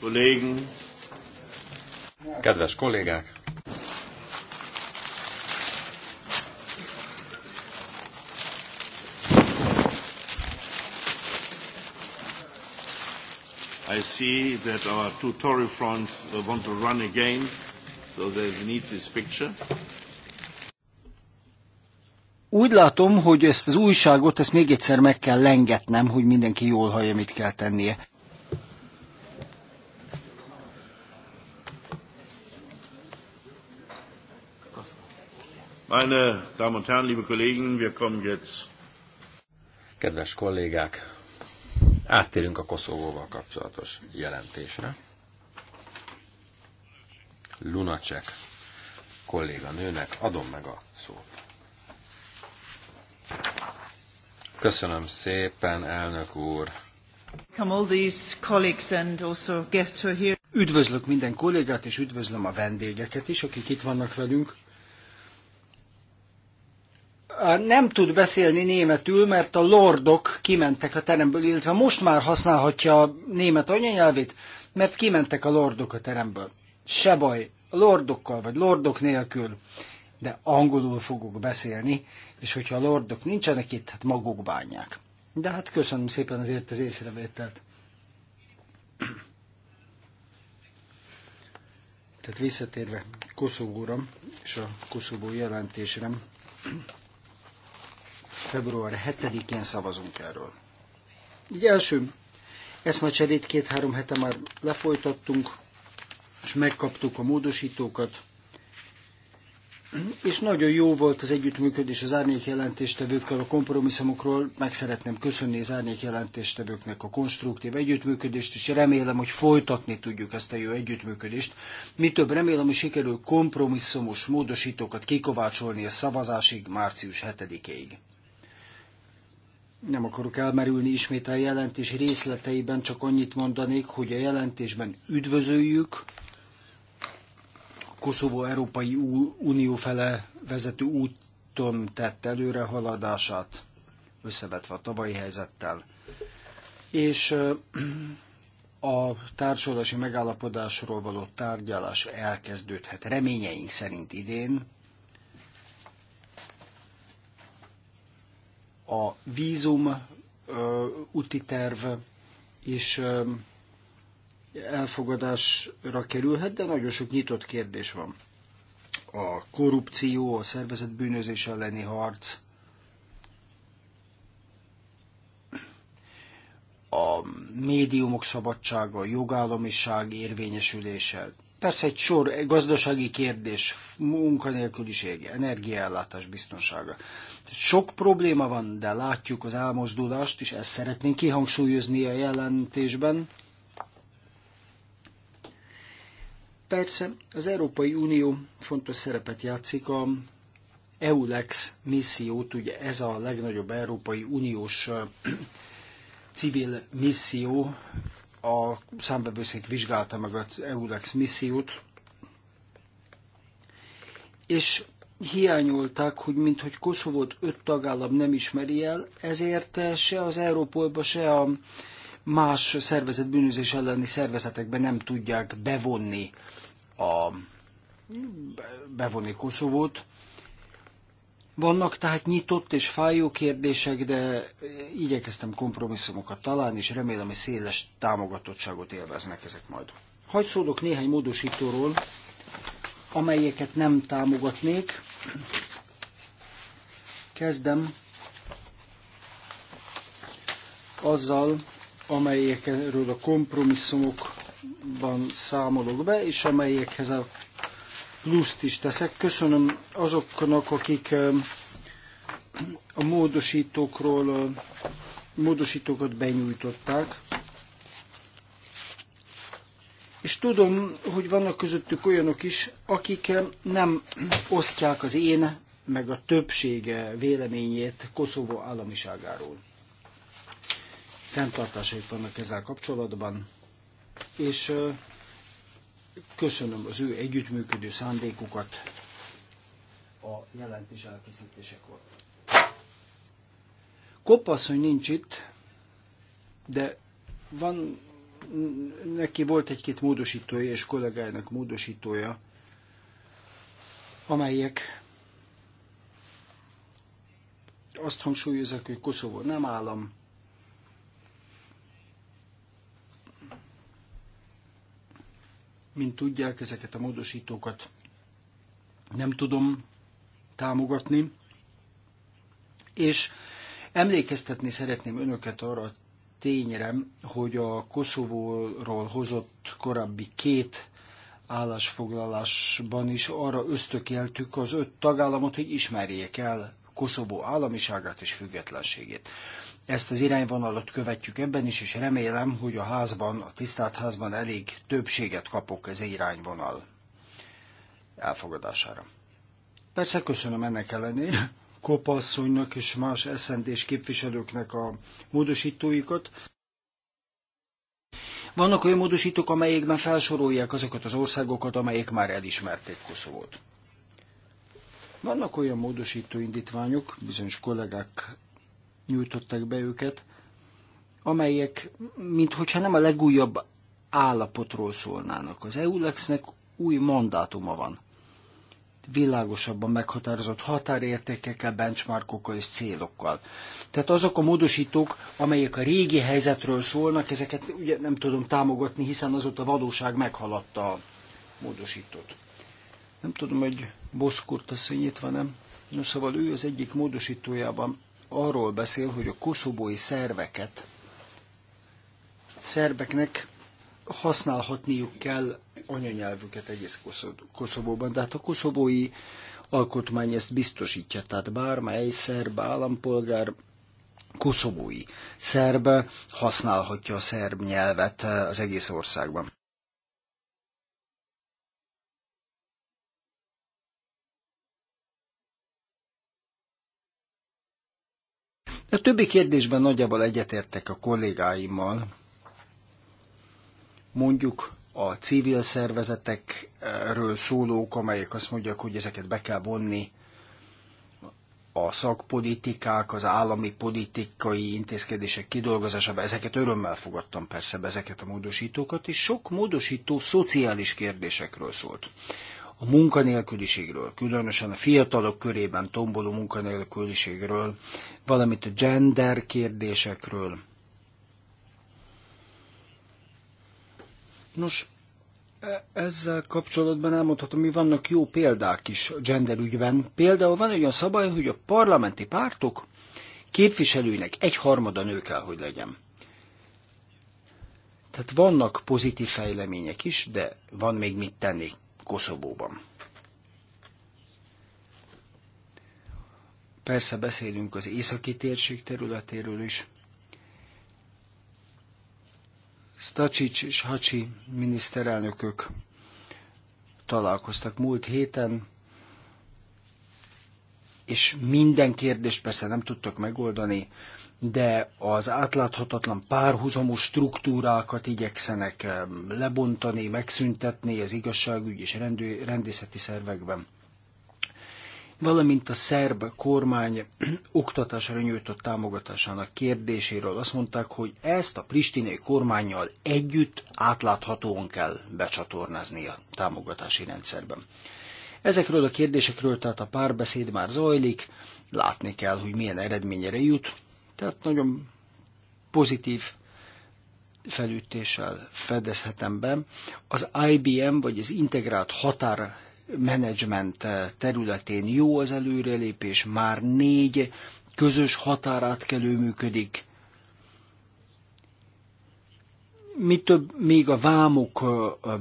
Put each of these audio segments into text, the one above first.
Kollegen. Kedves kollégák! I see that our two Tory fronts uh, want to run again, so they need this picture. Úgy látom, hogy ezt az újságot, ezt még egyszer meg kell lengetnem, hogy mindenki jól hallja, mit kell tennie. Meine Damen und Herren, liebe Kollegen, wir kommen jetzt. Kedves kollégák, áttérünk a Koszovóval kapcsolatos jelentésre. Lunacek nőnek, adom meg a szót. Köszönöm szépen, elnök úr. Üdvözlök minden kollégát, és üdvözlöm a vendégeket is, akik itt vannak velünk nem tud beszélni németül, mert a lordok kimentek a teremből, illetve most már használhatja a német anyanyelvét, mert kimentek a lordok a teremből. Se baj, lordokkal vagy lordok nélkül, de angolul fogok beszélni, és hogyha a lordok nincsenek itt, hát maguk bánják. De hát köszönöm szépen azért az észrevételt. Tehát visszatérve Koszovóra és a Koszovó jelentésre, február 7-én szavazunk erről. Így első eszmecserét két-három hete már lefolytattunk, és megkaptuk a módosítókat, és nagyon jó volt az együttműködés az árnyék jelentéstevőkkel a kompromisszumokról. Meg szeretném köszönni az árnyék jelentéstevőknek a konstruktív együttműködést, és remélem, hogy folytatni tudjuk ezt a jó együttműködést. Mi több remélem, hogy sikerül kompromisszumos módosítókat kikovácsolni a szavazásig március 7-ig nem akarok elmerülni ismét a jelentés részleteiben, csak annyit mondanék, hogy a jelentésben üdvözöljük a Koszovó Európai Unió fele vezető úton tett előrehaladását, összevetve a tavalyi helyzettel. És a társadalmi megállapodásról való tárgyalás elkezdődhet reményeink szerint idén, a vízum ö, úti terv is ö, elfogadásra kerülhet, de nagyon sok nyitott kérdés van. A korrupció, a szervezet bűnözés elleni harc, a médiumok szabadsága, a jogállamiság érvényesülése. Persze egy sor gazdasági kérdés, munkanélküliség, energiaellátás biztonsága. Sok probléma van, de látjuk az elmozdulást, és ezt szeretnénk kihangsúlyozni a jelentésben. Persze az Európai Unió fontos szerepet játszik a EULEX missziót, ugye ez a legnagyobb Európai Uniós civil misszió, a számbevőszék vizsgálta meg az EULEX missziót, és hiányolták, hogy minthogy Koszovót öt tagállam nem ismeri el, ezért se az Európolba, se a más szervezet bűnözés elleni szervezetekben nem tudják bevonni a bevonni Koszovót. Vannak tehát nyitott és fájó kérdések, de igyekeztem kompromisszumokat találni, és remélem, hogy széles támogatottságot élveznek ezek majd. Hagy szólok néhány módosítóról, amelyeket nem támogatnék, Kezdem azzal, amelyekről a kompromisszumokban számolok be, és amelyekhez a pluszt is teszek. Köszönöm azoknak, akik a módosítókról módosítókat benyújtották. És tudom, hogy vannak közöttük olyanok is, akik nem osztják az én, meg a többsége véleményét Koszovó államiságáról. Fenntartásaik vannak ezzel kapcsolatban, és köszönöm az ő együttműködő szándékukat a jelentés elkészítésekor. Kopasz, hogy nincs itt, de van neki volt egy-két módosítója és kollégájának módosítója, amelyek azt hangsúlyozzák, hogy Koszovó nem állam, mint tudják, ezeket a módosítókat nem tudom támogatni, és emlékeztetni szeretném önöket arra a tényre, hogy a Koszovóról hozott korábbi két állásfoglalásban is arra ösztökéltük az öt tagállamot, hogy ismerjék el Koszovó államiságát és függetlenségét. Ezt az irányvonalat követjük ebben is, és remélem, hogy a házban, a tisztelt házban elég többséget kapok ez irányvonal elfogadására. Persze köszönöm ennek ellenére, Kopasszonynak és más sznd képviselőknek a módosítóikat. Vannak olyan módosítók, amelyekben felsorolják azokat az országokat, amelyek már elismerték Koszovót. Vannak olyan módosító indítványok, bizonyos kollégák nyújtották be őket, amelyek, minthogyha nem a legújabb állapotról szólnának. Az EULEX-nek új mandátuma van világosabban meghatározott határértékekkel, benchmarkokkal és célokkal. Tehát azok a módosítók, amelyek a régi helyzetről szólnak, ezeket ugye nem tudom támogatni, hiszen azóta a valóság meghaladta a módosítót. Nem tudom, hogy Boszkurt asszony itt van nem? No, szóval ő az egyik módosítójában arról beszél, hogy a koszobói szerveket, szerbeknek használhatniuk kell anyanyelvüket egész Koszovóban, de a koszovói alkotmány ezt biztosítja, tehát bármely szerb állampolgár koszovói szerb használhatja a szerb nyelvet eh, az egész országban. A többi kérdésben nagyjából egyetértek a kollégáimmal. Mondjuk a civil szervezetekről szólók, amelyek azt mondják, hogy ezeket be kell vonni a szakpolitikák, az állami politikai intézkedések kidolgozásába, ezeket örömmel fogadtam persze be, ezeket a módosítókat, és sok módosító szociális kérdésekről szólt. A munkanélküliségről, különösen a fiatalok körében tomboló munkanélküliségről, valamint a gender kérdésekről, Nos, e, ezzel kapcsolatban elmondhatom, hogy vannak jó példák is genderügyben. Például van egy olyan szabály, hogy a parlamenti pártok képviselőinek egy harmada nő kell, hogy legyen. Tehát vannak pozitív fejlemények is, de van még mit tenni Koszovóban. Persze beszélünk az északi térség területéről is, Stacsics és Hacsi miniszterelnökök találkoztak múlt héten, és minden kérdést persze nem tudtak megoldani, de az átláthatatlan párhuzamos struktúrákat igyekszenek ehm, lebontani, megszüntetni az igazságügy és rendészeti szervekben valamint a szerb kormány oktatásra nyújtott támogatásának kérdéséről azt mondták, hogy ezt a pristinai kormányjal együtt átláthatóan kell becsatornázni a támogatási rendszerben. Ezekről a kérdésekről tehát a párbeszéd már zajlik, látni kell, hogy milyen eredményre jut, tehát nagyon pozitív felütéssel fedezhetem be. Az IBM, vagy az Integrált Határ menedzsment területén jó az előrelépés, már négy közös határátkelő működik. Mi több, még a vámok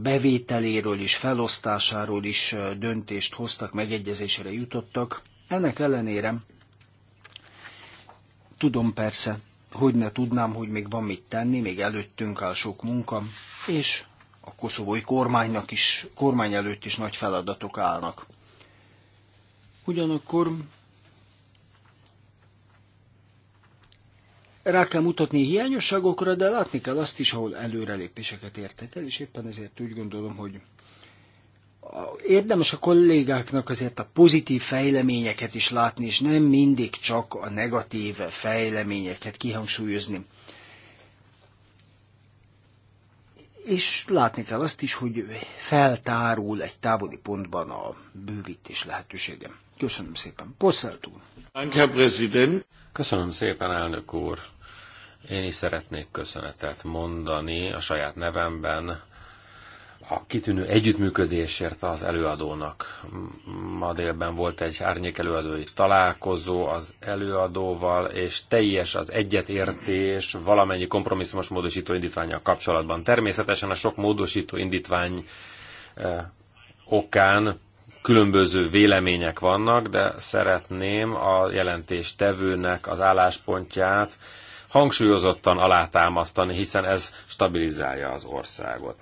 bevételéről is, felosztásáról is döntést hoztak, megegyezésre jutottak. Ennek ellenére tudom persze, hogy ne tudnám, hogy még van mit tenni, még előttünk áll sok munka, és a koszovói kormánynak is, kormány előtt is nagy feladatok állnak. Ugyanakkor rá kell mutatni hiányosságokra, de látni kell azt is, ahol előrelépéseket értek el, és éppen ezért úgy gondolom, hogy érdemes a kollégáknak azért a pozitív fejleményeket is látni, és nem mindig csak a negatív fejleményeket kihangsúlyozni. és látni kell azt is, hogy feltárul egy távoli pontban a bővítés lehetősége. Köszönöm szépen. Posselt Köszönöm szépen, elnök úr. Én is szeretnék köszönetet mondani a saját nevemben a kitűnő együttműködésért az előadónak. Ma délben volt egy árnyék előadói találkozó az előadóval, és teljes az egyetértés valamennyi kompromisszumos módosító indítványjal kapcsolatban. Természetesen a sok módosító indítvány eh, okán különböző vélemények vannak, de szeretném a jelentés tevőnek az álláspontját hangsúlyozottan alátámasztani, hiszen ez stabilizálja az országot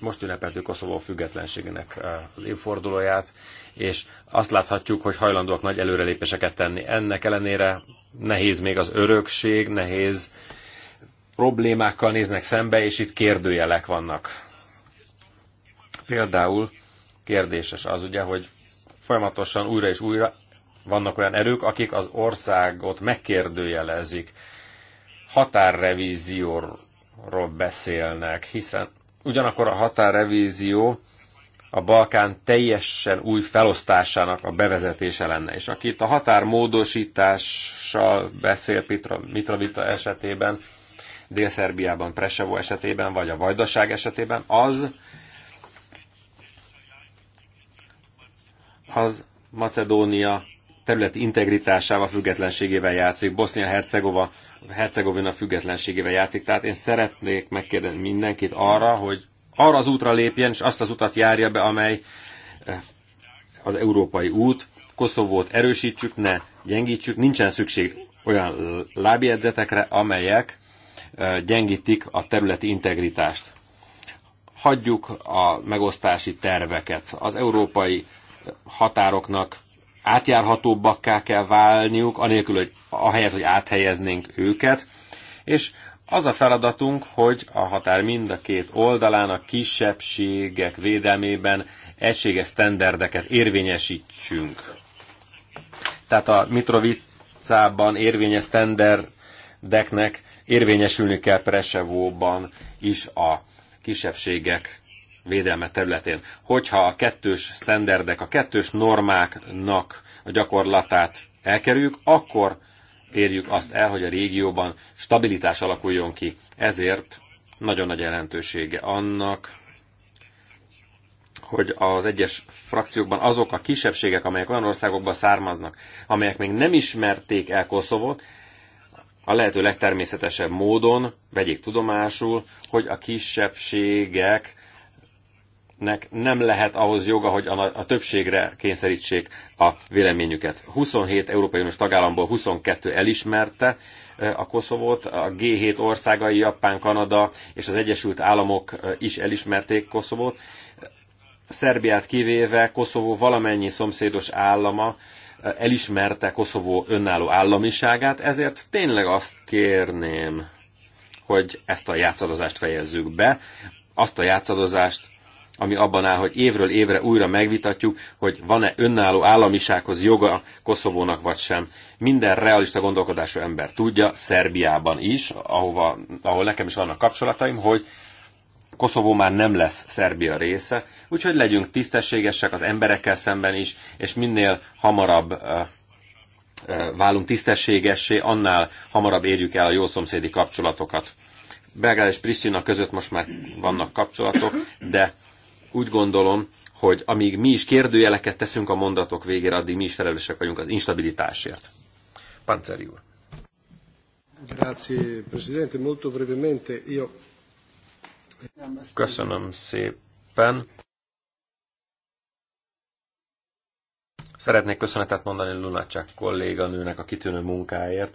most ünnepeltük Koszovó függetlenségének eh, az évfordulóját, és azt láthatjuk, hogy hajlandóak nagy előrelépéseket tenni. Ennek ellenére nehéz még az örökség, nehéz problémákkal néznek szembe, és itt kérdőjelek vannak. Például kérdéses az ugye, hogy folyamatosan újra és újra vannak olyan erők, akik az országot megkérdőjelezik, határrevízióról beszélnek, hiszen Ugyanakkor a határrevízió a Balkán teljesen új felosztásának a bevezetése lenne. És aki itt a határmódosítással beszél Pitra, Mitrovita esetében, Dél-Szerbiában, Presevo esetében, vagy a Vajdaság esetében, az az Macedónia terület integritásával, függetlenségével játszik, Bosznia-Hercegovina Hercegovina függetlenségével játszik. Tehát én szeretnék megkérdezni mindenkit arra, hogy arra az útra lépjen, és azt az utat járja be, amely eh, az európai út. Koszovót erősítsük, ne gyengítsük. Nincsen szükség olyan lábjegyzetekre, amelyek eh, gyengítik a területi integritást. Hagyjuk a megosztási terveket. Az európai eh, határoknak átjárhatóbbakká kell válniuk, anélkül, hogy ahelyett, hogy áthelyeznénk őket. És az a feladatunk, hogy a határ mind a két oldalán a kisebbségek védelmében egységes sztenderdeket érvényesítsünk. Tehát a Mitrovicában érvényes sztenderdeknek érvényesülni kell Presevóban is a kisebbségek védelme területén. Hogyha a kettős standardek, a kettős normáknak a gyakorlatát elkerüljük, akkor érjük azt el, hogy a régióban stabilitás alakuljon ki. Ezért nagyon nagy jelentősége annak, hogy az egyes frakciókban azok a kisebbségek, amelyek olyan országokban származnak, amelyek még nem ismerték el Koszovot, a lehető legtermészetesebb módon vegyék tudomásul, hogy a kisebbségek nek nem lehet ahhoz joga, hogy a, a többségre kényszerítsék a véleményüket. 27 Európai Uniós tagállamból 22 elismerte a Koszovót, a G7 országai, Japán, Kanada és az Egyesült Államok is elismerték Koszovót. Szerbiát kivéve Koszovó valamennyi szomszédos állama elismerte Koszovó önálló államiságát, ezért tényleg azt kérném, hogy ezt a játszadozást fejezzük be, azt a játszadozást, ami abban áll, hogy évről évre újra megvitatjuk, hogy van-e önálló államisághoz joga Koszovónak vagy sem. Minden realista gondolkodású ember tudja, Szerbiában is, ahova, ahol nekem is vannak kapcsolataim, hogy Koszovó már nem lesz Szerbia része, úgyhogy legyünk tisztességesek az emberekkel szemben is, és minél hamarabb válunk tisztességessé, annál hamarabb érjük el a jó szomszédi kapcsolatokat. Belgrád és Pristina között most már vannak kapcsolatok, de úgy gondolom, hogy amíg mi is kérdőjeleket teszünk a mondatok végére, addig mi is felelősek vagyunk az instabilitásért. Panceri úr. Grazie, Presidente. Molto brevemente, io... Köszönöm szépen. Szeretnék köszönetet mondani Lunacek kolléganőnek a kitűnő munkáért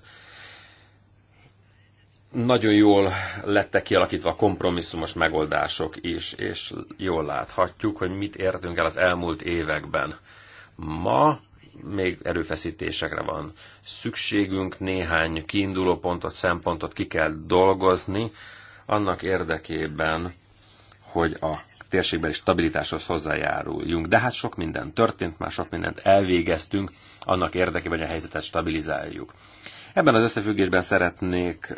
nagyon jól lettek kialakítva a kompromisszumos megoldások is, és jól láthatjuk, hogy mit értünk el az elmúlt években. Ma még erőfeszítésekre van szükségünk, néhány kiinduló pontot, szempontot ki kell dolgozni, annak érdekében, hogy a térségben is stabilitáshoz hozzájáruljunk. De hát sok minden történt, már sok mindent elvégeztünk, annak érdekében, hogy a helyzetet stabilizáljuk. Ebben az összefüggésben szeretnék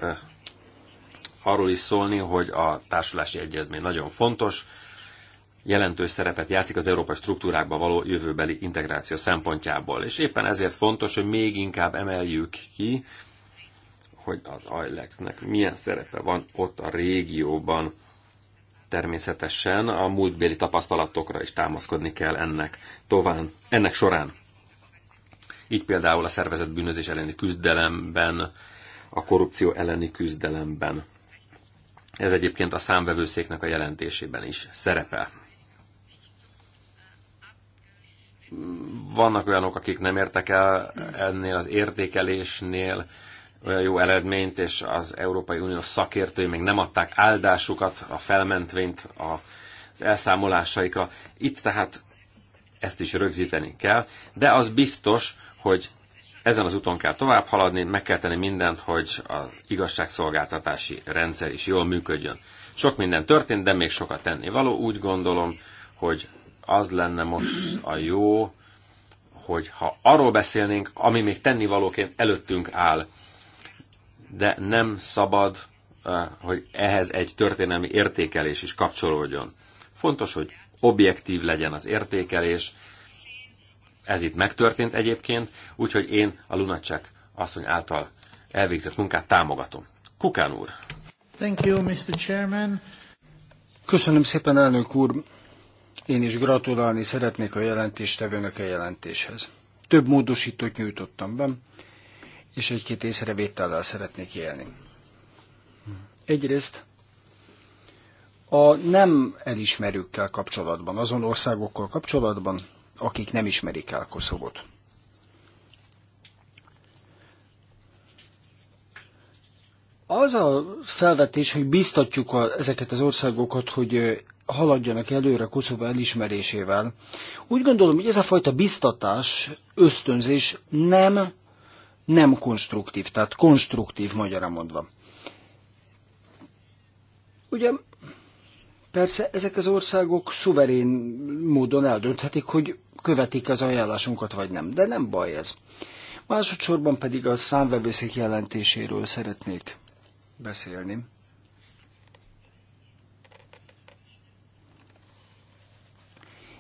arról is szólni, hogy a társulási egyezmény nagyon fontos, jelentős szerepet játszik az európai struktúrákba való jövőbeli integráció szempontjából. És éppen ezért fontos, hogy még inkább emeljük ki, hogy az Ajlexnek milyen szerepe van ott a régióban. Természetesen a múltbéli tapasztalatokra is támaszkodni kell ennek tován, ennek során. Így például a szervezetbűnözés bűnözés elleni küzdelemben, a korrupció elleni küzdelemben. Ez egyébként a számvevőszéknek a jelentésében is szerepel. Vannak olyanok, akik nem értek el ennél az értékelésnél olyan jó eredményt, és az Európai Unió szakértői még nem adták áldásukat, a felmentvényt, az elszámolásaikra. Itt tehát ezt is rögzíteni kell, de az biztos, hogy ezen az úton kell tovább haladni, meg kell tenni mindent, hogy az igazságszolgáltatási rendszer is jól működjön. Sok minden történt, de még sokat tenni való. Úgy gondolom, hogy az lenne most a jó, hogy ha arról beszélnénk, ami még tennivalóként előttünk áll, de nem szabad, eh, hogy ehhez egy történelmi értékelés is kapcsolódjon. Fontos, hogy objektív legyen az értékelés, ez itt megtörtént egyébként, úgyhogy én a Lunacek asszony által elvégzett munkát támogatom. Kukán úr! Thank you, Mr. Chairman. Köszönöm szépen, elnök úr! Én is gratulálni szeretnék a jelentéstevőnök a jelentéshez. Több módosítót nyújtottam be, és egy-két észrevétellel szeretnék élni. Egyrészt a nem elismerőkkel kapcsolatban, azon országokkal kapcsolatban, akik nem ismerik el Koszovot. Az a felvetés, hogy biztatjuk a, ezeket az országokat, hogy haladjanak előre Koszova elismerésével, úgy gondolom, hogy ez a fajta biztatás, ösztönzés nem, nem konstruktív, tehát konstruktív magyarra mondva. Ugye Persze ezek az országok szuverén módon eldönthetik, hogy követik az ajánlásunkat vagy nem, de nem baj ez. Másodszorban pedig a számvevőszék jelentéséről szeretnék beszélni.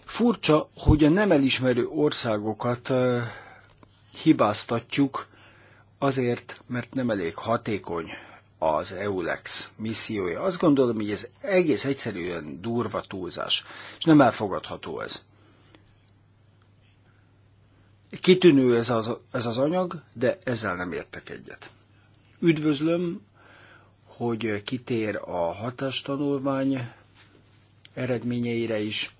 Furcsa, hogy a nem elismerő országokat hibáztatjuk azért, mert nem elég hatékony az EULEX missziója. Azt gondolom, hogy ez egész egyszerűen durva túlzás, és nem elfogadható ez. Kitűnő ez az, ez az anyag, de ezzel nem értek egyet. Üdvözlöm, hogy kitér a hatástanulmány eredményeire is,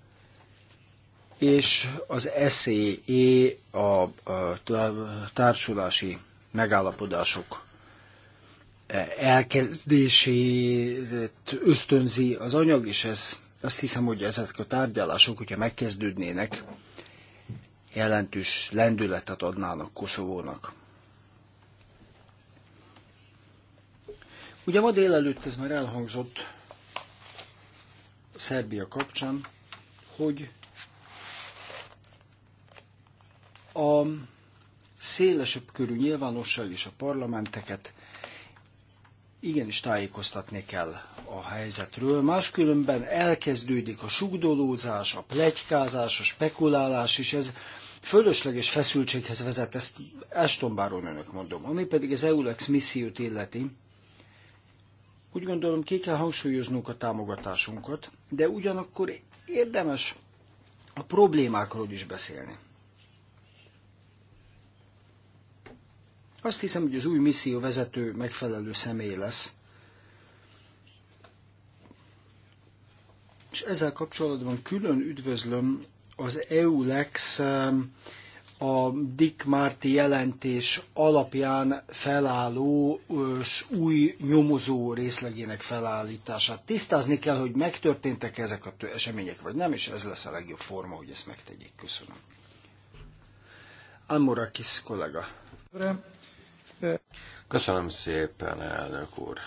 és az SZE e, a társulási megállapodások elkezdését ösztönzi az anyag, és ez, azt hiszem, hogy ezek a tárgyalások, hogyha megkezdődnének, jelentős lendületet adnának Koszovónak. Ugye ma délelőtt ez már elhangzott Szerbia kapcsán, hogy a szélesebb körű nyilvánosság és a parlamenteket igenis tájékoztatni kell a helyzetről, máskülönben elkezdődik a sugdolózás, a plegykázás, a spekulálás, és ez fölösleges feszültséghez vezet, ezt estombáron önök mondom. Ami pedig az EULEX missziót illeti, úgy gondolom ki kell hangsúlyoznunk a támogatásunkat, de ugyanakkor érdemes a problémákról is beszélni. Azt hiszem, hogy az új misszió vezető megfelelő személy lesz. És ezzel kapcsolatban külön üdvözlöm az EULEX um, a Dick Marty jelentés alapján felálló új nyomozó részlegének felállítását. Tisztázni kell, hogy megtörténtek ezek a események, vagy nem, és ez lesz a legjobb forma, hogy ezt megtegyék. Köszönöm. Amorakis kollega. Köszönöm szépen, elnök úr.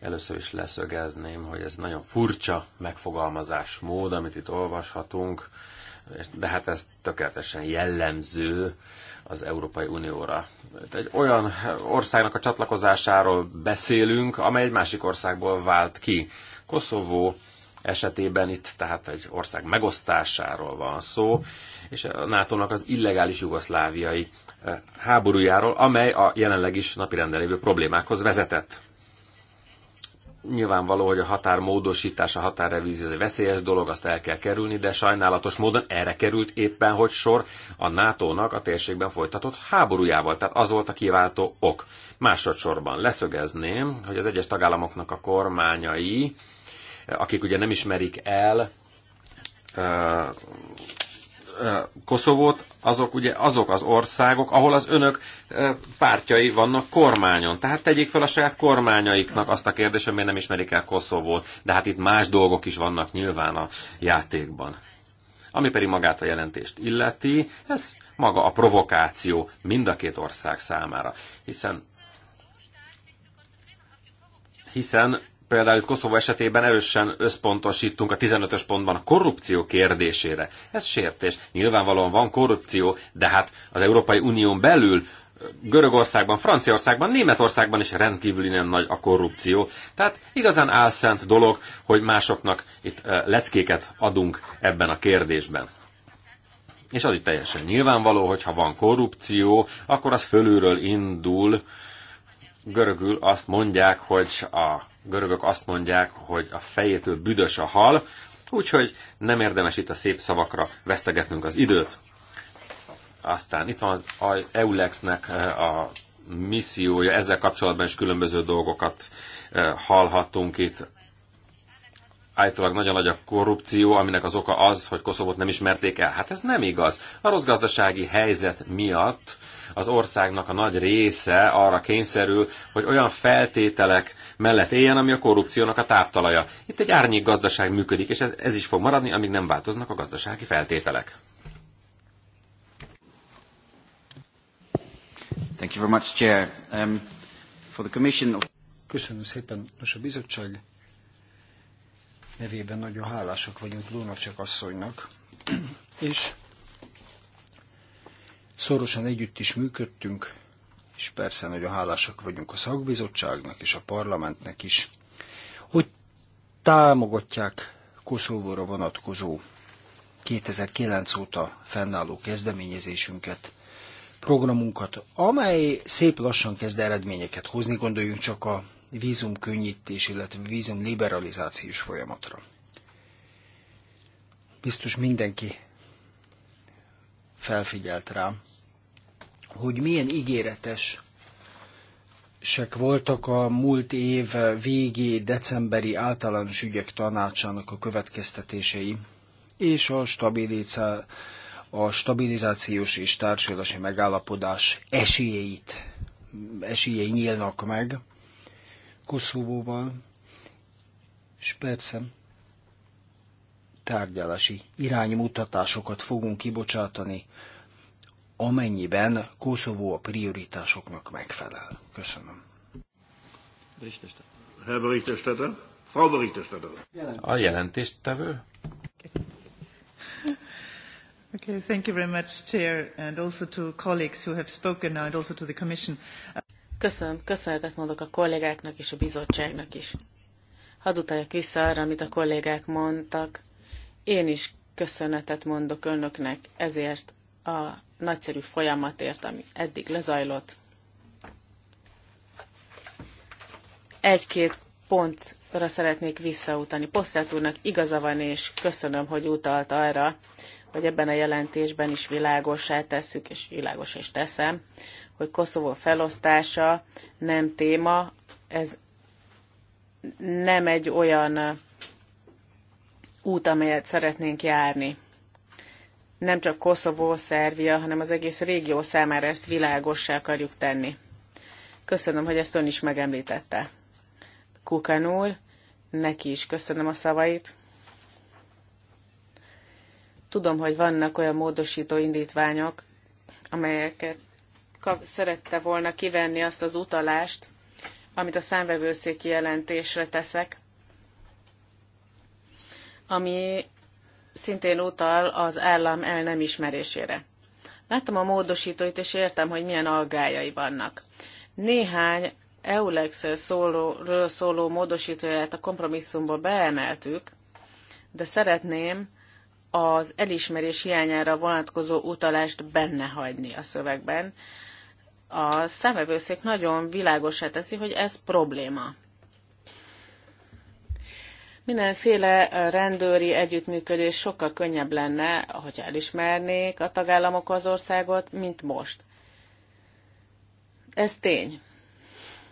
Először is leszögezném, hogy ez nagyon furcsa megfogalmazás mód, amit itt olvashatunk, de hát ez tökéletesen jellemző az Európai Unióra. Egy olyan országnak a csatlakozásáról beszélünk, amely egy másik országból vált ki. Koszovó esetében itt tehát egy ország megosztásáról van szó, és a nato az illegális jugoszláviai háborújáról, amely a jelenleg is napirenden lévő problémákhoz vezetett. Nyilvánvaló, hogy a határ módosítása, a határrevízió egy veszélyes dolog, azt el kell kerülni, de sajnálatos módon erre került éppen, hogy sor a NATO-nak a térségben folytatott háborújával, tehát az volt a kiváltó ok. Másodszorban leszögezném, hogy az egyes tagállamoknak a kormányai, akik ugye nem ismerik el Koszovót, azok ugye azok az országok, ahol az önök pártjai vannak kormányon. Tehát tegyék fel a saját kormányaiknak azt a kérdést, hogy miért nem ismerik el Koszovót. De hát itt más dolgok is vannak nyilván a játékban. Ami pedig magát a jelentést illeti, ez maga a provokáció mind a két ország számára. Hiszen hiszen például itt Koszovó esetében erősen összpontosítunk a 15-ös pontban a korrupció kérdésére. Ez sértés. Nyilvánvalóan van korrupció, de hát az Európai Unión belül Görögországban, Franciaországban, Németországban is rendkívül innen nagy a korrupció. Tehát igazán álszent dolog, hogy másoknak itt e, leckéket adunk ebben a kérdésben. És az is teljesen nyilvánvaló, hogy ha van korrupció, akkor az fölülről indul, görögül azt mondják, hogy a görögök azt mondják, hogy a fejétől büdös a hal, úgyhogy nem érdemes itt a szép szavakra vesztegetnünk az időt. Aztán itt van az Eulexnek eh, a missziója, ezzel kapcsolatban is különböző dolgokat eh, hallhattunk itt. Általában nagyon nagy a korrupció, aminek az oka az, hogy Koszovót nem ismerték el. Hát ez nem igaz. A rossz gazdasági helyzet miatt az országnak a nagy része arra kényszerül, hogy olyan feltételek mellett éljen, ami a korrupciónak a táptalaja. Itt egy árnyék gazdaság működik, és ez, ez is fog maradni, amíg nem változnak a gazdasági feltételek. Thank you very much, Chair. Um, for the commission... Köszönöm szépen. Nos, a bizottság nevében nagyon hálásak vagyunk Lunacek asszonynak, és Szorosan együtt is működtünk, és persze nagyon hálásak vagyunk a szakbizottságnak és a parlamentnek is, hogy támogatják Koszovóra vonatkozó 2009 óta fennálló kezdeményezésünket, programunkat, amely szép lassan kezd eredményeket hozni, gondoljunk csak a vízum könnyítés, illetve vízum liberalizációs folyamatra. Biztos mindenki felfigyelt rám, hogy milyen ígéretes sek voltak a múlt év végé decemberi általános ügyek tanácsának a következtetései, és a, stabilizá- a stabilizációs és társadalmi megállapodás esélyeit, esélyei nyílnak meg Koszovóval, és persze tárgyalási iránymutatásokat fogunk kibocsátani amennyiben Koszovó a prioritásoknak megfelel. Köszönöm. Herr Berichterstatter, Frau Berichterstatter. A jelentéstevő. Okay, thank you very much, Chair, and also to colleagues who have spoken now, and also to the Commission. Köszönöm, köszönetet mondok a kollégáknak és a bizottságnak is. Hadd utaljak vissza arra, amit a kollégák mondtak. Én is köszönetet mondok önöknek ezért a nagyszerű folyamatért, ami eddig lezajlott. Egy-két pontra szeretnék visszautani. Posztelt úrnak igaza van, és köszönöm, hogy utalt arra, hogy ebben a jelentésben is világosá tesszük, és világos is teszem, hogy Koszovó felosztása nem téma, ez nem egy olyan út, amelyet szeretnénk járni nem csak Koszovó, Szervia, hanem az egész régió számára ezt világossá akarjuk tenni. Köszönöm, hogy ezt ön is megemlítette. Kukan úr, neki is köszönöm a szavait. Tudom, hogy vannak olyan módosító indítványok, amelyeket szerette volna kivenni azt az utalást, amit a számvevőszéki jelentésre teszek, ami szintén utal az állam el nem ismerésére. Láttam a módosítóit, és értem, hogy milyen algájai vannak. Néhány EULEX-ről szóló, szóló módosítóját a kompromisszumba beemeltük, de szeretném az elismerés hiányára vonatkozó utalást benne hagyni a szövegben. A szemevőszék nagyon világosá teszi, hogy ez probléma. Mindenféle rendőri együttműködés sokkal könnyebb lenne, hogyha elismernék a tagállamok az országot, mint most. Ez tény.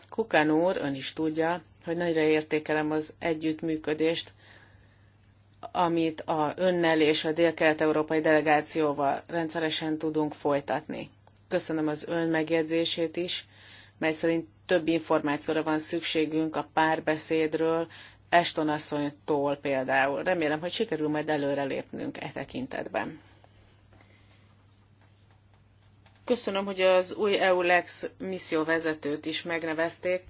Kukán úr, ön is tudja, hogy nagyra értékelem az együttműködést, amit a önnel és a dél-kelet-európai delegációval rendszeresen tudunk folytatni. Köszönöm az ön megjegyzését is, mely szerint több információra van szükségünk a párbeszédről, Eston asszonytól például. Remélem, hogy sikerül majd lépnünk e tekintetben. Köszönöm, hogy az új EULEX misszió vezetőt is megnevezték.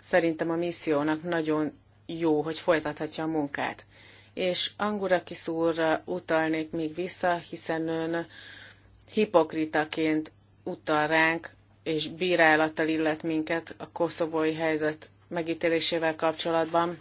Szerintem a missziónak nagyon jó, hogy folytathatja a munkát. És Angurakis úrra utalnék még vissza, hiszen ön hipokritaként utal ránk, és bírálattal illet minket a koszovói helyzet megítélésével kapcsolatban.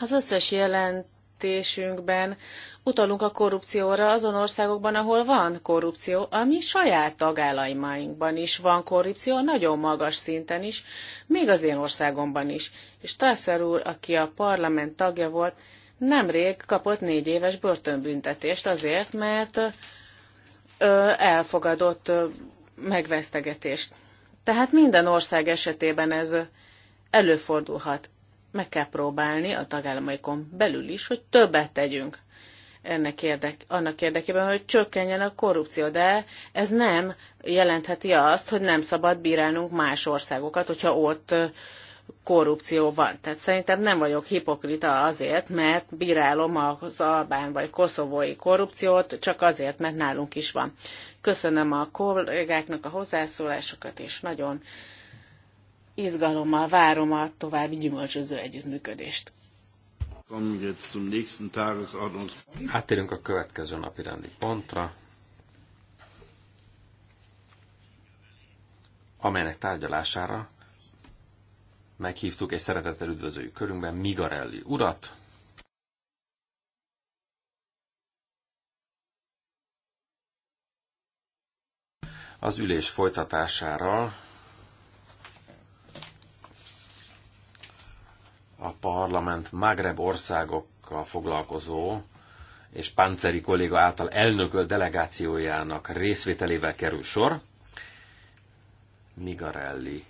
Az összes jelentésünkben utalunk a korrupcióra azon országokban, ahol van korrupció, ami saját tagállamainkban is van korrupció, nagyon magas szinten is, még az én országomban is. És Tasszer úr, aki a parlament tagja volt, nemrég kapott négy éves börtönbüntetést azért, mert elfogadott megvesztegetést. Tehát minden ország esetében ez előfordulhat meg kell próbálni a tagállamaikon belül is, hogy többet tegyünk ennek érdek, annak érdekében, hogy csökkenjen a korrupció, de ez nem jelentheti azt, hogy nem szabad bírálnunk más országokat, hogyha ott korrupció van. Tehát szerintem nem vagyok hipokrita azért, mert bírálom az albán vagy koszovói korrupciót, csak azért, mert nálunk is van. Köszönöm a kollégáknak a hozzászólásokat, és nagyon izgalommal várom a további gyümölcsöző együttműködést. Áttérünk a következő napi rendi pontra, amelynek tárgyalására meghívtuk és szeretettel üdvözöljük körünkben Migarelli urat, az ülés folytatására a parlament Magreb országokkal foglalkozó és pánceri kolléga által elnököl delegációjának részvételével kerül sor. Migarelli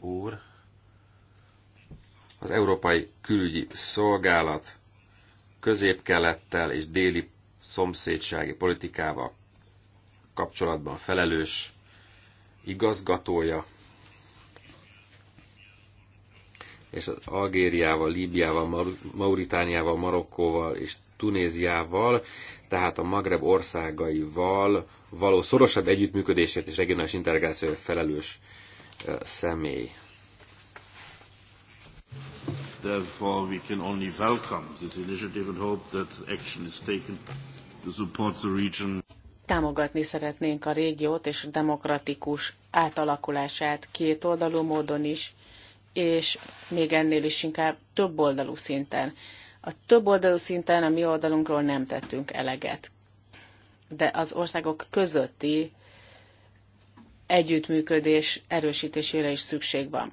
úr, az Európai Külügyi Szolgálat középkelettel és déli szomszédsági politikával kapcsolatban felelős igazgatója és az Algériával, Líbiával, Mauritániával, Marokkóval és Tunéziával, tehát a Magreb országaival való szorosabb együttműködését és regionális integrációért felelős személy. Therefore, we can only welcome this initiative and hope that action is taken to support the region. Támogatni szeretnénk a régiót és demokratikus átalakulását kétoldalú módon is, és még ennél is inkább több oldalú szinten. A több oldalú szinten a mi oldalunkról nem tettünk eleget. De az országok közötti együttműködés erősítésére is szükség van.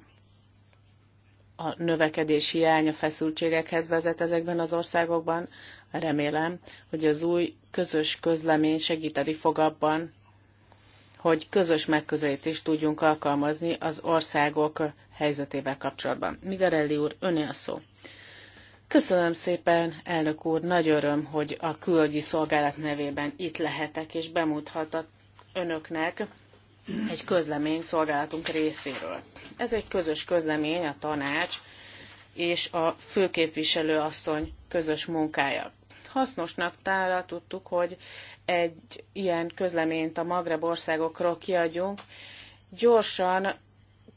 A növekedés hiánya feszültségekhez vezet ezekben az országokban. Remélem, hogy az új közös közlemény segíteni fog abban, hogy közös megközelítést tudjunk alkalmazni az országok helyzetével kapcsolatban. Migarelli úr, öné a szó. Köszönöm szépen, elnök úr, nagy öröm, hogy a külügyi szolgálat nevében itt lehetek, és bemutathatok önöknek egy közlemény szolgálatunk részéről. Ez egy közös közlemény, a tanács és a főképviselő asszony közös munkája. Hasznosnak tála tudtuk, hogy egy ilyen közleményt a Magreb országokról kiadjunk, gyorsan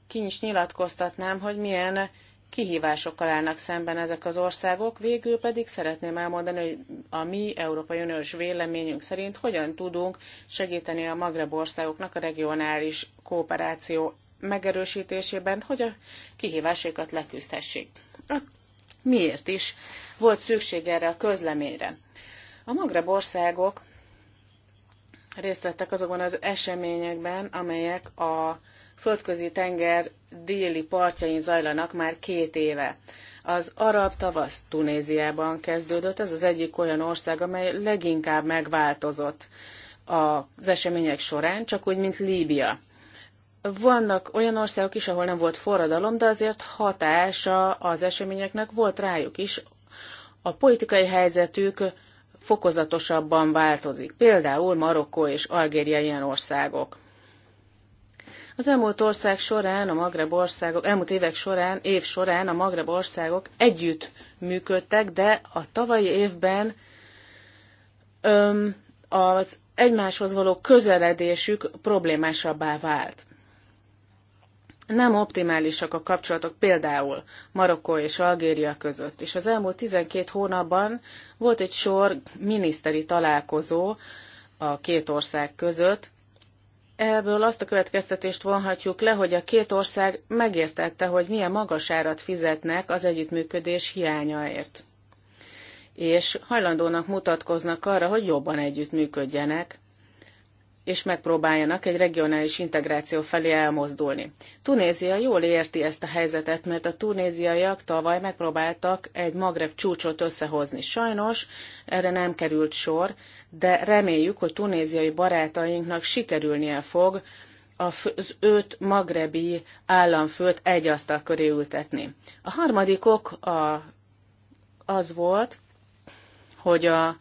ki is nyilatkoztatnám, hogy milyen kihívásokkal állnak szemben ezek az országok, végül pedig szeretném elmondani, hogy a mi Európai Uniós véleményünk szerint hogyan tudunk segíteni a Magreb országoknak a regionális kooperáció megerősítésében, hogy a kihívásokat leküzdhessék. Miért is volt szükség erre a közleményre? A Magreb országok részt vettek azokban az eseményekben, amelyek a földközi tenger déli partjain zajlanak már két éve. Az arab tavasz Tunéziában kezdődött, ez az egyik olyan ország, amely leginkább megváltozott az események során, csak úgy, mint Líbia. Vannak olyan országok is, ahol nem volt forradalom, de azért hatása az eseményeknek volt rájuk is. A politikai helyzetük fokozatosabban változik. Például Marokkó és Algéria ilyen országok. Az elmúlt ország során, a Magreb országok, elmúlt évek során, év során a Magreb országok együtt működtek, de a tavalyi évben öm, az egymáshoz való közeledésük problémásabbá vált nem optimálisak a kapcsolatok például Marokkó és Algéria között, és az elmúlt 12 hónapban volt egy sor miniszteri találkozó a két ország között, Ebből azt a következtetést vonhatjuk le, hogy a két ország megértette, hogy milyen magas árat fizetnek az együttműködés hiányaért. És hajlandónak mutatkoznak arra, hogy jobban együttműködjenek, és megpróbáljanak egy regionális integráció felé elmozdulni. Tunézia jól érti ezt a helyzetet, mert a tunéziaiak tavaly megpróbáltak egy Magreb csúcsot összehozni. Sajnos erre nem került sor, de reméljük, hogy tunéziai barátainknak sikerülnie fog az öt magrebi államfőt egy asztal köré ültetni. A harmadik ok a, az volt, hogy a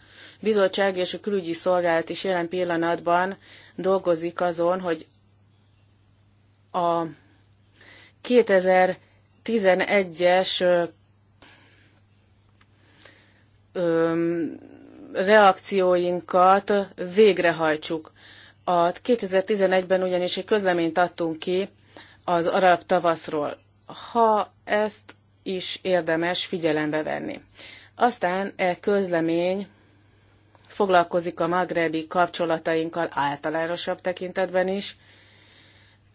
bizottság és a külügyi szolgálat is jelen pillanatban dolgozik azon, hogy a 2011-es reakcióinkat végrehajtsuk. A 2011-ben ugyanis egy közleményt adtunk ki az arab tavaszról, ha ezt is érdemes figyelembe venni. Aztán e közlemény foglalkozik a magrebi kapcsolatainkkal általánosabb tekintetben is.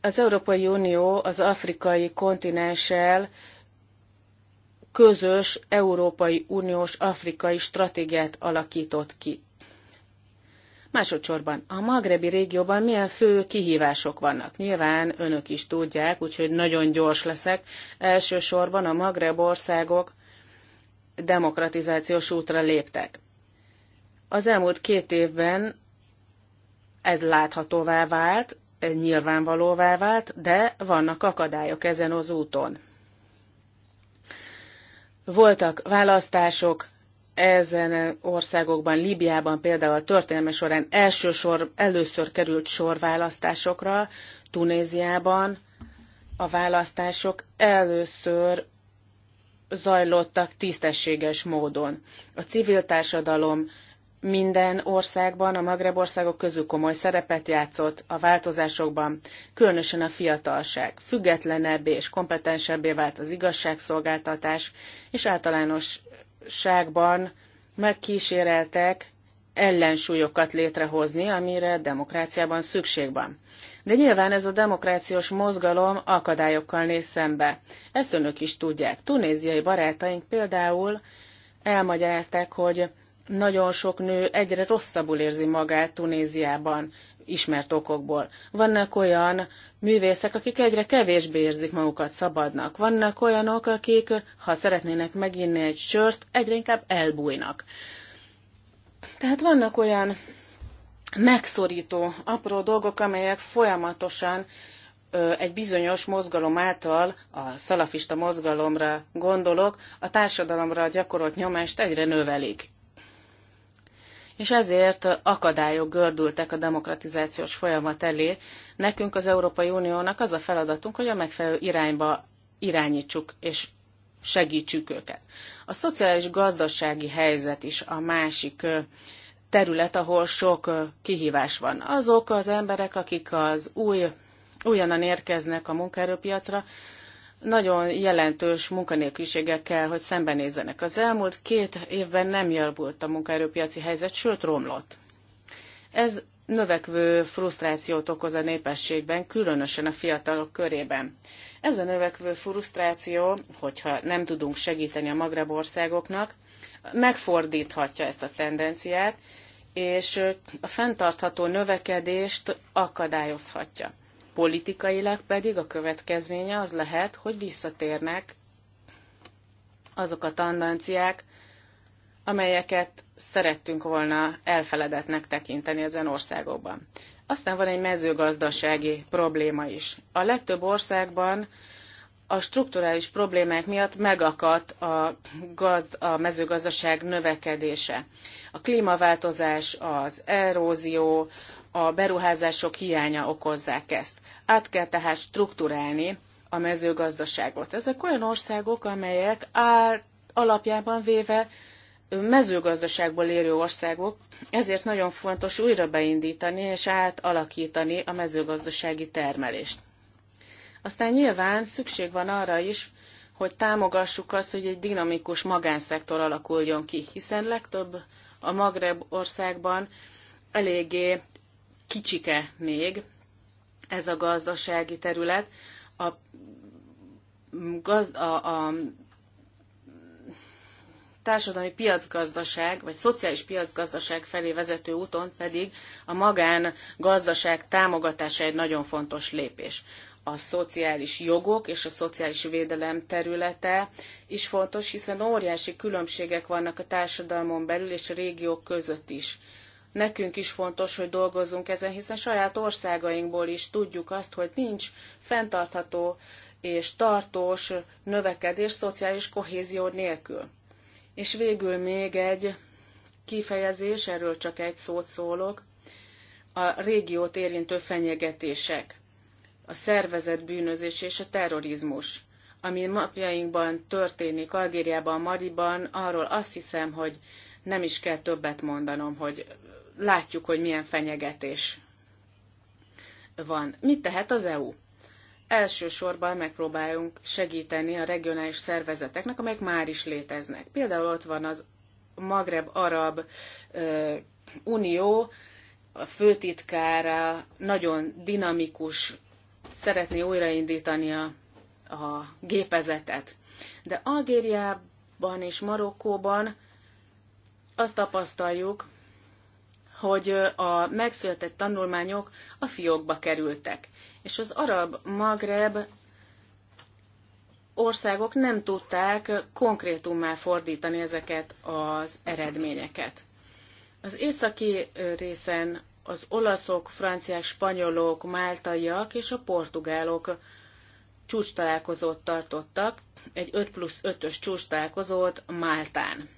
Az Európai Unió az afrikai kontinenssel közös Európai Uniós afrikai stratégiát alakított ki. Másodszorban, a magrebi régióban milyen fő kihívások vannak? Nyilván önök is tudják, úgyhogy nagyon gyors leszek. Elsősorban a magreb országok demokratizációs útra léptek. Az elmúlt két évben ez láthatóvá vált, eh, nyilvánvalóvá vált, de vannak akadályok ezen az úton. Voltak választások, ezen országokban, Líbiában például a történelme során elsősor, először került sor választásokra, Tunéziában a választások először zajlottak tisztességes módon. A civil társadalom minden országban, a Magreb országok közül komoly szerepet játszott a változásokban, különösen a fiatalság. Függetlenebbé és kompetensebbé vált az igazságszolgáltatás, és általánosságban megkíséreltek ellensúlyokat létrehozni, amire demokráciában szükség van. De nyilván ez a demokrációs mozgalom akadályokkal néz szembe. Ezt önök is tudják. Tunéziai barátaink például elmagyarázták, hogy nagyon sok nő egyre rosszabbul érzi magát Tunéziában ismert okokból. Vannak olyan művészek, akik egyre kevésbé érzik magukat szabadnak. Vannak olyanok, akik, ha szeretnének meginni egy sört, egyre inkább elbújnak. Tehát vannak olyan megszorító, apró dolgok, amelyek folyamatosan egy bizonyos mozgalom által, a szalafista mozgalomra gondolok, a társadalomra gyakorolt nyomást egyre növelik és ezért akadályok gördültek a demokratizációs folyamat elé. Nekünk az Európai Uniónak az a feladatunk, hogy a megfelelő irányba irányítsuk és segítsük őket. A szociális gazdasági helyzet is a másik terület, ahol sok kihívás van. Azok az emberek, akik az új, újonnan érkeznek a munkaerőpiacra, nagyon jelentős munkanélküliségekkel, hogy szembenézzenek. Az elmúlt két évben nem javult a munkaerőpiaci helyzet, sőt romlott. Ez növekvő frusztrációt okoz a népességben, különösen a fiatalok körében. Ez a növekvő frusztráció, hogyha nem tudunk segíteni a Magreb országoknak, megfordíthatja ezt a tendenciát, és a fenntartható növekedést akadályozhatja. Politikailag pedig a következménye az lehet, hogy visszatérnek azok a tendenciák, amelyeket szerettünk volna elfeledetnek tekinteni ezen országokban. Aztán van egy mezőgazdasági probléma is. A legtöbb országban a strukturális problémák miatt megakadt a, gaz, a mezőgazdaság növekedése. A klímaváltozás, az erózió, a beruházások hiánya okozzák ezt. Át kell tehát strukturálni a mezőgazdaságot. Ezek olyan országok, amelyek áll, alapjában véve mezőgazdaságból érő országok, ezért nagyon fontos újra beindítani és átalakítani a mezőgazdasági termelést. Aztán nyilván szükség van arra is, hogy támogassuk azt, hogy egy dinamikus magánszektor alakuljon ki, hiszen legtöbb a Magreb országban eléggé kicsike még ez a gazdasági terület. A, a, a társadalmi piacgazdaság, vagy szociális piacgazdaság felé vezető úton pedig a magán gazdaság támogatása egy nagyon fontos lépés. A szociális jogok és a szociális védelem területe is fontos, hiszen óriási különbségek vannak a társadalmon belül és a régiók között is. Nekünk is fontos, hogy dolgozzunk ezen, hiszen saját országainkból is tudjuk azt, hogy nincs fenntartható és tartós növekedés szociális kohézió nélkül. És végül még egy kifejezés, erről csak egy szót szólok, a régiót érintő fenyegetések, a szervezett bűnözés és a terrorizmus, ami napjainkban történik Algériában, Mariban, arról azt hiszem, hogy nem is kell többet mondanom, hogy látjuk, hogy milyen fenyegetés van. Mit tehet az EU? Elsősorban megpróbáljunk segíteni a regionális szervezeteknek, amelyek már is léteznek. Például ott van az Magreb Arab Unió, a főtitkára nagyon dinamikus, szeretné újraindítani a, a gépezetet. De Algériában és Marokkóban azt tapasztaljuk, hogy a megszületett tanulmányok a fiókba kerültek. És az arab Magreb országok nem tudták konkrétummá fordítani ezeket az eredményeket. Az északi részen az olaszok, franciák, spanyolok, máltaiak és a portugálok csúcs találkozót tartottak, egy 5 plusz 5-ös csúcs találkozót Máltán.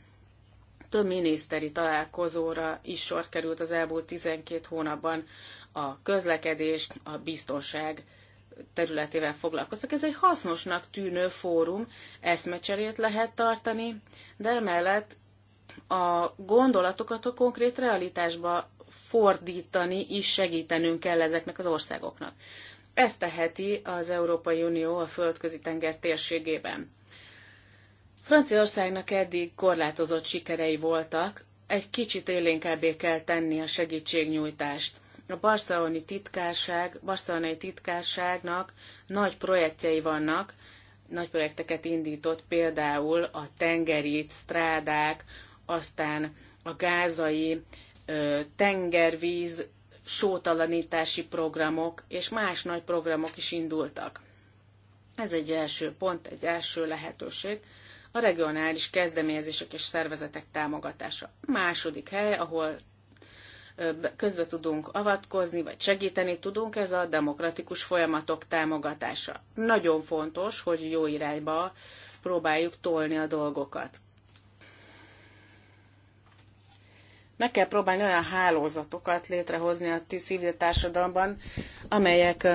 Több miniszteri találkozóra is sor került az elmúlt 12 hónapban a közlekedés, a biztonság területével foglalkoztak. Ez egy hasznosnak tűnő fórum, eszmecserét lehet tartani, de emellett a gondolatokat a konkrét realitásba fordítani is segítenünk kell ezeknek az országoknak. Ezt teheti az Európai Unió a földközi tenger térségében. Franciaországnak eddig korlátozott sikerei voltak, egy kicsit élénkebbé kell tenni a segítségnyújtást. A barcelonai titkárság, barcelonai titkárságnak nagy projektjei vannak, nagy projekteket indított például a tengeri strádák, aztán a gázai ö, tengervíz sótalanítási programok és más nagy programok is indultak. Ez egy első pont, egy első lehetőség a regionális kezdeményezések és szervezetek támogatása. Második hely, ahol közbe tudunk avatkozni, vagy segíteni tudunk, ez a demokratikus folyamatok támogatása. Nagyon fontos, hogy jó irányba próbáljuk tolni a dolgokat. Meg kell próbálni olyan hálózatokat létrehozni a civil társadalomban, amelyek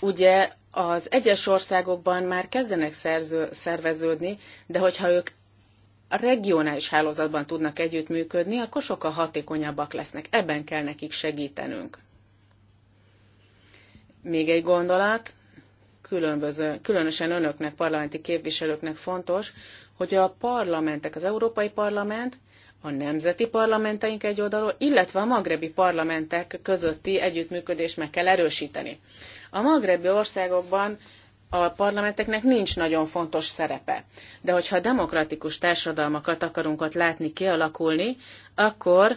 Ugye az egyes országokban már kezdenek szerző, szerveződni, de hogyha ők a regionális hálózatban tudnak együttműködni, akkor sokkal hatékonyabbak lesznek. Ebben kell nekik segítenünk. Még egy gondolat, különböző, különösen önöknek, parlamenti képviselőknek fontos, hogy a parlamentek, az Európai Parlament, a nemzeti parlamenteink egy oldalról, illetve a magrebi parlamentek közötti együttműködést meg kell erősíteni. A magrebi országokban a parlamenteknek nincs nagyon fontos szerepe. De hogyha demokratikus társadalmakat akarunk ott látni kialakulni, akkor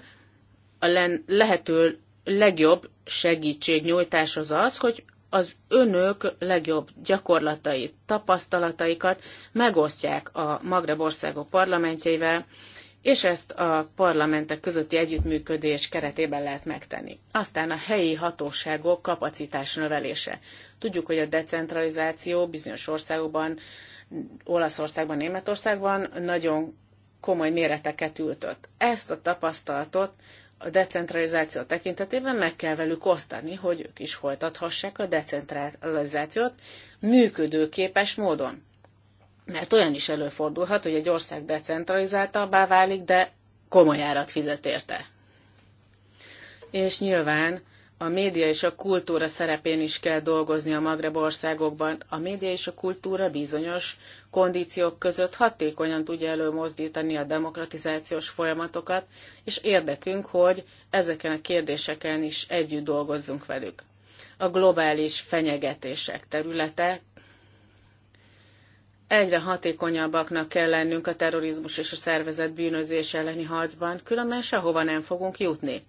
a lehető legjobb segítségnyújtás az az, hogy az önök legjobb gyakorlatait, tapasztalataikat megosztják a Magreb országok parlamentjeivel, és ezt a parlamentek közötti együttműködés keretében lehet megtenni. Aztán a helyi hatóságok kapacitás növelése. Tudjuk, hogy a decentralizáció bizonyos országokban, Olaszországban, Németországban nagyon komoly méreteket ültött. Ezt a tapasztalatot a decentralizáció tekintetében meg kell velük osztani, hogy ők is folytathassák a decentralizációt működőképes módon. Mert olyan is előfordulhat, hogy egy ország decentralizáltabbá válik, de komoly árat fizet érte. És nyilván a média és a kultúra szerepén is kell dolgozni a Magreb országokban. A média és a kultúra bizonyos kondíciók között hatékonyan tudja előmozdítani a demokratizációs folyamatokat, és érdekünk, hogy ezeken a kérdéseken is együtt dolgozzunk velük. A globális fenyegetések területe Egyre hatékonyabbaknak kell lennünk a terrorizmus és a szervezet bűnözés elleni harcban, különben sehova nem fogunk jutni.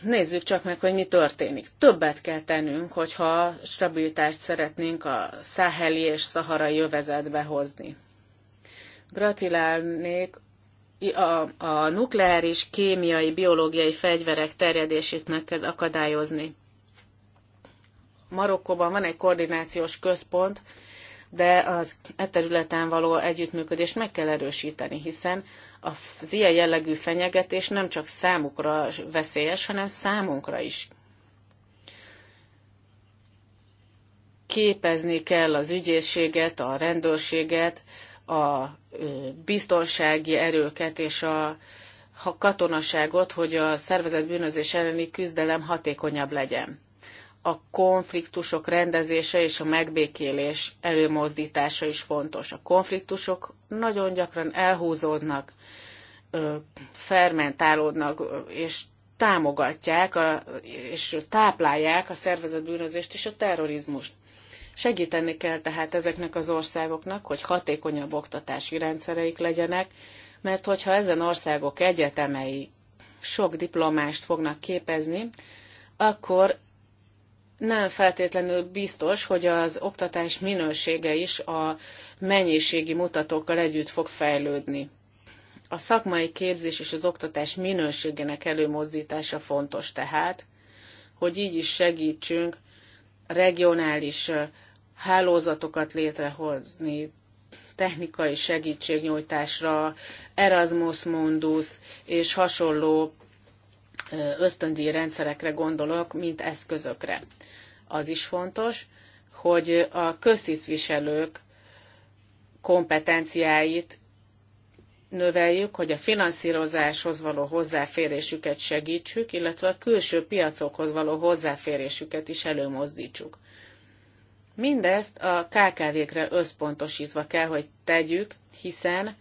Nézzük csak meg, hogy mi történik. Többet kell tennünk, hogyha stabilitást szeretnénk a száheli és szaharai övezetbe hozni. Gratulálnék a, a nukleáris, kémiai, biológiai fegyverek terjedését meg kell akadályozni. Marokkóban van egy koordinációs központ, de az e területen való együttműködést meg kell erősíteni, hiszen az ilyen jellegű fenyegetés nem csak számukra veszélyes, hanem számunkra is. Képezni kell az ügyészséget, a rendőrséget, a biztonsági erőket és a, a katonaságot, hogy a szervezett bűnözés elleni küzdelem hatékonyabb legyen a konfliktusok rendezése és a megbékélés előmozdítása is fontos. A konfliktusok nagyon gyakran elhúzódnak, fermentálódnak, és támogatják a, és táplálják a szervezetbűnözést és a terrorizmust. Segíteni kell tehát ezeknek az országoknak, hogy hatékonyabb oktatási rendszereik legyenek, mert hogyha ezen országok egyetemei sok diplomást fognak képezni, akkor nem feltétlenül biztos, hogy az oktatás minősége is a mennyiségi mutatókkal együtt fog fejlődni. A szakmai képzés és az oktatás minőségének előmozdítása fontos tehát, hogy így is segítsünk regionális hálózatokat létrehozni, technikai segítségnyújtásra, Erasmus Mundus és hasonló ösztöndíj rendszerekre gondolok, mint eszközökre. Az is fontos, hogy a köztisztviselők kompetenciáit növeljük, hogy a finanszírozáshoz való hozzáférésüket segítsük, illetve a külső piacokhoz való hozzáférésüket is előmozdítsuk. Mindezt a KKV-kre összpontosítva kell, hogy tegyük, hiszen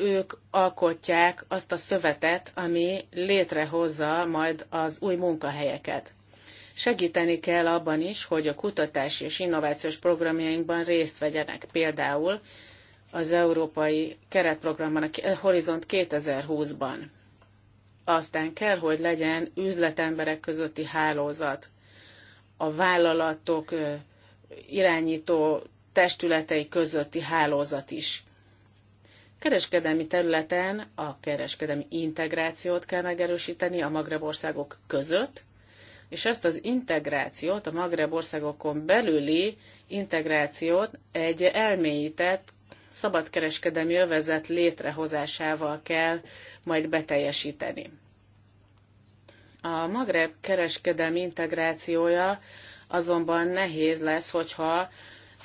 ők alkotják azt a szövetet, ami létrehozza majd az új munkahelyeket. Segíteni kell abban is, hogy a kutatási és innovációs programjainkban részt vegyenek. Például az Európai Keretprogramban, a Horizont 2020-ban. Aztán kell, hogy legyen üzletemberek közötti hálózat, a vállalatok irányító testületei közötti hálózat is. Kereskedelmi területen a kereskedelmi integrációt kell megerősíteni a Magreb országok között, és ezt az integrációt, a Magreb országokon belüli integrációt egy elmélyített szabadkereskedelmi övezet létrehozásával kell majd beteljesíteni. A Magreb kereskedelmi integrációja azonban nehéz lesz, hogyha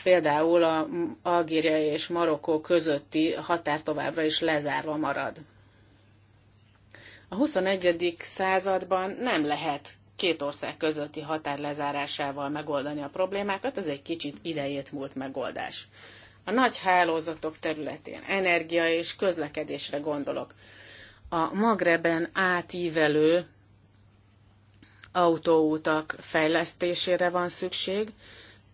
például a Algéria és Marokkó közötti határ továbbra is lezárva marad. A 21. században nem lehet két ország közötti határ lezárásával megoldani a problémákat, ez egy kicsit idejét múlt megoldás. A nagy hálózatok területén energia és közlekedésre gondolok. A Magreben átívelő autóutak fejlesztésére van szükség,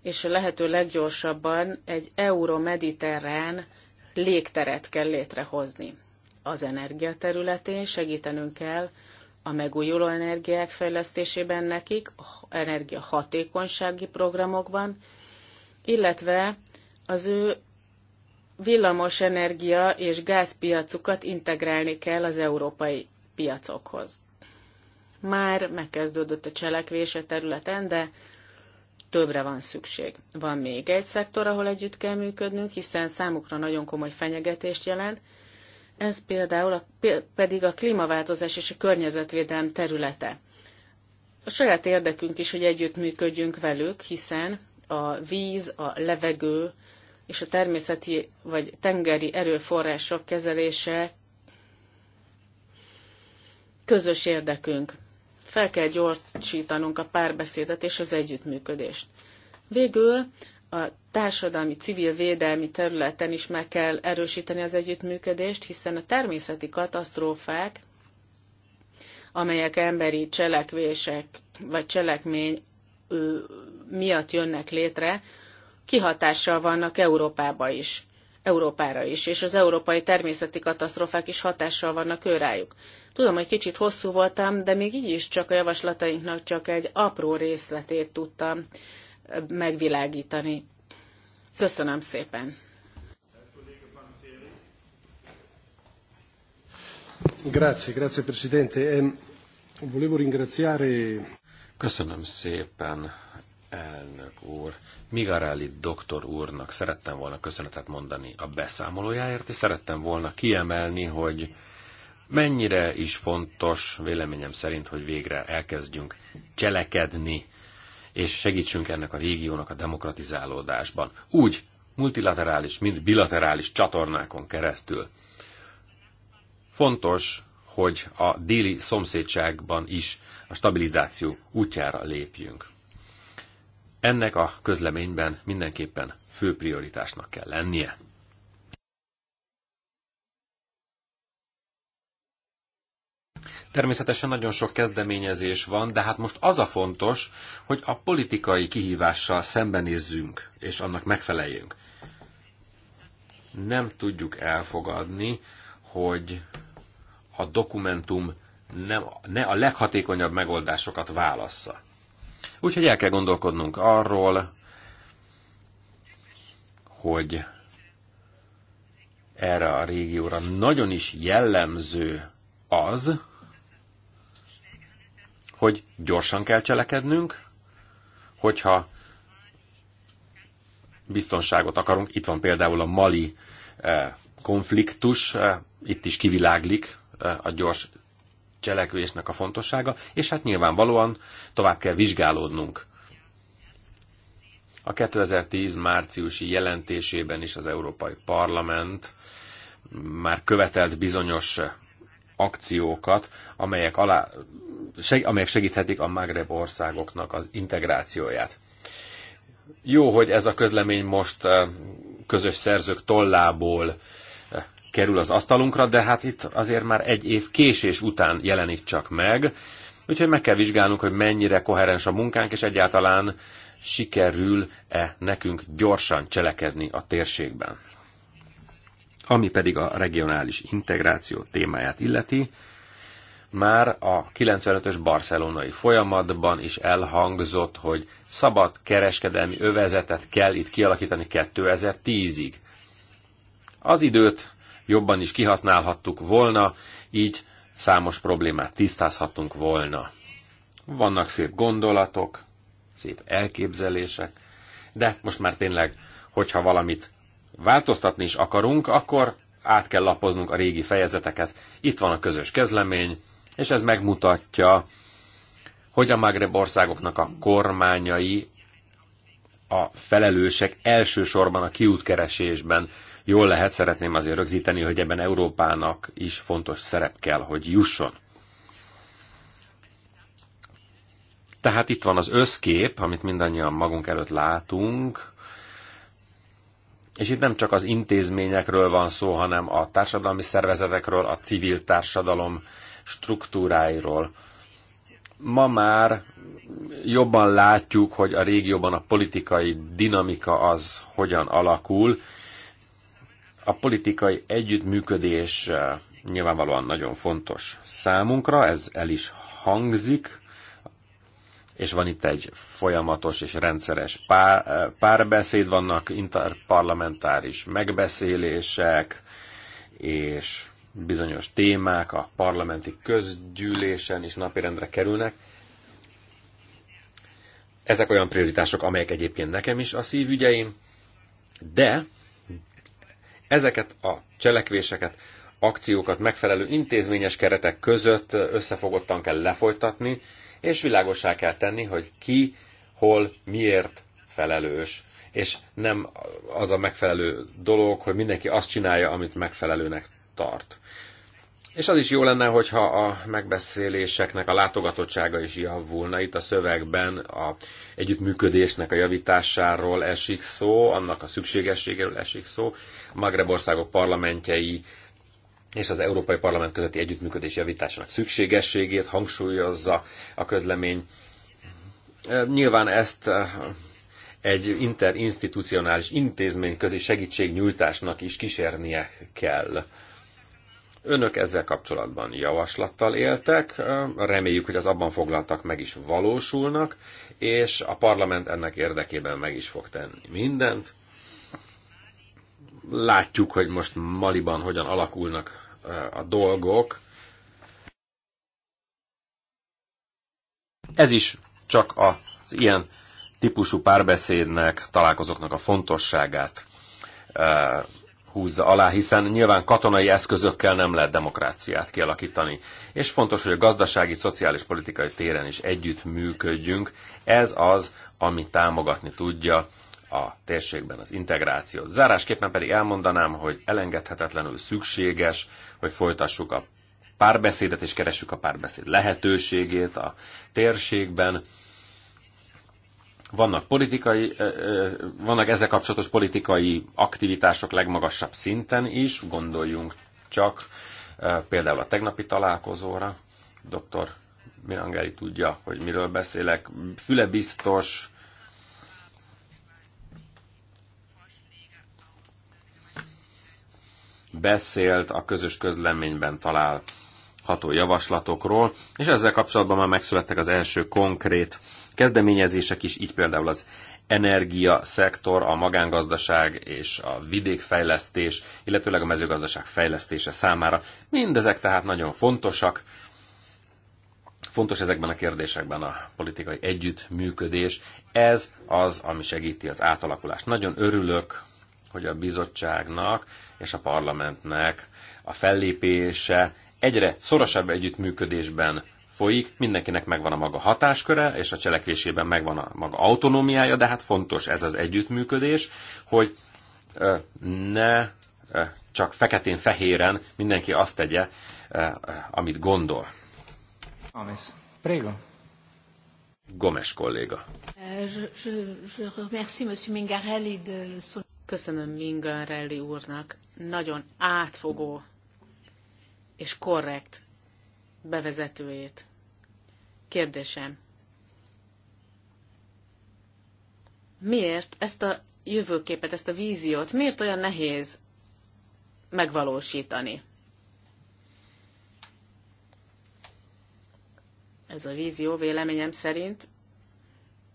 és a lehető leggyorsabban egy euromediterrán légteret kell létrehozni. Az energia területén segítenünk kell a megújuló energiák fejlesztésében nekik, energiahatékonysági programokban, illetve az ő villamos energia és gázpiacukat integrálni kell az európai piacokhoz. Már megkezdődött a cselekvés a területen, de többre van szükség. Van még egy szektor, ahol együtt kell működnünk, hiszen számukra nagyon komoly fenyegetést jelent, ez például a, pedig a klímaváltozás és a környezetvédelem területe. A saját érdekünk is, hogy együttműködjünk velük, hiszen a víz, a levegő és a természeti vagy tengeri erőforrások kezelése közös érdekünk. Fel kell gyorsítanunk a párbeszédet és az együttműködést. Végül a társadalmi civil védelmi területen is meg kell erősíteni az együttműködést, hiszen a természeti katasztrófák, amelyek emberi cselekvések vagy cselekmény miatt jönnek létre, kihatással vannak Európába is. Európára is, és az európai természeti katasztrófák is hatással vannak őrájuk. Tudom, hogy kicsit hosszú voltam, de még így is csak a javaslatainknak csak egy apró részletét tudtam megvilágítani. Köszönöm szépen! Grazie, grazie Presidente. Ehm, volevo ringraziare... Köszönöm szépen, elnök úr. Migarelli doktor úrnak szerettem volna köszönetet mondani a beszámolójáért, és szerettem volna kiemelni, hogy mennyire is fontos véleményem szerint, hogy végre elkezdjünk cselekedni, és segítsünk ennek a régiónak a demokratizálódásban. Úgy multilaterális, mint bilaterális csatornákon keresztül. Fontos, hogy a déli szomszédságban is a stabilizáció útjára lépjünk. Ennek a közleményben mindenképpen fő prioritásnak kell lennie. Természetesen nagyon sok kezdeményezés van, de hát most az a fontos, hogy a politikai kihívással szembenézzünk, és annak megfeleljünk. Nem tudjuk elfogadni, hogy a dokumentum nem, ne a leghatékonyabb megoldásokat válassza. Úgyhogy el kell gondolkodnunk arról, hogy erre a régióra nagyon is jellemző az, hogy gyorsan kell cselekednünk, hogyha biztonságot akarunk. Itt van például a mali eh, konfliktus, eh, itt is kiviláglik eh, a gyors cselekvésnek a fontossága, és hát nyilvánvalóan tovább kell vizsgálódnunk. A 2010 márciusi jelentésében is az Európai Parlament már követelt bizonyos akciókat, amelyek, alá, seg, amelyek segíthetik a Magreb országoknak az integrációját. Jó, hogy ez a közlemény most közös szerzők tollából kerül az asztalunkra, de hát itt azért már egy év késés után jelenik csak meg, úgyhogy meg kell vizsgálnunk, hogy mennyire koherens a munkánk, és egyáltalán sikerül-e nekünk gyorsan cselekedni a térségben. Ami pedig a regionális integráció témáját illeti, már a 95-ös barcelonai folyamatban is elhangzott, hogy szabad kereskedelmi övezetet kell itt kialakítani 2010-ig. Az időt jobban is kihasználhattuk volna, így számos problémát tisztázhattunk volna. Vannak szép gondolatok, szép elképzelések, de most már tényleg, hogyha valamit változtatni is akarunk, akkor át kell lapoznunk a régi fejezeteket. Itt van a közös kezlemény, és ez megmutatja, hogy a Magreb országoknak a kormányai a felelősek elsősorban a kiútkeresésben. Jól lehet, szeretném azért rögzíteni, hogy ebben Európának is fontos szerep kell, hogy jusson. Tehát itt van az összkép, amit mindannyian magunk előtt látunk, és itt nem csak az intézményekről van szó, hanem a társadalmi szervezetekről, a civil társadalom struktúráiról. Ma már jobban látjuk, hogy a régióban a politikai dinamika az hogyan alakul, a politikai együttműködés eh, nyilvánvalóan nagyon fontos számunkra, ez el is hangzik, és van itt egy folyamatos és rendszeres pár, eh, párbeszéd, vannak interparlamentáris megbeszélések, és bizonyos témák a parlamenti közgyűlésen is napirendre kerülnek. Ezek olyan prioritások, amelyek egyébként nekem is a szívügyeim, de Ezeket a cselekvéseket, akciókat megfelelő intézményes keretek között összefogottan kell lefolytatni, és világosá kell tenni, hogy ki, hol, miért felelős. És nem az a megfelelő dolog, hogy mindenki azt csinálja, amit megfelelőnek tart. És az is jó lenne, hogyha a megbeszéléseknek a látogatottsága is javulna. Itt a szövegben a együttműködésnek a javításáról esik szó, annak a szükségességéről esik szó. A Magreb országok parlamentjei és az Európai Parlament közötti együttműködés javításának szükségességét hangsúlyozza a közlemény. Nyilván ezt egy interinstitucionális intézményközi segítségnyújtásnak is kísérnie kell. Önök ezzel kapcsolatban javaslattal éltek, reméljük, hogy az abban foglaltak meg is valósulnak, és a parlament ennek érdekében meg is fog tenni mindent. Látjuk, hogy most Maliban hogyan alakulnak eh, a dolgok. Ez is csak az ilyen típusú párbeszédnek, találkozóknak a fontosságát eh, húzza alá, hiszen nyilván katonai eszközökkel nem lehet demokráciát kialakítani. És fontos, hogy a gazdasági, szociális, politikai téren is együtt működjünk. Ez az, ami támogatni tudja a térségben az integrációt. Zárásképpen pedig elmondanám, hogy elengedhetetlenül szükséges, hogy folytassuk a párbeszédet és keressük a párbeszéd lehetőségét a térségben vannak politikai, vannak ezzel kapcsolatos politikai aktivitások legmagasabb szinten is, gondoljunk csak például a tegnapi találkozóra. Dr. Mirangeli tudja, hogy miről beszélek. Füle biztos, beszélt a közös közleményben található javaslatokról, és ezzel kapcsolatban már megszülettek az első konkrét kezdeményezések is, így például az energia szektor, a magángazdaság és a vidékfejlesztés, illetőleg a mezőgazdaság fejlesztése számára. Mindezek tehát nagyon fontosak. Fontos ezekben a kérdésekben a politikai együttműködés. Ez az, ami segíti az átalakulást. Nagyon örülök, hogy a bizottságnak és a parlamentnek a fellépése egyre szorosabb együttműködésben folyik, mindenkinek megvan a maga hatásköre, és a cselekvésében megvan a maga autonómiája, de hát fontos ez az együttműködés, hogy ne csak feketén-fehéren mindenki azt tegye, amit gondol. Gomes, prego. Gomes kolléga. Eh, Köszönöm Mingarelli úrnak. Nagyon átfogó és korrekt bevezetőjét. Kérdésem. Miért ezt a jövőképet, ezt a víziót, miért olyan nehéz megvalósítani? Ez a vízió véleményem szerint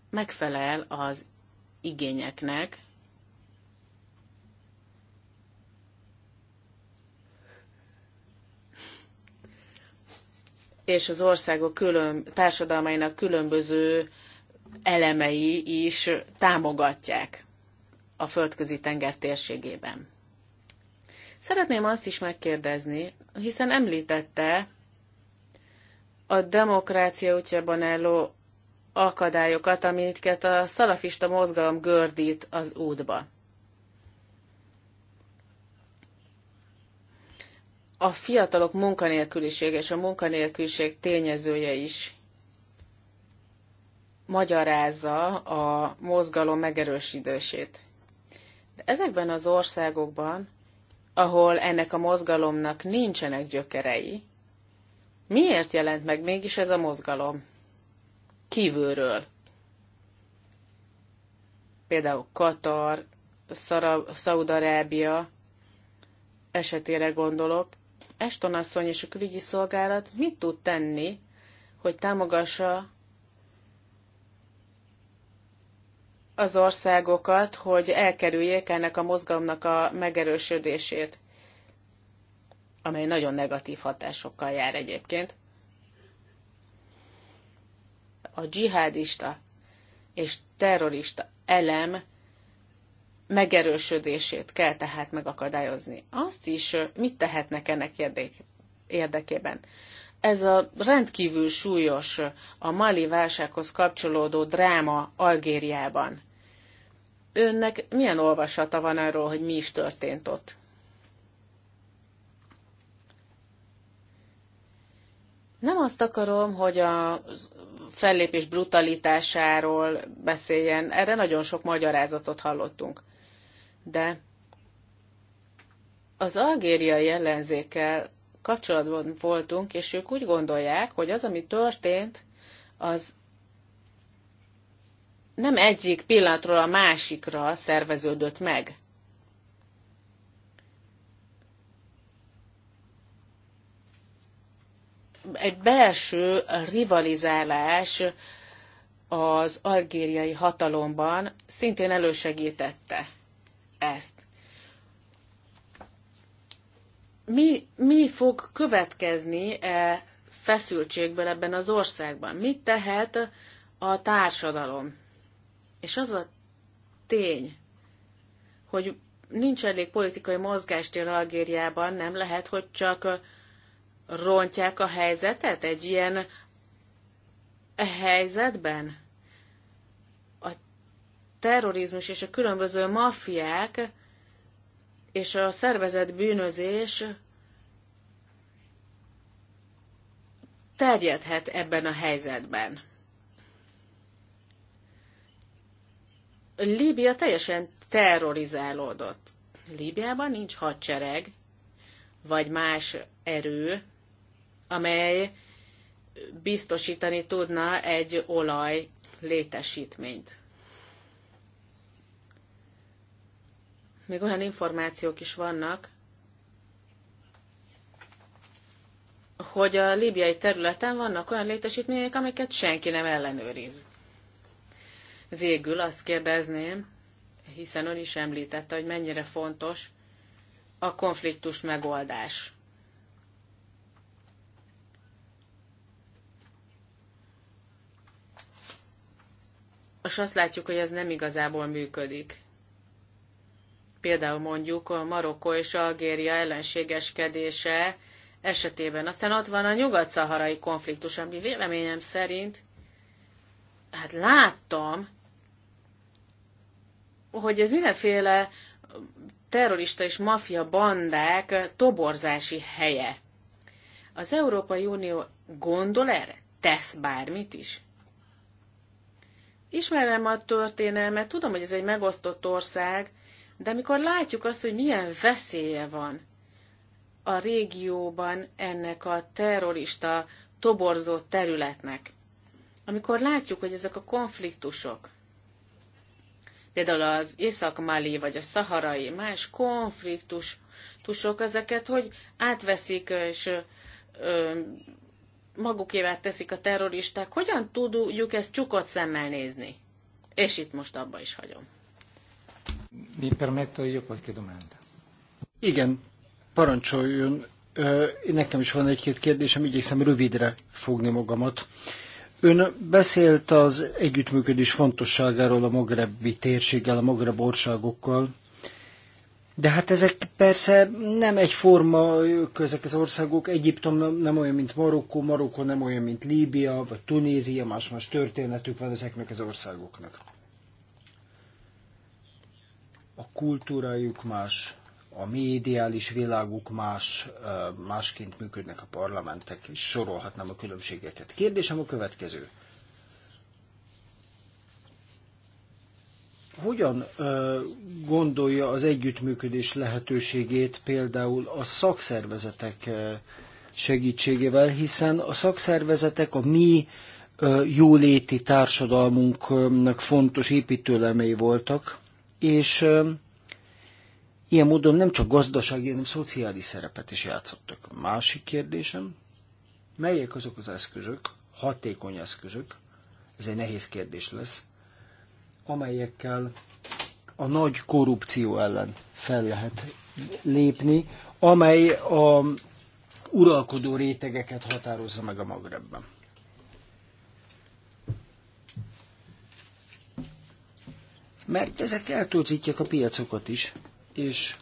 megfelel az igényeknek, és az országok külön, társadalmainak különböző elemei is támogatják a földközi tenger térségében. Szeretném azt is megkérdezni, hiszen említette a demokrácia útjában álló akadályokat, amiket a szalafista mozgalom gördít az útba. a fiatalok munkanélküliség és a munkanélküliség tényezője is magyarázza a mozgalom megerősítését. De ezekben az országokban, ahol ennek a mozgalomnak nincsenek gyökerei, miért jelent meg mégis ez a mozgalom? Kívülről. Például Katar, Szaudarábia esetére gondolok, Eston asszony és a külügyi szolgálat mit tud tenni, hogy támogassa az országokat, hogy elkerüljék ennek a mozgalomnak a megerősödését, amely nagyon negatív hatásokkal jár egyébként. A dzsihádista és terrorista elem megerősödését kell tehát megakadályozni. Azt is, mit tehetnek ennek érdekében? Ez a rendkívül súlyos, a mali válsághoz kapcsolódó dráma Algériában. Önnek milyen olvasata van arról, hogy mi is történt ott? Nem azt akarom, hogy a fellépés brutalitásáról beszéljen, erre nagyon sok magyarázatot hallottunk de az algériai ellenzékkel kapcsolatban voltunk, és ők úgy gondolják, hogy az, ami történt, az nem egyik pillanatról a másikra szerveződött meg. Egy belső rivalizálás az algériai hatalomban szintén elősegítette ezt. Mi, mi fog következni e feszültségből ebben az országban? Mit tehet a társadalom? És az a tény, hogy nincs elég politikai mozgástér Algériában, nem lehet, hogy csak rontják a helyzetet egy ilyen helyzetben? terrorizmus és a különböző maffiák és a szervezett bűnözés terjedhet ebben a helyzetben. Líbia teljesen terrorizálódott. Líbiában nincs hadsereg, vagy más erő, amely biztosítani tudna egy olaj létesítményt. még olyan információk is vannak, hogy a líbiai területen vannak olyan létesítmények, amiket senki nem ellenőriz. Végül azt kérdezném, hiszen ön is említette, hogy mennyire fontos a konfliktus megoldás. És azt látjuk, hogy ez nem igazából működik például mondjuk a Marokkó és Algéria ellenségeskedése esetében. Aztán ott van a nyugat-szaharai konfliktus, ami véleményem szerint, hát láttam, hogy ez mindenféle terrorista és mafia bandák toborzási helye. Az Európai Unió gondol erre? Tesz bármit is? Ismerem a történelmet, tudom, hogy ez egy megosztott ország, de amikor látjuk azt, hogy milyen veszélye van a régióban ennek a terrorista toborzó területnek, amikor látjuk, hogy ezek a konfliktusok, például az Észak-Mali vagy a Szaharai, más konfliktusok, ezeket, hogy átveszik és ö, magukévá teszik a terroristák, hogyan tudjuk ezt csukott szemmel nézni? És itt most abba is hagyom. Mi permetto io qualche domanda. Igen, parancsoljon. Nekem is van egy-két kérdésem, igyekszem rövidre fogni magamat. Ön beszélt az együttműködés fontosságáról a magrebi térséggel, a magreb országokkal, de hát ezek persze nem egyforma, ezek az országok, Egyiptom nem olyan, mint Marokkó, Marokkó nem olyan, mint Líbia, vagy Tunézia, más-más történetük van ezeknek az országoknak a kultúrájuk más, a médiális világuk más, másként működnek a parlamentek, és sorolhatnám a különbségeket. Kérdésem a következő. Hogyan gondolja az együttműködés lehetőségét például a szakszervezetek segítségével, hiszen a szakszervezetek a mi jóléti társadalmunknak fontos építőlemei voltak, és ilyen módon nem csak gazdasági, hanem szociális szerepet is játszottak. Másik kérdésem, melyek azok az eszközök, hatékony eszközök, ez egy nehéz kérdés lesz, amelyekkel a nagy korrupció ellen fel lehet lépni, amely a uralkodó rétegeket határozza meg a Magrebben. mert ezek eltorzítják a piacokat is, és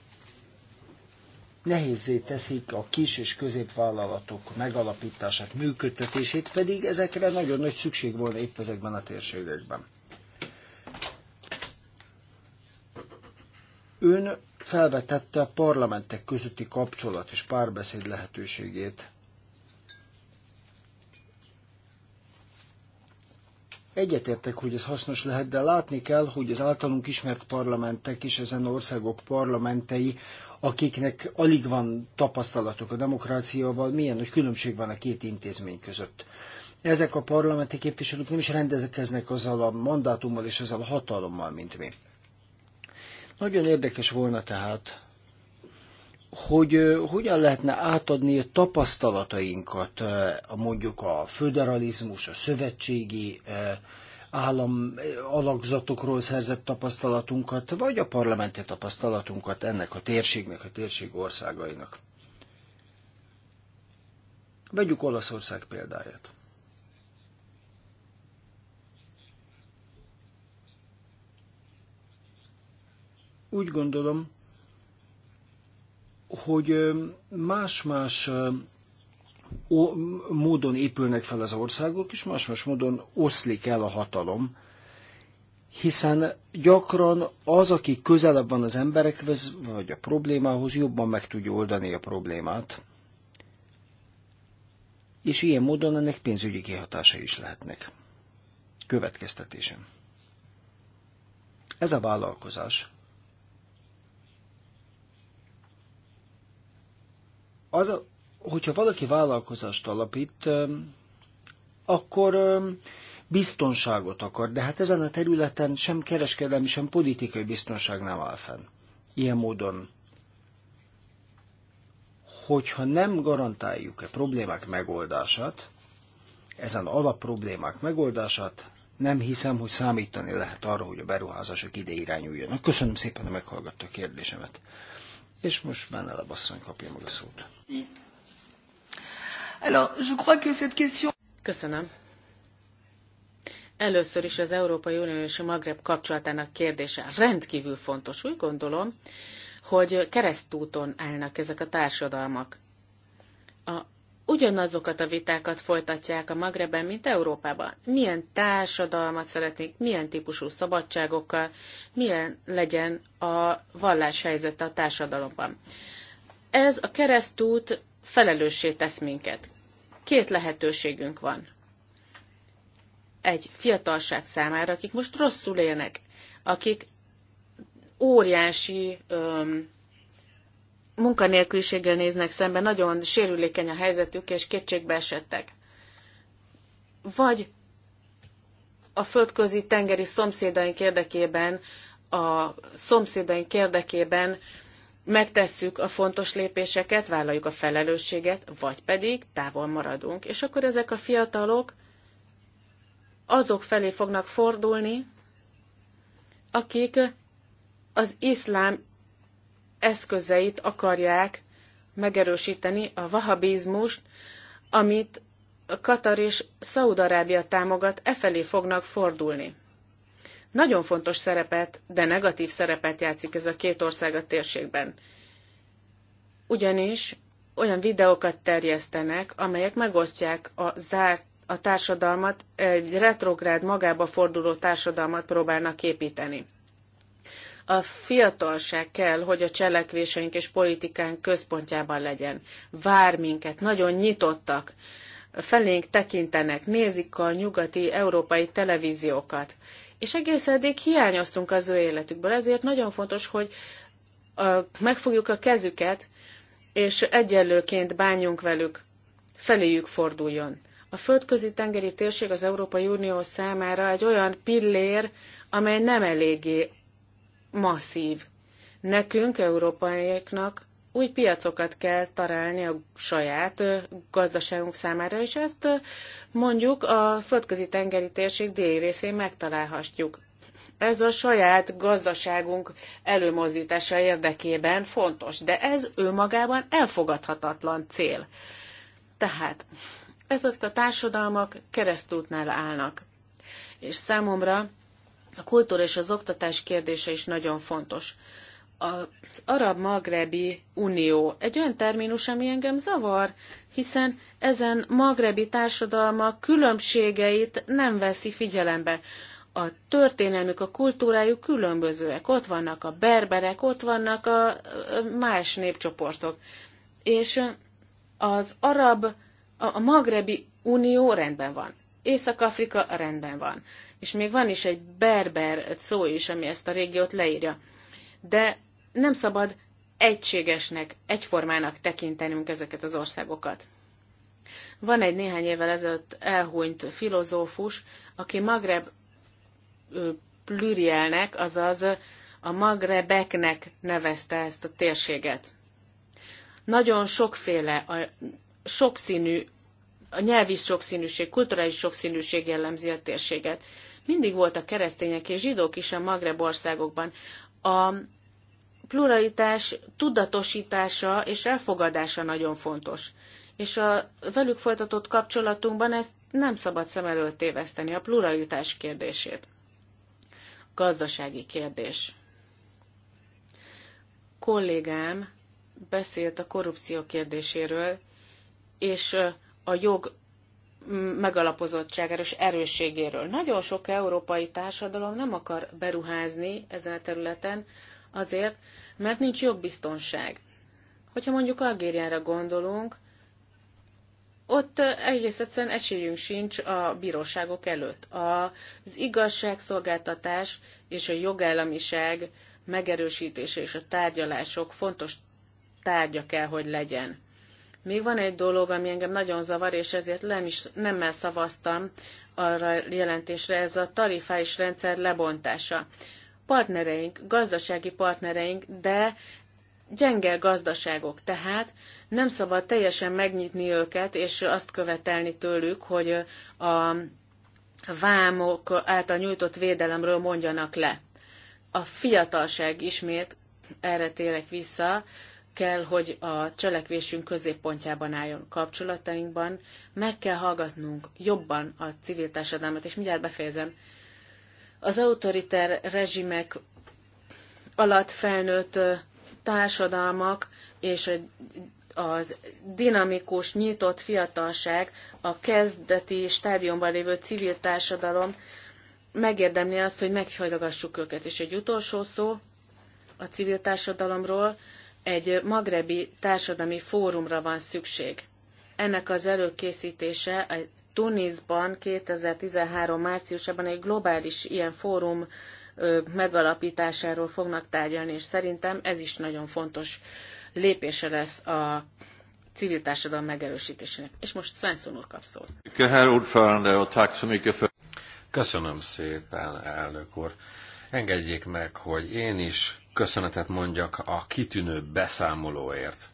nehézé teszik a kis és középvállalatok megalapítását, működtetését, pedig ezekre nagyon nagy szükség volna épp ezekben a térségekben. Ön felvetette a parlamentek közötti kapcsolat és párbeszéd lehetőségét. Egyetértek, hogy ez hasznos lehet, de látni kell, hogy az általunk ismert parlamentek és ezen országok parlamentei, akiknek alig van tapasztalatuk a demokráciával, milyen nagy különbség van a két intézmény között. Ezek a parlamenti képviselők nem is rendelkeznek azzal a mandátummal és azzal a hatalommal, mint mi. Nagyon érdekes volna tehát, hogy hogyan lehetne átadni a tapasztalatainkat, a mondjuk a föderalizmus, a szövetségi állam alakzatokról szerzett tapasztalatunkat, vagy a parlamenti tapasztalatunkat ennek a térségnek, a térség országainak. Vegyük Olaszország példáját. Úgy gondolom, hogy más-más módon épülnek fel az országok, és más-más módon oszlik el a hatalom, hiszen gyakran az, aki közelebb van az emberekhez, vagy a problémához, jobban meg tudja oldani a problémát, és ilyen módon ennek pénzügyi kihatásai is lehetnek. Következtetésem. Ez a vállalkozás Az, hogyha valaki vállalkozást alapít, akkor biztonságot akar, de hát ezen a területen sem kereskedelmi, sem politikai biztonság nem áll fenn. Ilyen módon, hogyha nem garantáljuk a problémák megoldását, ezen alapproblémák megoldását, nem hiszem, hogy számítani lehet arra, hogy a beruházások ide irányuljanak. Köszönöm szépen, hogy meghallgatta a kérdésemet és most már basszony kapja meg a szót. Köszönöm. Először is az Európai Unió és a Magreb kapcsolatának kérdése rendkívül fontos. Úgy gondolom, hogy keresztúton állnak ezek a társadalmak. A ugyanazokat a vitákat folytatják a Magreben, mint Európában. Milyen társadalmat szeretnék, milyen típusú szabadságokkal, milyen legyen a vallás helyzete a társadalomban. Ez a keresztút felelőssé tesz minket. Két lehetőségünk van. Egy fiatalság számára, akik most rosszul élnek, akik óriási öm, munkanélküliséggel néznek szembe, nagyon sérülékeny a helyzetük, és kétségbe esettek. Vagy a földközi tengeri szomszédaink érdekében, a szomszédaink érdekében megtesszük a fontos lépéseket, vállaljuk a felelősséget, vagy pedig távol maradunk. És akkor ezek a fiatalok azok felé fognak fordulni, akik az iszlám eszközeit akarják megerősíteni a vahabizmust, amit Katar és Szaudarábia támogat, e felé fognak fordulni. Nagyon fontos szerepet, de negatív szerepet játszik ez a két ország a térségben. Ugyanis olyan videókat terjesztenek, amelyek megosztják a zárt a társadalmat, egy retrográd magába forduló társadalmat próbálnak építeni. A fiatalság kell, hogy a cselekvéseink és politikánk központjában legyen. Vár minket, nagyon nyitottak. Felénk tekintenek, nézik a nyugati európai televíziókat. És egész eddig hiányoztunk az ő életükből, ezért nagyon fontos, hogy megfogjuk a kezüket, és egyenlőként bánjunk velük, feléjük forduljon. A földközi tengeri térség az Európai Unió számára egy olyan pillér, amely nem eléggé masszív. Nekünk, európaiaknak új piacokat kell találni a saját gazdaságunk számára, és ezt mondjuk a földközi tengeri térség déli részén megtalálhatjuk. Ez a saját gazdaságunk előmozdítása érdekében fontos, de ez önmagában elfogadhatatlan cél. Tehát ezek a társadalmak keresztútnál állnak. És számomra a kultúra és az oktatás kérdése is nagyon fontos. Az Arab-Magrebi Unió egy olyan terminus, ami engem zavar, hiszen ezen magrebi társadalmak különbségeit nem veszi figyelembe a történelmük, a kultúrájuk különbözőek. Ott vannak a berberek, ott vannak a más népcsoportok. És az arab, a magrebi unió rendben van. Észak-Afrika rendben van. És még van is egy berber szó is, ami ezt a régiót leírja. De nem szabad egységesnek, egyformának tekintenünk ezeket az országokat. Van egy néhány évvel ezelőtt elhunyt filozófus, aki Magreb plürielnek, azaz a magrebeknek nevezte ezt a térséget. Nagyon sokféle, a sokszínű a nyelvi sokszínűség, kulturális sokszínűség jellemzi a térséget. Mindig voltak keresztények és zsidók is a Magreb országokban. A pluralitás tudatosítása és elfogadása nagyon fontos. És a velük folytatott kapcsolatunkban ezt nem szabad szem előtt téveszteni, a pluralitás kérdését. Gazdasági kérdés. Kollégám beszélt a korrupció kérdéséről, és a jog megalapozottságáról és erősségéről. Nagyon sok európai társadalom nem akar beruházni ezen a területen azért, mert nincs jogbiztonság. Hogyha mondjuk Algériára gondolunk, ott egész egyszerűen esélyünk sincs a bíróságok előtt. Az igazságszolgáltatás és a jogállamiság megerősítése és a tárgyalások fontos tárgya kell, hogy legyen. Még van egy dolog, ami engem nagyon zavar, és ezért nem is, nemmel szavaztam arra jelentésre, ez a tarifális rendszer lebontása. Partnereink, gazdasági partnereink, de gyenge gazdaságok, tehát nem szabad teljesen megnyitni őket, és azt követelni tőlük, hogy a vámok által nyújtott védelemről mondjanak le. A fiatalság ismét, erre térek vissza, kell, hogy a cselekvésünk középpontjában álljon kapcsolatainkban, meg kell hallgatnunk jobban a civil társadalmat, és mindjárt befejezem. Az autoriter rezsimek alatt felnőtt társadalmak és az dinamikus, nyitott fiatalság, a kezdeti stádiumban lévő civil társadalom megérdemli azt, hogy meghajlagassuk őket. És egy utolsó szó a civil társadalomról, egy magrebi társadalmi fórumra van szükség. Ennek az előkészítése a Tunisban 2013. márciusában egy globális ilyen fórum megalapításáról fognak tárgyalni, és szerintem ez is nagyon fontos lépése lesz a civil társadalom megerősítésének. És most Svensson úr kap szót. Köszönöm szépen, elnök úr. Engedjék meg, hogy én is köszönetet mondjak a kitűnő beszámolóért.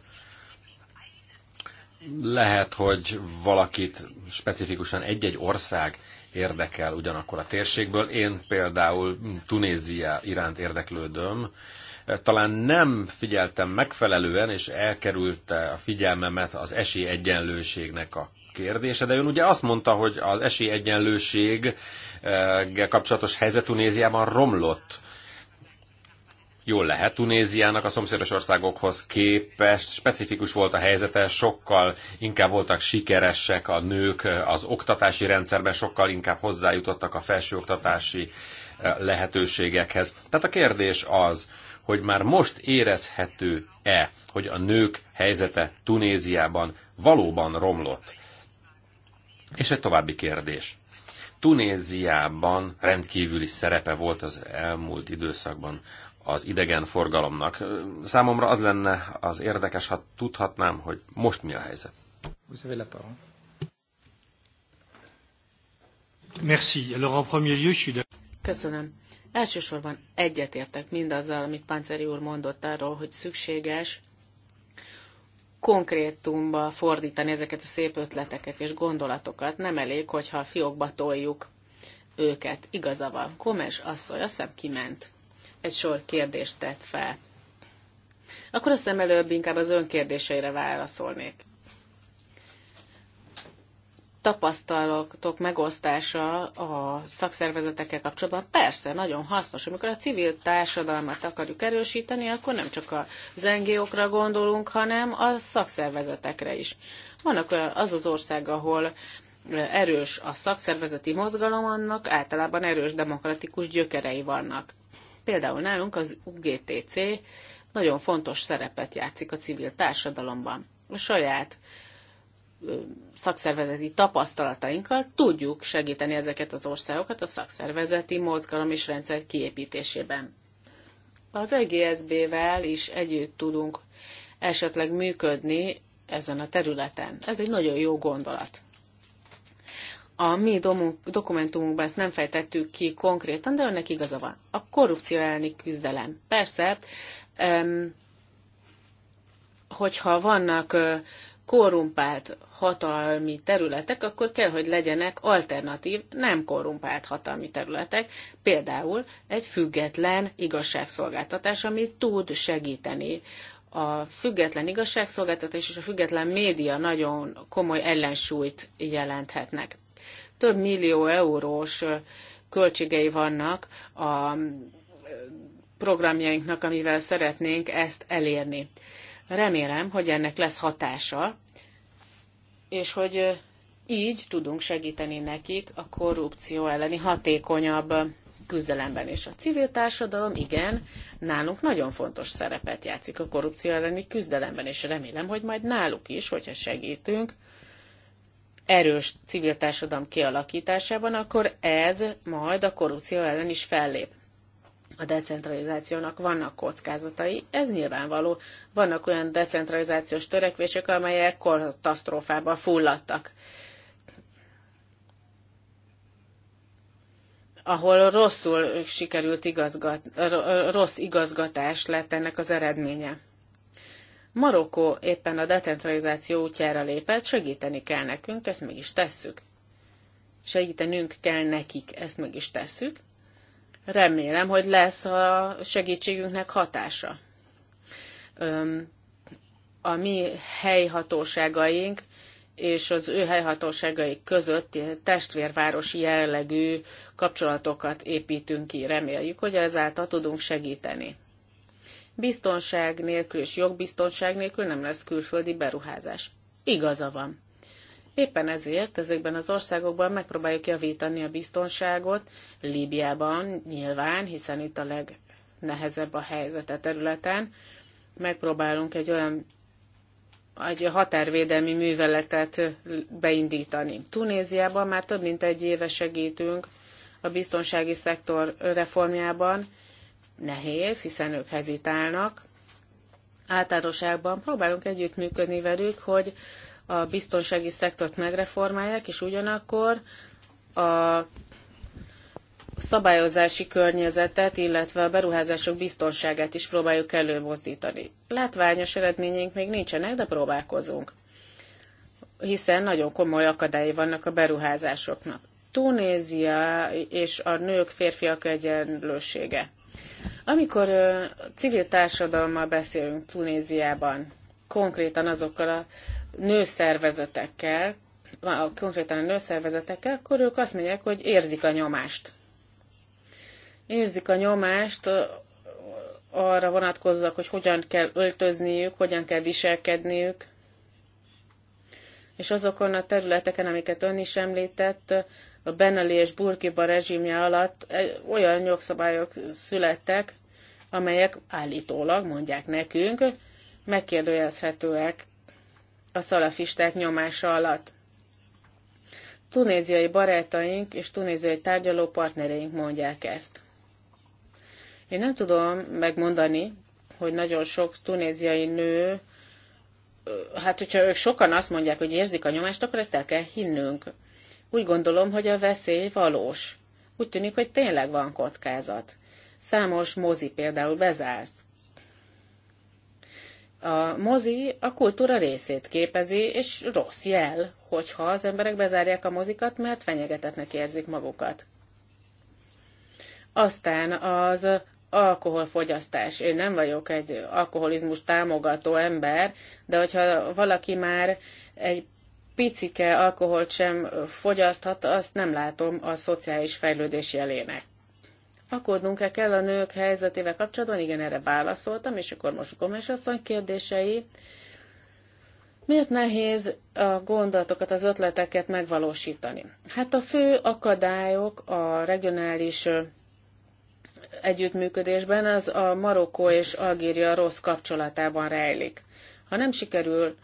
Lehet, hogy valakit specifikusan egy-egy ország érdekel ugyanakkor a térségből. Én például Tunézia iránt érdeklődöm. Talán nem figyeltem megfelelően, és elkerülte a figyelmemet az esélyegyenlőségnek a kérdése, de ön ugye azt mondta, hogy az esélyegyenlőség kapcsolatos helyzet Tunéziában romlott Jól lehet, Tunéziának a szomszédos országokhoz képest specifikus volt a helyzete, sokkal inkább voltak sikeresek a nők eh, az oktatási rendszerben, sokkal inkább hozzájutottak a felsőoktatási eh, lehetőségekhez. Tehát a kérdés az, hogy már most érezhető-e, hogy a nők helyzete Tunéziában valóban romlott. És egy további kérdés. Tunéziában rendkívüli szerepe volt az elmúlt időszakban az idegenforgalomnak. Számomra az lenne az érdekes, ha tudhatnám, hogy most mi a helyzet. Merci. Köszönöm. Elsősorban egyetértek mindazzal, amit Panceri úr mondott arról, hogy szükséges konkrétumba fordítani ezeket a szép ötleteket és gondolatokat. Nem elég, hogyha a fiókba toljuk őket. Igaza van. Komes asszony, azt hiszem kiment egy sor kérdést tett fel. Akkor azt hiszem előbb inkább az önkérdéseire válaszolnék. Tapasztalatok megosztása a szakszervezetekkel kapcsolatban persze nagyon hasznos. Amikor a civil társadalmat akarjuk erősíteni, akkor nem csak az ngo gondolunk, hanem a szakszervezetekre is. Vannak az az ország, ahol erős a szakszervezeti mozgalom, annak általában erős demokratikus gyökerei vannak. Például nálunk az UGTC nagyon fontos szerepet játszik a civil társadalomban. A saját szakszervezeti tapasztalatainkkal tudjuk segíteni ezeket az országokat a szakszervezeti mozgalom és rendszer kiépítésében. Az EGSB-vel is együtt tudunk esetleg működni ezen a területen. Ez egy nagyon jó gondolat a mi dokumentumunkban ezt nem fejtettük ki konkrétan, de önnek igaza van. A korrupció elleni küzdelem. Persze, hogyha vannak korrumpált hatalmi területek, akkor kell, hogy legyenek alternatív, nem korrumpált hatalmi területek, például egy független igazságszolgáltatás, ami tud segíteni. A független igazságszolgáltatás és a független média nagyon komoly ellensúlyt jelenthetnek több millió eurós költségei vannak a programjainknak, amivel szeretnénk ezt elérni. Remélem, hogy ennek lesz hatása, és hogy így tudunk segíteni nekik a korrupció elleni hatékonyabb küzdelemben. És a civil társadalom, igen, nálunk nagyon fontos szerepet játszik a korrupció elleni küzdelemben, és remélem, hogy majd náluk is, hogyha segítünk, erős civil társadalom kialakításában, akkor ez majd a korrupció ellen is fellép. A decentralizációnak vannak kockázatai, ez nyilvánvaló. Vannak olyan decentralizációs törekvések, amelyek katasztrófába fulladtak. ahol rosszul sikerült igazgat, rossz igazgatás lett ennek az eredménye. Marokkó éppen a decentralizáció útjára lépett, segíteni kell nekünk, ezt meg is tesszük. Segítenünk kell nekik, ezt meg is tesszük. Remélem, hogy lesz a segítségünknek hatása. A mi helyhatóságaink és az ő helyhatóságai között testvérvárosi jellegű kapcsolatokat építünk ki. Reméljük, hogy ezáltal tudunk segíteni biztonság nélkül és jogbiztonság nélkül nem lesz külföldi beruházás. Igaza van. Éppen ezért ezekben az országokban megpróbáljuk javítani a biztonságot, Líbiában nyilván, hiszen itt a legnehezebb a helyzet a területen. Megpróbálunk egy olyan egy határvédelmi műveletet beindítani. Tunéziában már több mint egy éve segítünk a biztonsági szektor reformjában, nehéz, hiszen ők hezitálnak. Általánosságban próbálunk együttműködni velük, hogy a biztonsági szektort megreformálják, és ugyanakkor a szabályozási környezetet, illetve a beruházások biztonságát is próbáljuk előmozdítani. Látványos eredményénk még nincsenek, de próbálkozunk, hiszen nagyon komoly akadályi vannak a beruházásoknak. Tunézia és a nők férfiak egyenlősége. Amikor ö, civil társadalommal beszélünk Tunéziában, konkrétan azokkal a nőszervezetekkel, konkrétan a nőszervezetekkel, akkor ők azt mondják, hogy érzik a nyomást. Érzik a nyomást arra vonatkozzak, hogy hogyan kell öltözniük, hogyan kell viselkedniük. És azokon a területeken, amiket ön is említett, a Benelli és Burkiba rezsimje alatt e, olyan jogszabályok születtek, amelyek állítólag, mondják nekünk, megkérdőjelezhetőek a szalafisták nyomása alatt. Tunéziai barátaink és tunéziai tárgyaló partnereink mondják ezt. Én nem tudom megmondani, hogy nagyon sok tunéziai nő, hát hogyha ők sokan azt mondják, hogy érzik a nyomást, akkor ezt el kell hinnünk. Úgy gondolom, hogy a veszély valós. Úgy tűnik, hogy tényleg van kockázat. Számos mozi például bezárt. A mozi a kultúra részét képezi, és rossz jel, hogyha az emberek bezárják a mozikat, mert fenyegetetnek érzik magukat. Aztán az alkoholfogyasztás. Én nem vagyok egy alkoholizmus támogató ember, de hogyha valaki már egy picike alkoholt sem fogyaszthat, azt nem látom a szociális fejlődés jelének. Akódnunk-e kell a nők helyzetével kapcsolatban? Igen, erre válaszoltam, és akkor most Gomes asszony kérdései. Miért nehéz a gondolatokat, az ötleteket megvalósítani? Hát a fő akadályok a regionális együttműködésben az a Marokkó és Algéria rossz kapcsolatában rejlik. Ha nem sikerül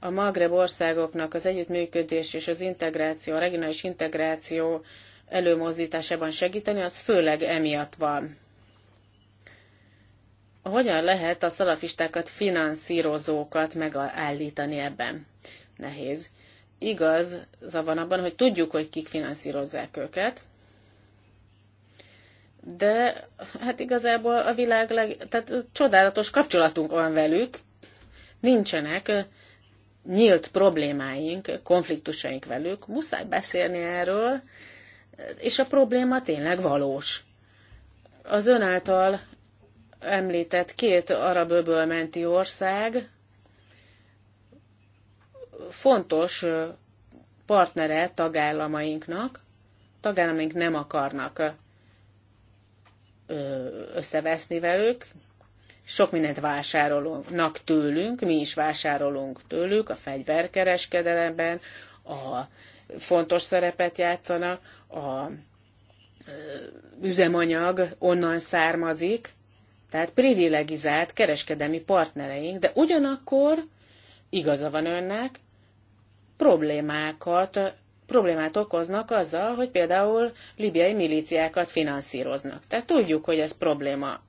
a Magreb országoknak az együttműködés és az integráció, a regionális integráció előmozdításában segíteni, az főleg emiatt van. Hogyan lehet a szalafistákat finanszírozókat megállítani ebben? Nehéz. Igaz, van abban, hogy tudjuk, hogy kik finanszírozzák őket, de hát igazából a világ leg... Tehát csodálatos kapcsolatunk van velük, nincsenek nyílt problémáink, konfliktusaink velük, muszáj beszélni erről, és a probléma tényleg valós. Az ön által említett két arab öböl menti ország fontos partnere tagállamainknak, tagállamaink nem akarnak összeveszni velük, sok mindent vásárolnak tőlünk, mi is vásárolunk tőlük a fegyverkereskedelemben, a fontos szerepet játszanak, a üzemanyag onnan származik, tehát privilegizált kereskedelmi partnereink, de ugyanakkor igaza van önnek, problémákat, problémát okoznak azzal, hogy például libiai milíciákat finanszíroznak. Tehát tudjuk, hogy ez probléma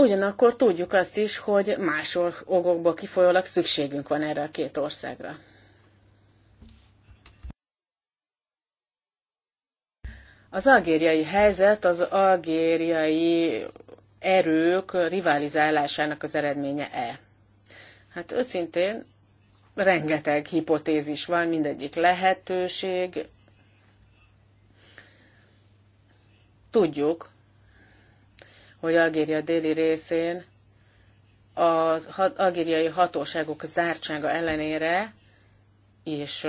Ugyanakkor tudjuk azt is, hogy más okokból kifolyólag szükségünk van erre a két országra. Az algériai helyzet az algériai erők rivalizálásának az eredménye-e? Hát őszintén rengeteg hipotézis van, mindegyik lehetőség. Tudjuk, hogy Algéria déli részén az algériai hatóságok zártsága ellenére és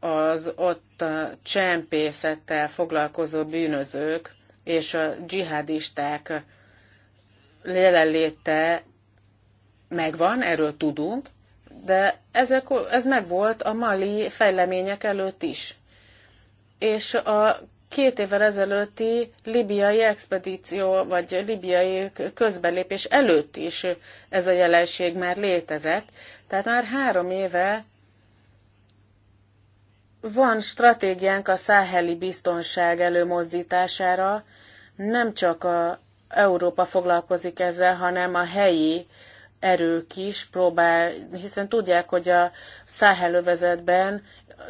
az ott csempészettel foglalkozó bűnözők és a dzsihadisták jelenléte megvan, erről tudunk, de ezek, ez megvolt a mali fejlemények előtt is. És a két évvel ezelőtti libiai expedíció, vagy libiai közbelépés előtt is ez a jelenség már létezett. Tehát már három éve van stratégiánk a száheli biztonság előmozdítására, nem csak a Európa foglalkozik ezzel, hanem a helyi erők is próbál, hiszen tudják, hogy a száhelövezetben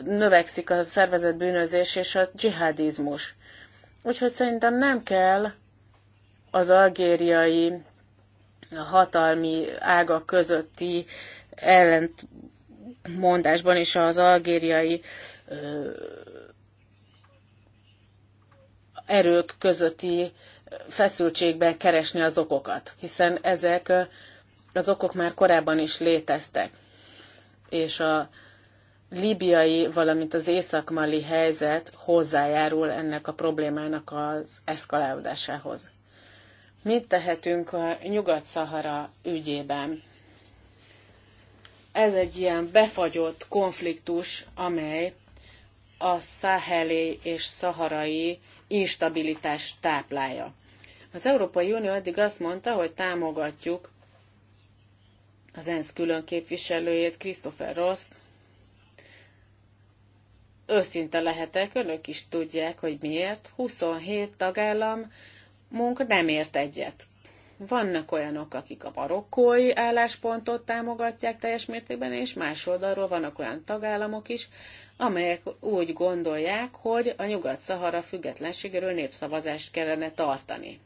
növekszik a szervezet bűnözés és a dzsihadizmus. Úgyhogy szerintem nem kell az algériai hatalmi ágak közötti ellentmondásban és az algériai ö, erők közötti feszültségben keresni az okokat, hiszen ezek az okok már korábban is léteztek. És a libiai, valamint az észak-mali helyzet hozzájárul ennek a problémának az eszkalálódásához. Mit tehetünk a Nyugat-Szahara ügyében? Ez egy ilyen befagyott konfliktus, amely a száheli és szaharai instabilitás táplálja. Az Európai Unió eddig azt mondta, hogy támogatjuk az ENSZ külön képviselőjét, Christopher Rost, Őszinte lehetek, önök is tudják, hogy miért. 27 tagállam munka nem ért egyet. Vannak olyanok, akik a marokkói álláspontot támogatják teljes mértékben, és más oldalról vannak olyan tagállamok is, amelyek úgy gondolják, hogy a Nyugat-Szahara függetlenségéről népszavazást kellene tartani.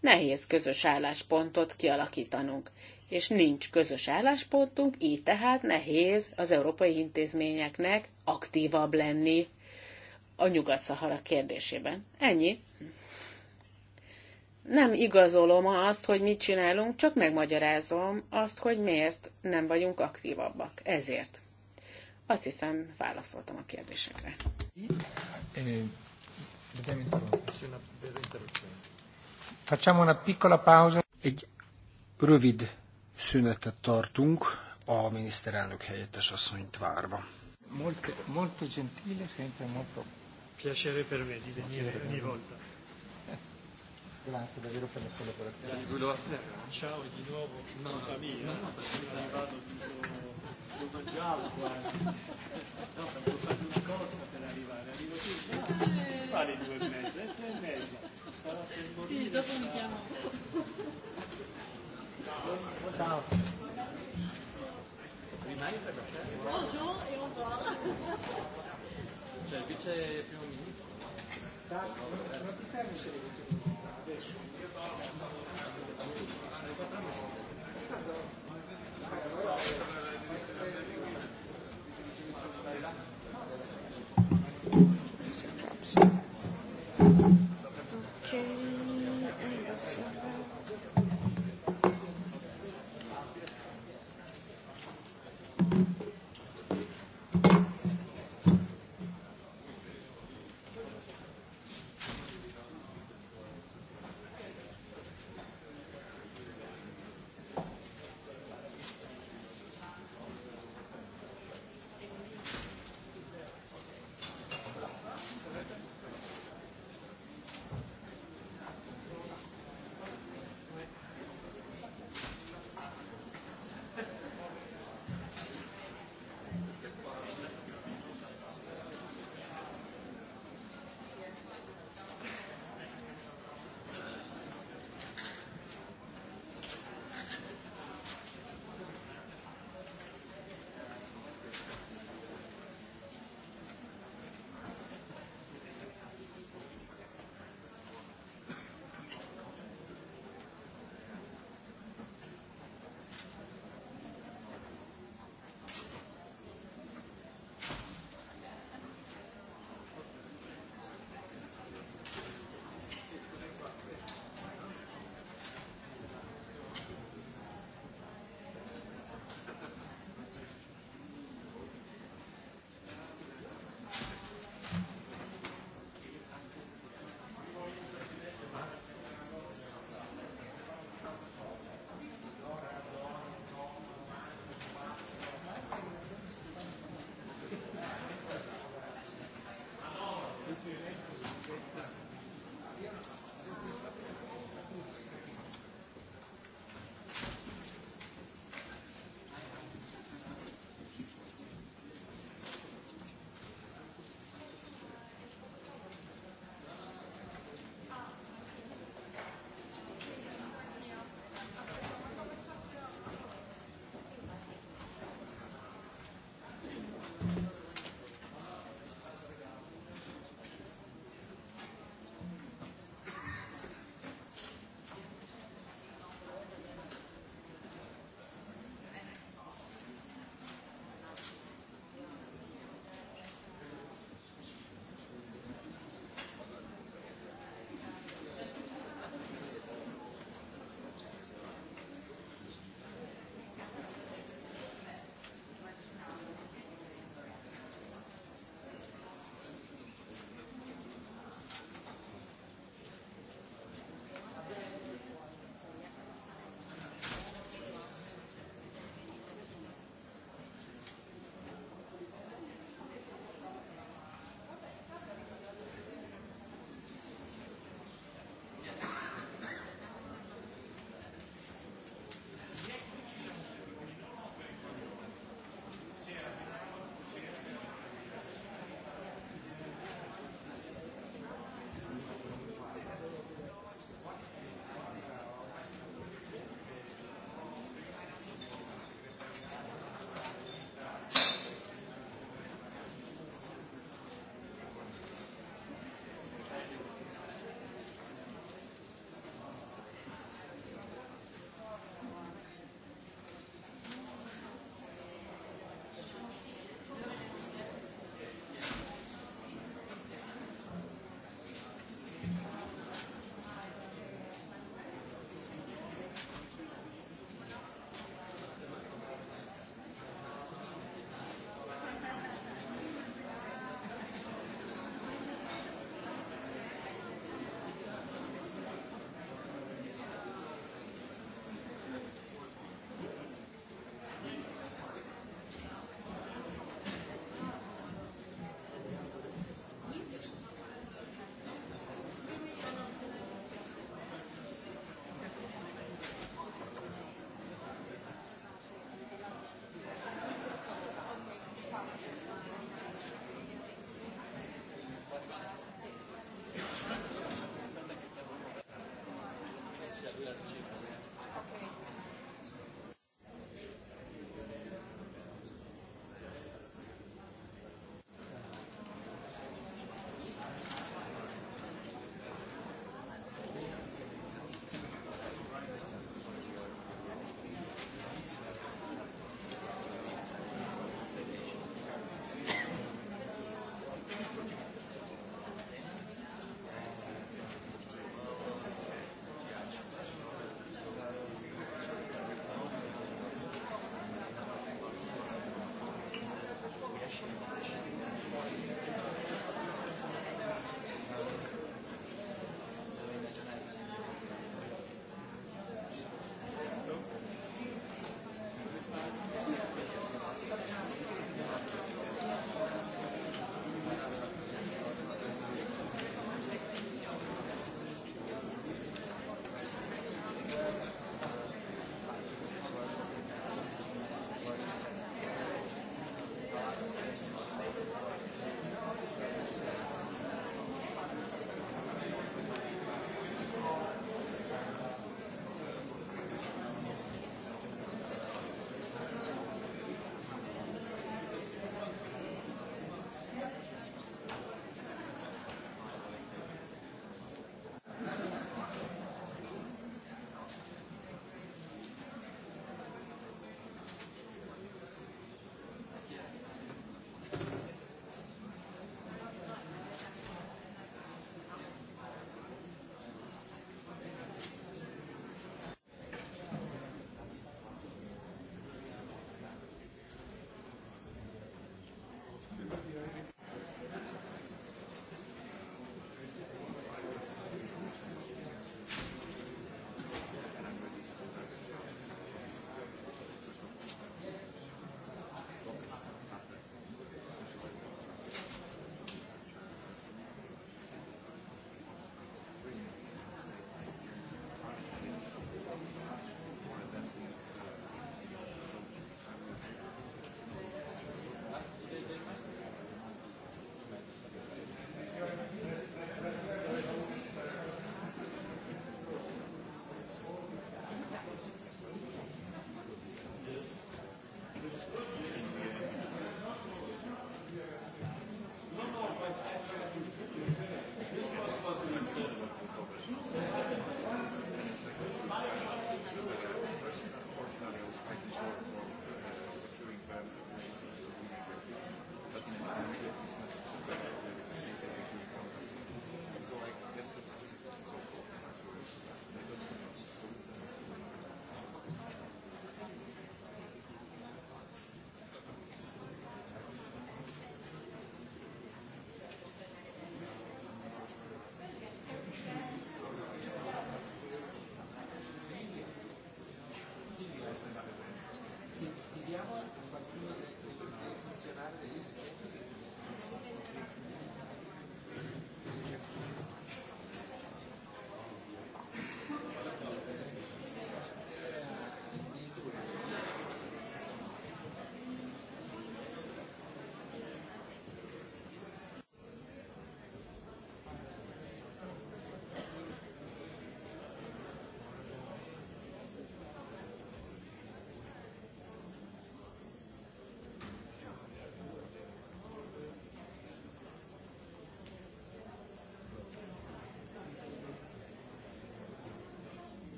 Nehéz közös álláspontot kialakítanunk, és nincs közös álláspontunk, így tehát nehéz az európai intézményeknek aktívabb lenni a Nyugat-Szahara kérdésében. Ennyi. Nem igazolom azt, hogy mit csinálunk, csak megmagyarázom azt, hogy miért nem vagyunk aktívabbak. Ezért. Azt hiszem, válaszoltam a kérdésekre. piccola pausa. Egy rövid szünetet tartunk a miniszterelnök helyettes asszonyt várva. Molto, molto gentile, sempre molto piacere per me di venire ogni volta. Grazie davvero per la collaborazione. Ciao di nuovo, no, no, mia, no, perché arrivato tutto, lo mangiavo quasi. No, perché ho fatto una corsa per arrivare, arrivo qui, eh. fare due mesi. Eh, tre e mezza. per morire. Sì, dopo mi chiamo. Ciao. Rimani per la sera? Bonjour et bonsoir. C'è il vice primo ministro. Non ti fermi se devi adesso. Io quattro mesi. Thank you.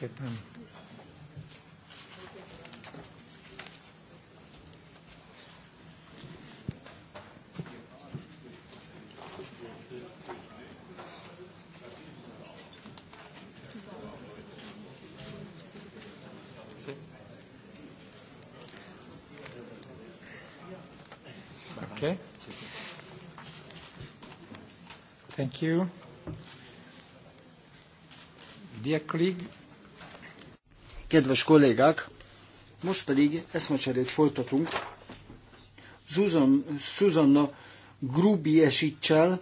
szépen. Okay. Thank you. Dear colleague, Kedves kollégák, most pedig eszmecserét folytatunk Susan, Susanna Grubi esítsel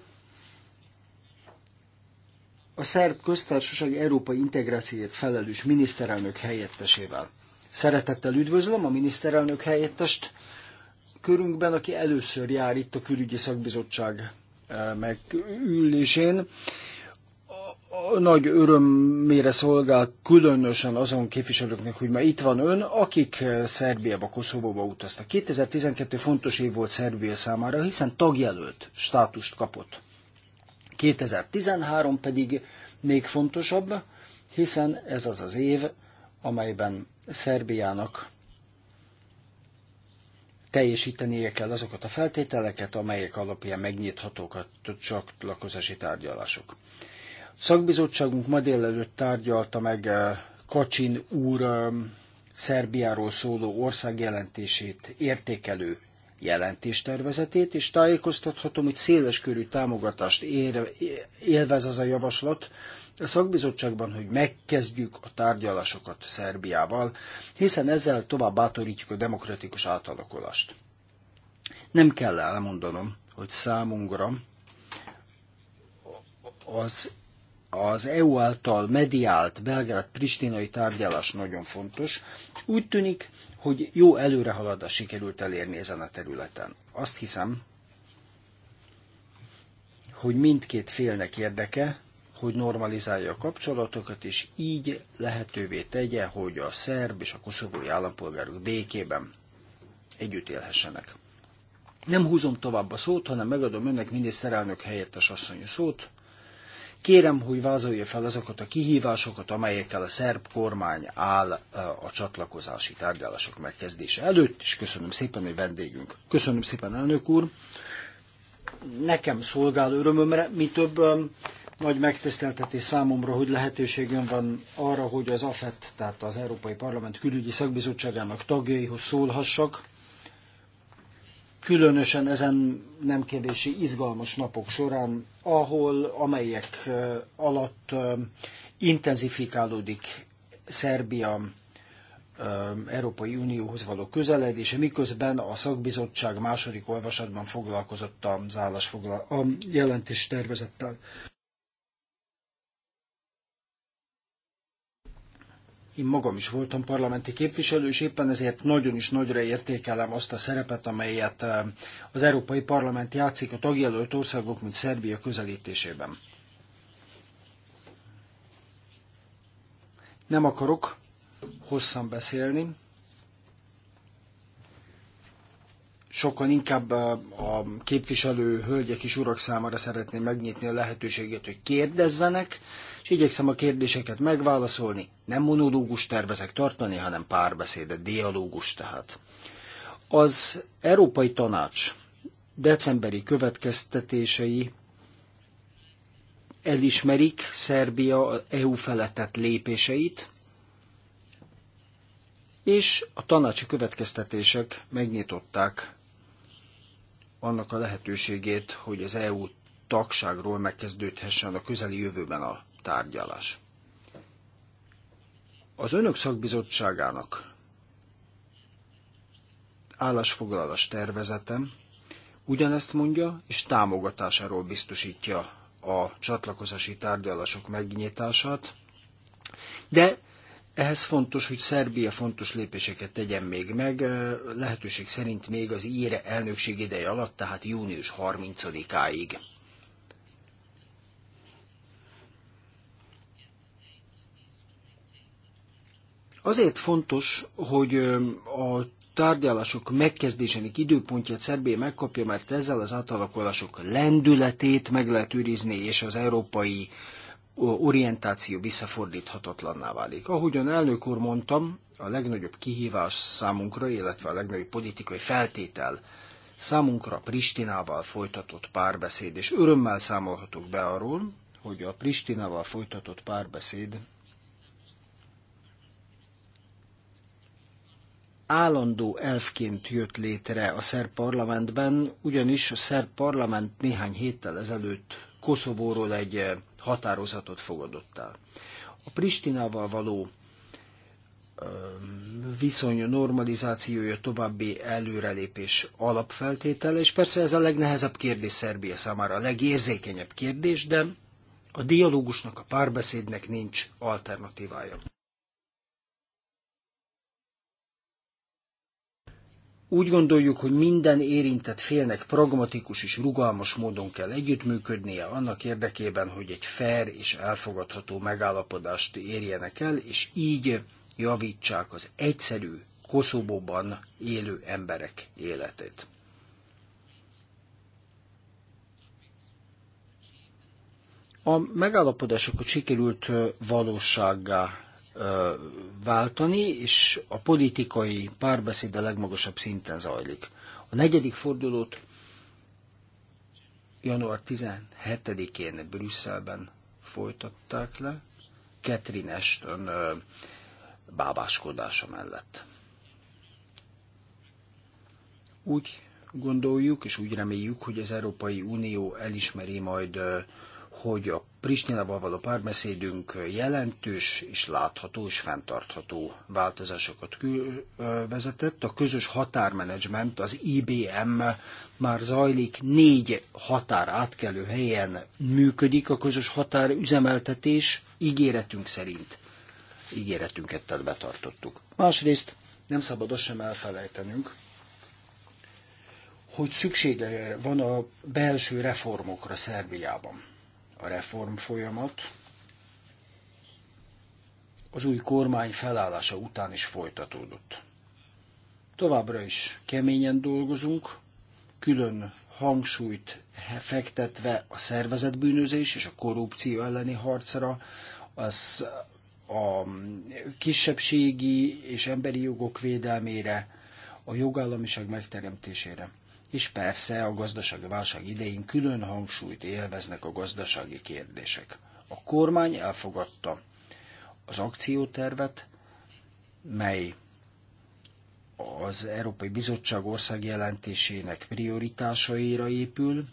a Szerb Köztársaság Európai Integrációért felelős miniszterelnök helyettesével. Szeretettel üdvözlöm a miniszterelnök helyettest körünkben, aki először jár itt a külügyi szakbizottság eh, megülésén nagy örömére szolgál különösen azon képviselőknek, hogy ma itt van ön, akik eh, Szerbiába, Koszovóba utaztak. 2012 fontos év volt Szerbia számára, hiszen tagjelölt státust kapott. 2013 pedig még fontosabb, hiszen ez az az év, amelyben Szerbiának teljesítenie kell azokat a feltételeket, amelyek alapján megnyithatók a csatlakozási tárgyalások. Szakbizottságunk ma délelőtt tárgyalta meg eh, Kacsin úr eh, Szerbiáról szóló országjelentését értékelő jelentéstervezetét, és tájékoztathatom, hogy széleskörű támogatást ér, élvez az a javaslat a szakbizottságban, hogy megkezdjük a tárgyalásokat Szerbiával, hiszen ezzel tovább bátorítjuk a demokratikus átalakulást. Nem kell elmondanom, hogy számunkra az az EU által mediált belgrád-pristinai tárgyalás nagyon fontos. Úgy tűnik, hogy jó előrehaladást sikerült elérni ezen a területen. Azt hiszem, hogy mindkét félnek érdeke, hogy normalizálja a kapcsolatokat, és így lehetővé tegye, hogy a szerb és a koszovói állampolgárok békében együtt élhessenek. Nem húzom tovább a szót, hanem megadom önnek miniszterelnök helyettes asszony szót, Kérem, hogy vázolja fel azokat a kihívásokat, amelyekkel a szerb kormány áll a csatlakozási tárgyalások megkezdése előtt, és köszönöm szépen, hogy vendégünk. Köszönöm szépen, elnök úr. Nekem szolgál örömömre, mi több nagy megtiszteltetés számomra, hogy lehetőségem van arra, hogy az AFET, tehát az Európai Parlament Külügyi Szakbizottságának tagjaihoz szólhassak különösen ezen nem kevési izgalmas napok során, ahol, amelyek eh, alatt eh, intenzifikálódik Szerbia eh, Európai Unióhoz való közeledése, miközben a szakbizottság második olvasatban foglalkozott az állásfoglal- a jelentés tervezettel. Én magam is voltam parlamenti képviselő, és éppen ezért nagyon is nagyra értékelem azt a szerepet, amelyet eh, az Európai Parlament játszik a tagjelölt országok, mint Szerbia közelítésében. Nem akarok hosszan beszélni, sokan inkább eh, a képviselő hölgyek és urak számára szeretném megnyitni a lehetőséget, hogy kérdezzenek, és igyekszem a kérdéseket megválaszolni, nem monológus tervezek tartani, hanem párbeszédet, dialógus tehát. Az Európai Tanács decemberi következtetései elismerik Szerbia EU feletett lépéseit, és a tanácsi következtetések megnyitották annak a lehetőségét, hogy az EU tagságról megkezdődhessen a közeli jövőben a tárgyalás. Az önök szakbizottságának állásfoglalás tervezetem ugyanezt mondja, és támogatásáról biztosítja a csatlakozási tárgyalások megnyitását, de ehhez fontos, hogy Szerbia fontos lépéseket tegyen még meg, lehetőség szerint még az íre elnökség ideje alatt, tehát június 30-áig. Azért fontos, hogy a tárgyalások megkezdésének időpontját Szerbia megkapja, mert ezzel az átalakulások lendületét meg lehet őrizni, és az európai orientáció visszafordíthatatlanná válik. Ahogyan elnök úr mondtam, a legnagyobb kihívás számunkra, illetve a legnagyobb politikai feltétel számunkra a Pristinával folytatott párbeszéd, és örömmel számolhatok be arról, hogy a Pristinával folytatott párbeszéd állandó elfként jött létre a szerb parlamentben, ugyanis a szerb parlament néhány héttel ezelőtt Koszovóról egy eh, határozatot fogadott el. A Pristinával való eh, viszony normalizációja további előrelépés alapfeltétele, és persze ez a legnehezebb kérdés Szerbia számára, a legérzékenyebb kérdés, de a dialógusnak, a párbeszédnek nincs alternatívája. Úgy gondoljuk, hogy minden érintett félnek pragmatikus és rugalmas módon kell együttműködnie annak érdekében, hogy egy fair és elfogadható megállapodást érjenek el, és így javítsák az egyszerű Koszobóban élő emberek életét. A megállapodásokat sikerült valósággá váltani, és a politikai párbeszéd a legmagasabb szinten zajlik. A negyedik fordulót január 17-én Brüsszelben folytatták le, Catherine Ashton bábáskodása mellett. Úgy gondoljuk, és úgy reméljük, hogy az Európai Unió elismeri majd hogy a Pristinával való párbeszédünk jelentős és látható és fenntartható változásokat vezetett. A közös határmenedzsment, az IBM már zajlik, négy határ átkelő helyen működik a közös határ üzemeltetés, ígéretünk szerint ígéretünket tehát betartottuk. Másrészt nem szabad azt sem elfelejtenünk, hogy szüksége van a belső reformokra Szerbiában a reform folyamat az új kormány felállása után is folytatódott. Továbbra is keményen dolgozunk, külön hangsúlyt fektetve a szervezetbűnözés és a korrupció elleni harcra, az a kisebbségi és emberi jogok védelmére, a jogállamiság megteremtésére és persze a gazdasági válság idején külön hangsúlyt élveznek a gazdasági kérdések. A kormány elfogadta az akciótervet, mely az Európai Bizottság országjelentésének prioritásaira épül.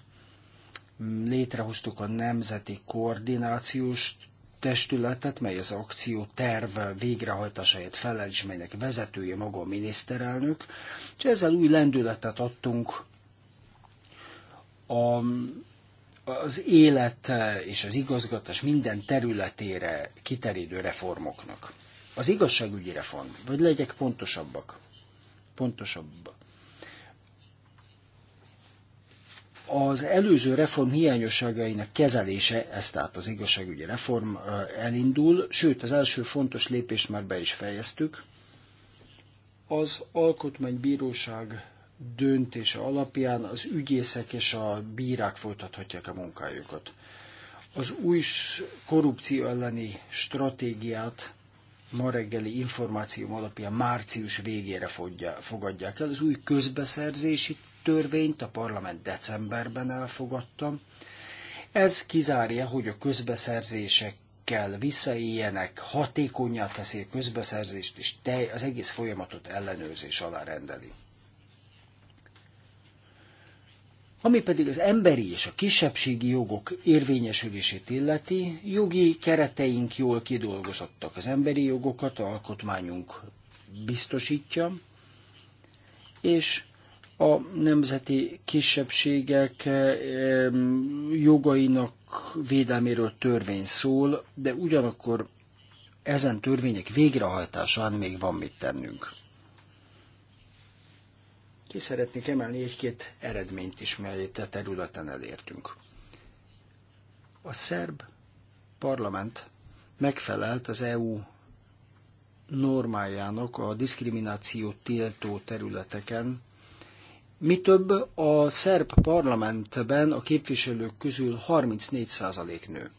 Létrehoztuk a Nemzeti Koordinációs testületet, mely az akció terv végrehajtásáért felel, és melynek vezetője maga a miniszterelnök, és ezzel új lendületet adtunk a, az élet és az igazgatás minden területére kiterjedő reformoknak. Az igazságügyi reform, vagy legyek pontosabbak, pontosabb Az előző reform hiányosságainak kezelése, ez tehát az igazságügyi reform elindul, sőt az első fontos lépést már be is fejeztük. Az Alkotmánybíróság döntése alapján az ügyészek és a bírák folytathatják a munkájukat. Az új korrupció elleni stratégiát ma reggeli információm alapján március végére fogadják el. Az új közbeszerzési törvényt a parlament decemberben elfogadta. Ez kizárja, hogy a közbeszerzésekkel visszaéljenek, hatékonyá teszi a közbeszerzést, és tej, az egész folyamatot ellenőrzés alá rendeli. Ami pedig az emberi és a kisebbségi jogok érvényesülését illeti, jogi kereteink jól kidolgozottak. Az emberi jogokat a alkotmányunk biztosítja, és a nemzeti kisebbségek jogainak védelméről törvény szól, de ugyanakkor ezen törvények végrehajtásán még van mit tennünk. Ki szeretnék emelni egy-két eredményt is, melyet a e területen elértünk. A szerb parlament megfelelt az EU normájának a diszkrimináció tiltó területeken, mi több, a szerb parlamentben a képviselők közül 34% nő.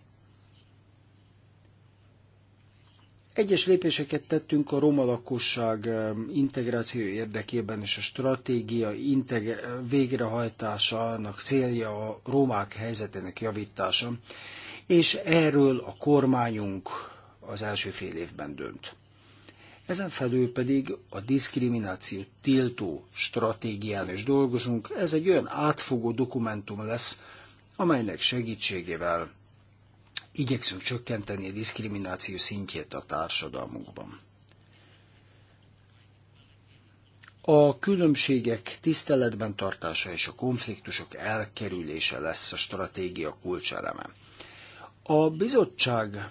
Egyes lépéseket tettünk a roma lakosság integráció érdekében, és a stratégia integ- végrehajtásának célja a romák helyzetének javítása, és erről a kormányunk az első fél évben dönt. Ezen felül pedig a diszkrimináció tiltó stratégián is dolgozunk. Ez egy olyan átfogó dokumentum lesz, amelynek segítségével igyekszünk csökkenteni a diszkrimináció szintjét a társadalmunkban. A különbségek tiszteletben tartása és a konfliktusok elkerülése lesz a stratégia kulcseleme. A bizottság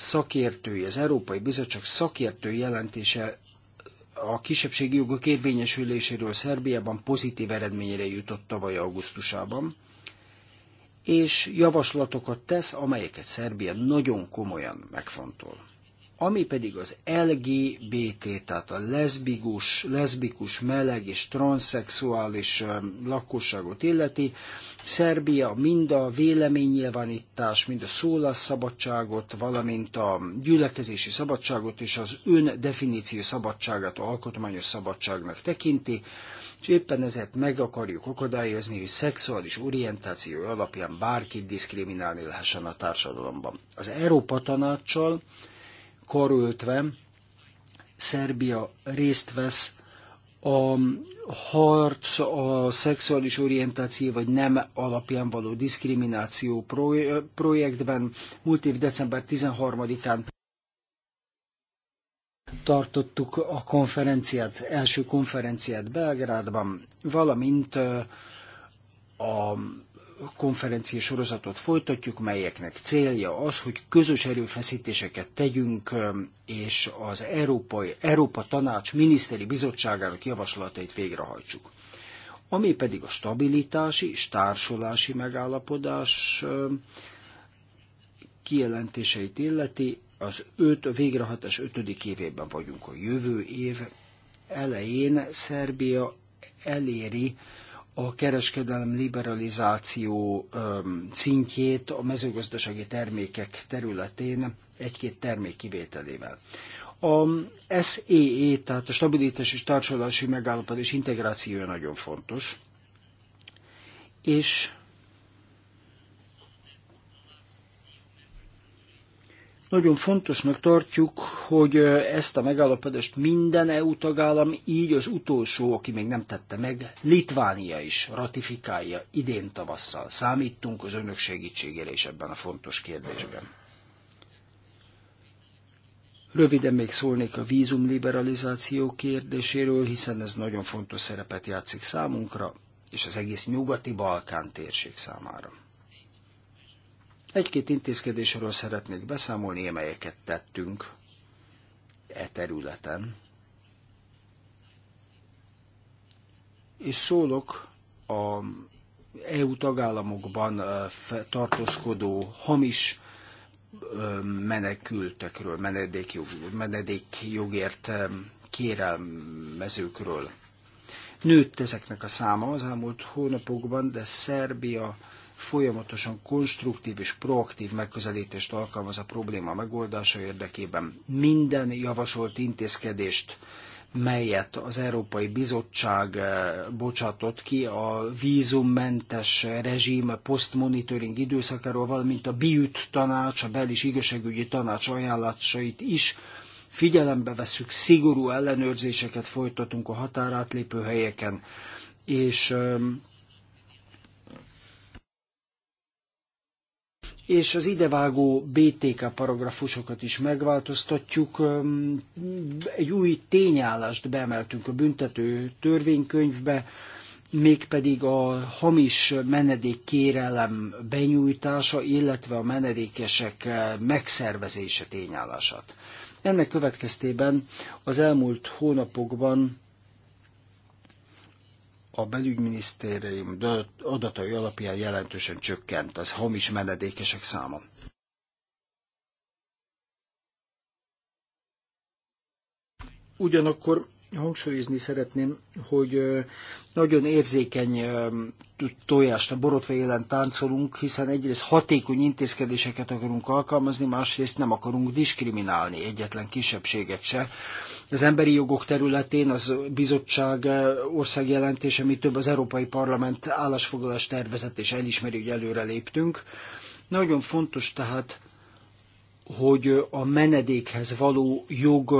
szakértői, az Európai Bizottság szakértői jelentése a kisebbségi jogok érvényesüléséről Szerbiában pozitív eredményre jutott tavaly augusztusában, és javaslatokat tesz, amelyeket Szerbia nagyon komolyan megfontol. Ami pedig az LGBT, tehát a leszbikus, leszbikus meleg és transzexuális um, lakosságot illeti, Szerbia mind a véleménynyilvánítás, mind a szólásszabadságot, valamint a gyülekezési szabadságot és az öndefiníció szabadságát a alkotmányos szabadságnak tekinti, és éppen ezért meg akarjuk akadályozni, hogy szexuális orientáció alapján bárkit diszkriminálni lehessen a társadalomban. Az Európa Tanácssal karöltve Szerbia részt vesz a harc a szexuális orientáció vagy nem alapján való diszkrimináció projektben múlt év december 13-án tartottuk a konferenciát, első konferenciát Belgrádban, valamint a konferencia sorozatot folytatjuk, melyeknek célja az, hogy közös erőfeszítéseket tegyünk, és az Európai, Európa Tanács Miniszteri Bizottságának javaslatait végrehajtsuk. Ami pedig a stabilitási és társulási megállapodás kijelentéseit illeti, az öt a végrehajtás ötödik évében vagyunk a jövő év elején Szerbia eléri a kereskedelem liberalizáció szintjét a mezőgazdasági termékek területén egy-két termék kivételével. A SEE, e, tehát a Stabilitás és Társulási Megállapodás integrációja nagyon fontos, és Nagyon fontosnak tartjuk, hogy ezt a megállapodást minden EU tagállam, így az utolsó, aki még nem tette meg, Litvánia is ratifikálja idén tavasszal. Számítunk az önök segítségére is ebben a fontos kérdésben. Röviden még szólnék a vízum liberalizáció kérdéséről, hiszen ez nagyon fontos szerepet játszik számunkra és az egész nyugati Balkán térség számára. Egy-két intézkedésről szeretnék beszámolni, amelyeket tettünk e területen. És szólok a EU tagállamokban tartózkodó hamis menekültekről, menedékjog, menedékjogért kérelmezőkről. Nőtt ezeknek a száma az elmúlt hónapokban, de Szerbia folyamatosan konstruktív és proaktív megközelítést alkalmaz a probléma megoldása érdekében. Minden javasolt intézkedést, melyet az Európai Bizottság eh, bocsátott ki a vízummentes rezsim posztmonitoring időszakáról, valamint a BIÜT tanács, a belis igazságügyi tanács ajánlásait is figyelembe veszük, szigorú ellenőrzéseket folytatunk a határátlépő helyeken, és és az idevágó BTK paragrafusokat is megváltoztatjuk. Egy új tényállást beemeltünk a büntető törvénykönyvbe, mégpedig a hamis menedékkérelem benyújtása, illetve a menedékesek megszervezése tényállását. Ennek következtében az elmúlt hónapokban a belügyminisztérium adatai alapján jelentősen csökkent az hamis menedékesek száma. Ugyanakkor hangsúlyozni szeretném, hogy nagyon érzékeny tojást, a borotva élen táncolunk, hiszen egyrészt hatékony intézkedéseket akarunk alkalmazni, másrészt nem akarunk diskriminálni egyetlen kisebbséget se. Az emberi jogok területén az bizottság országjelentése, mi több az Európai Parlament állásfoglalás tervezet, és elismeri, hogy előre léptünk. Nagyon fontos tehát hogy a menedékhez való jog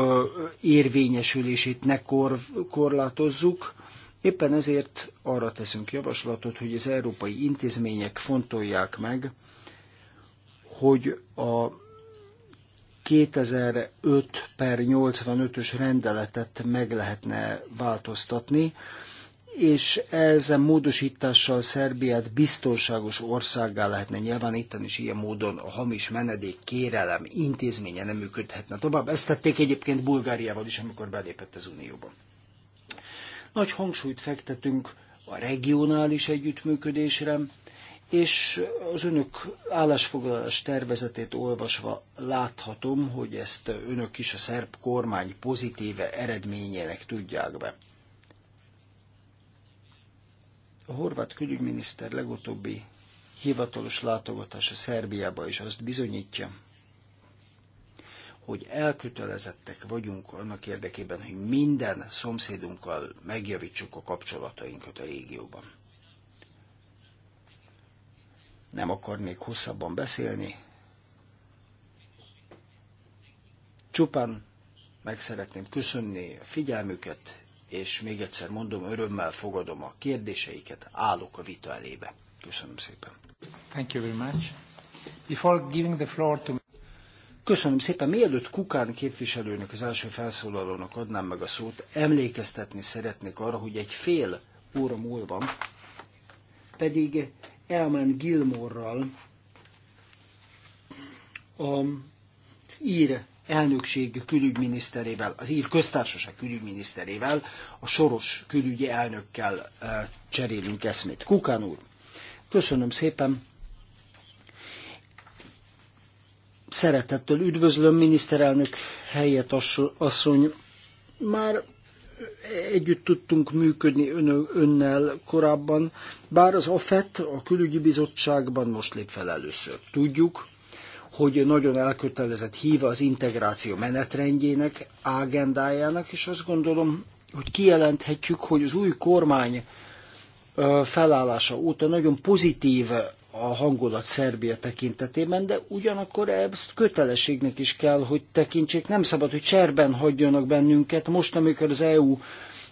érvényesülését ne kor, korlátozzuk. Éppen ezért arra teszünk javaslatot, hogy az európai intézmények fontolják meg, hogy a 2005 per 85-ös rendeletet meg lehetne változtatni, és ezen módosítással Szerbiát biztonságos országgá lehetne nyilvánítani, és ilyen módon a hamis menedék kérelem intézménye nem működhetne tovább. Ezt tették egyébként Bulgáriával is, amikor belépett az Unióba. Nagy hangsúlyt fektetünk a regionális együttműködésre, és az önök állásfoglalás tervezetét olvasva láthatom, hogy ezt önök is a szerb kormány pozitíve eredményének tudják be a horvát külügyminiszter legutóbbi hivatalos látogatása Szerbiába is azt bizonyítja, hogy elkötelezettek vagyunk annak érdekében, hogy minden szomszédunkkal megjavítsuk a kapcsolatainkat a régióban. Nem akarnék hosszabban beszélni, csupán meg szeretném köszönni a figyelmüket, és még egyszer mondom, örömmel fogadom a kérdéseiket, állok a vita elébe. Köszönöm szépen. Thank you very much. Before giving the floor to... Köszönöm szépen. Mielőtt Kukán képviselőnek, az első felszólalónak adnám meg a szót, emlékeztetni szeretnék arra, hogy egy fél óra múlva pedig Elman Gilmorral az ír elnökség külügyminiszterével, az ír köztársaság külügyminiszterével, a soros külügyi elnökkel eh, cserélünk eszmét. Kukán úr, köszönöm szépen. Szeretettel üdvözlöm miniszterelnök helyett asszony. Már együtt tudtunk működni önnel korábban, bár az AFET a külügyi bizottságban most lép fel először. Tudjuk, hogy nagyon elkötelezett híve az integráció menetrendjének, agendájának, és azt gondolom, hogy kijelenthetjük, hogy az új kormány felállása óta nagyon pozitív a hangulat Szerbia tekintetében, de ugyanakkor ezt kötelességnek is kell, hogy tekintsék. Nem szabad, hogy cserben hagyjanak bennünket, most, amikor az EU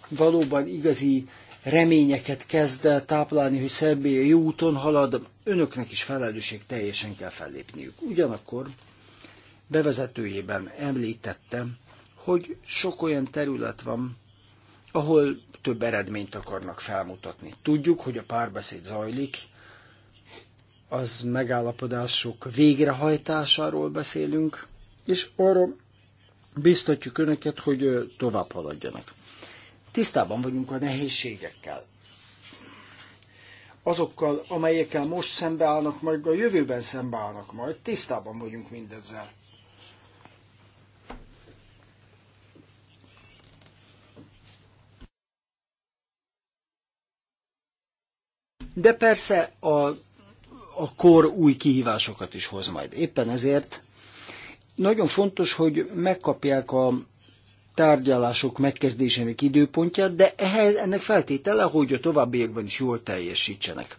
valóban igazi reményeket kezd táplálni, hogy Szerbia jó úton halad, önöknek is felelősség teljesen kell fellépniük. Ugyanakkor bevezetőjében említettem, hogy sok olyan terület van, ahol több eredményt akarnak felmutatni. Tudjuk, hogy a párbeszéd zajlik, az megállapodások végrehajtásáról beszélünk, és arra biztatjuk önöket, hogy tovább haladjanak. Tisztában vagyunk a nehézségekkel. Azokkal, amelyekkel most szembeállnak, majd a jövőben szembeállnak majd, tisztában vagyunk mindezzel. De persze a, a kor új kihívásokat is hoz majd. Éppen ezért nagyon fontos, hogy megkapják a tárgyalások megkezdésének időpontját, de ehhez, ennek feltétele, hogy a továbbiakban is jól teljesítsenek.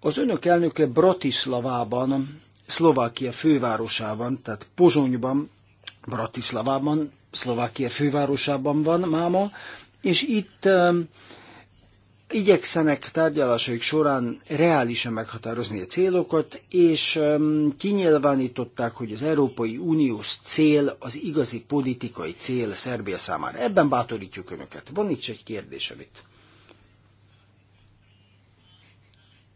Az önök elnöke Bratislavában, Szlovákia fővárosában, tehát Pozsonyban, Bratislavában, Szlovákia fővárosában van máma, és itt igyekszenek tárgyalásaik során reálisan meghatározni a célokat, és kinyilvánították, hogy az Európai Uniós cél az igazi politikai cél Szerbia számára. Ebben bátorítjuk Önöket. Van itt egy kérdésem itt.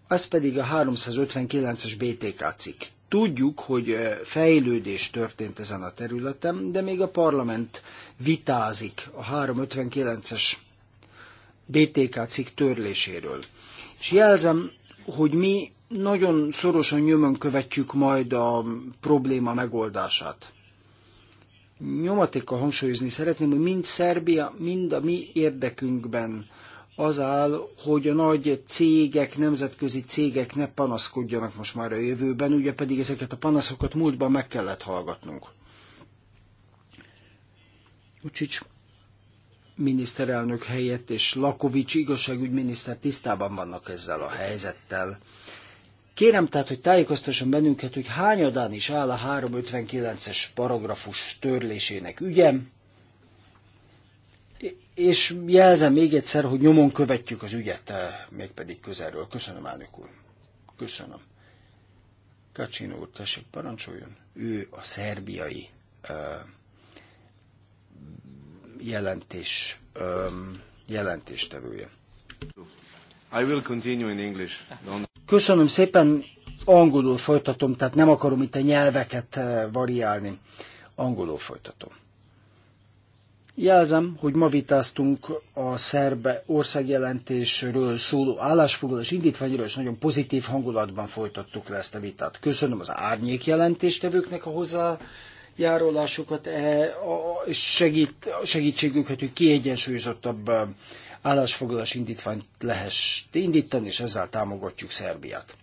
Ez pedig a 359-es BTK cikk. Tudjuk, hogy eh, fejlődés történt ezen a területen, de még a parlament vitázik a 359-es BTK cikk törléséről. És jelzem, hogy mi nagyon szorosan nyomon követjük majd a probléma megoldását. Nyomatékkal hangsúlyozni szeretném, hogy mind Szerbia, mind a mi érdekünkben az áll, hogy a nagy cégek, nemzetközi cégek ne panaszkodjanak most már a jövőben, ugye pedig ezeket a panaszokat múltban meg kellett hallgatnunk. Úgyhogy miniszterelnök helyett és Lakovics igazságügyminiszter tisztában vannak ezzel a helyzettel. Kérem tehát, hogy tájékoztasson bennünket, hogy hányadán is áll a 359-es paragrafus törlésének ügyem, és jelzem még egyszer, hogy nyomon követjük az ügyet, eh, mégpedig közelről. Köszönöm, elnök úr. Köszönöm. Kacsin úr, tessék, parancsoljon. Ő a szerbiai uh, jelentés, um, jelentéstevője. I will continue in English. Köszönöm szépen, angolul folytatom, tehát nem akarom itt a nyelveket variálni. Angolul folytatom. Jelzem, hogy ma vitáztunk a szerb országjelentésről szóló állásfoglalás indítványról, és nagyon pozitív hangulatban folytattuk le ezt a vitát. Köszönöm az árnyék jelentéstevőknek a hozzá E, és segít, segítségüket, hogy kiegyensúlyozottabb e, állásfoglalás indítványt lehess indítani, és ezzel támogatjuk Szerbiát.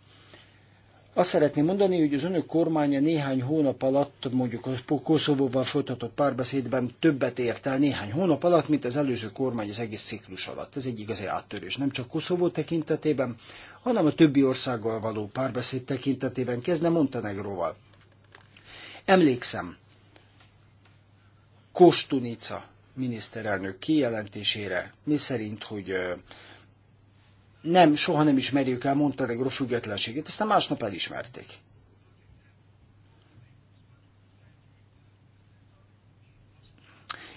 Azt szeretném mondani, hogy az önök kormánya néhány hónap alatt, mondjuk a Koszovóval folytatott párbeszédben többet ért el néhány hónap alatt, mint az előző kormány az egész ciklus alatt. Ez egy igazi áttörés, nem csak Koszovó tekintetében, hanem a többi országgal való párbeszéd tekintetében, kezdne Montenegróval. Emlékszem, Kostunica miniszterelnök kijelentésére, mi szerint, hogy nem, soha nem ismerjük el Montenegro függetlenségét, aztán másnap elismerték.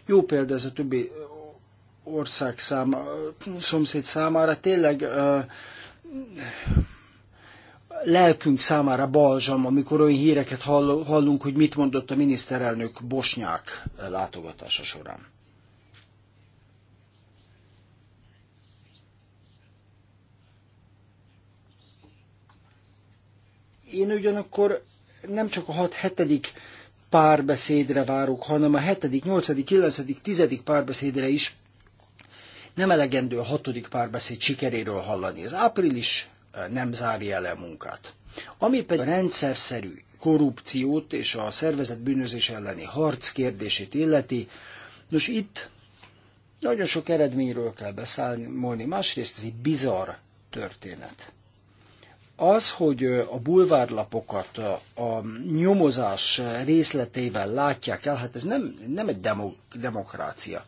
Jó példa ez a többi ország száma, szomszéd számára. Tényleg lelkünk számára balzsam, amikor olyan híreket hallunk, hogy mit mondott a miniszterelnök bosnyák látogatása során. Én ugyanakkor nem csak a 6-7. párbeszédre várok, hanem a 7., 8., 9., 10. párbeszédre is nem elegendő a 6. párbeszéd sikeréről hallani. Az április nem zárja le a munkát. Ami pedig a rendszerszerű korrupciót és a szervezet bűnözés elleni harc kérdését illeti, nos itt nagyon sok eredményről kell beszámolni, másrészt ez egy bizarr történet. Az, hogy a bulvárlapokat a nyomozás részleteivel látják el, hát ez nem, nem egy demokrácia.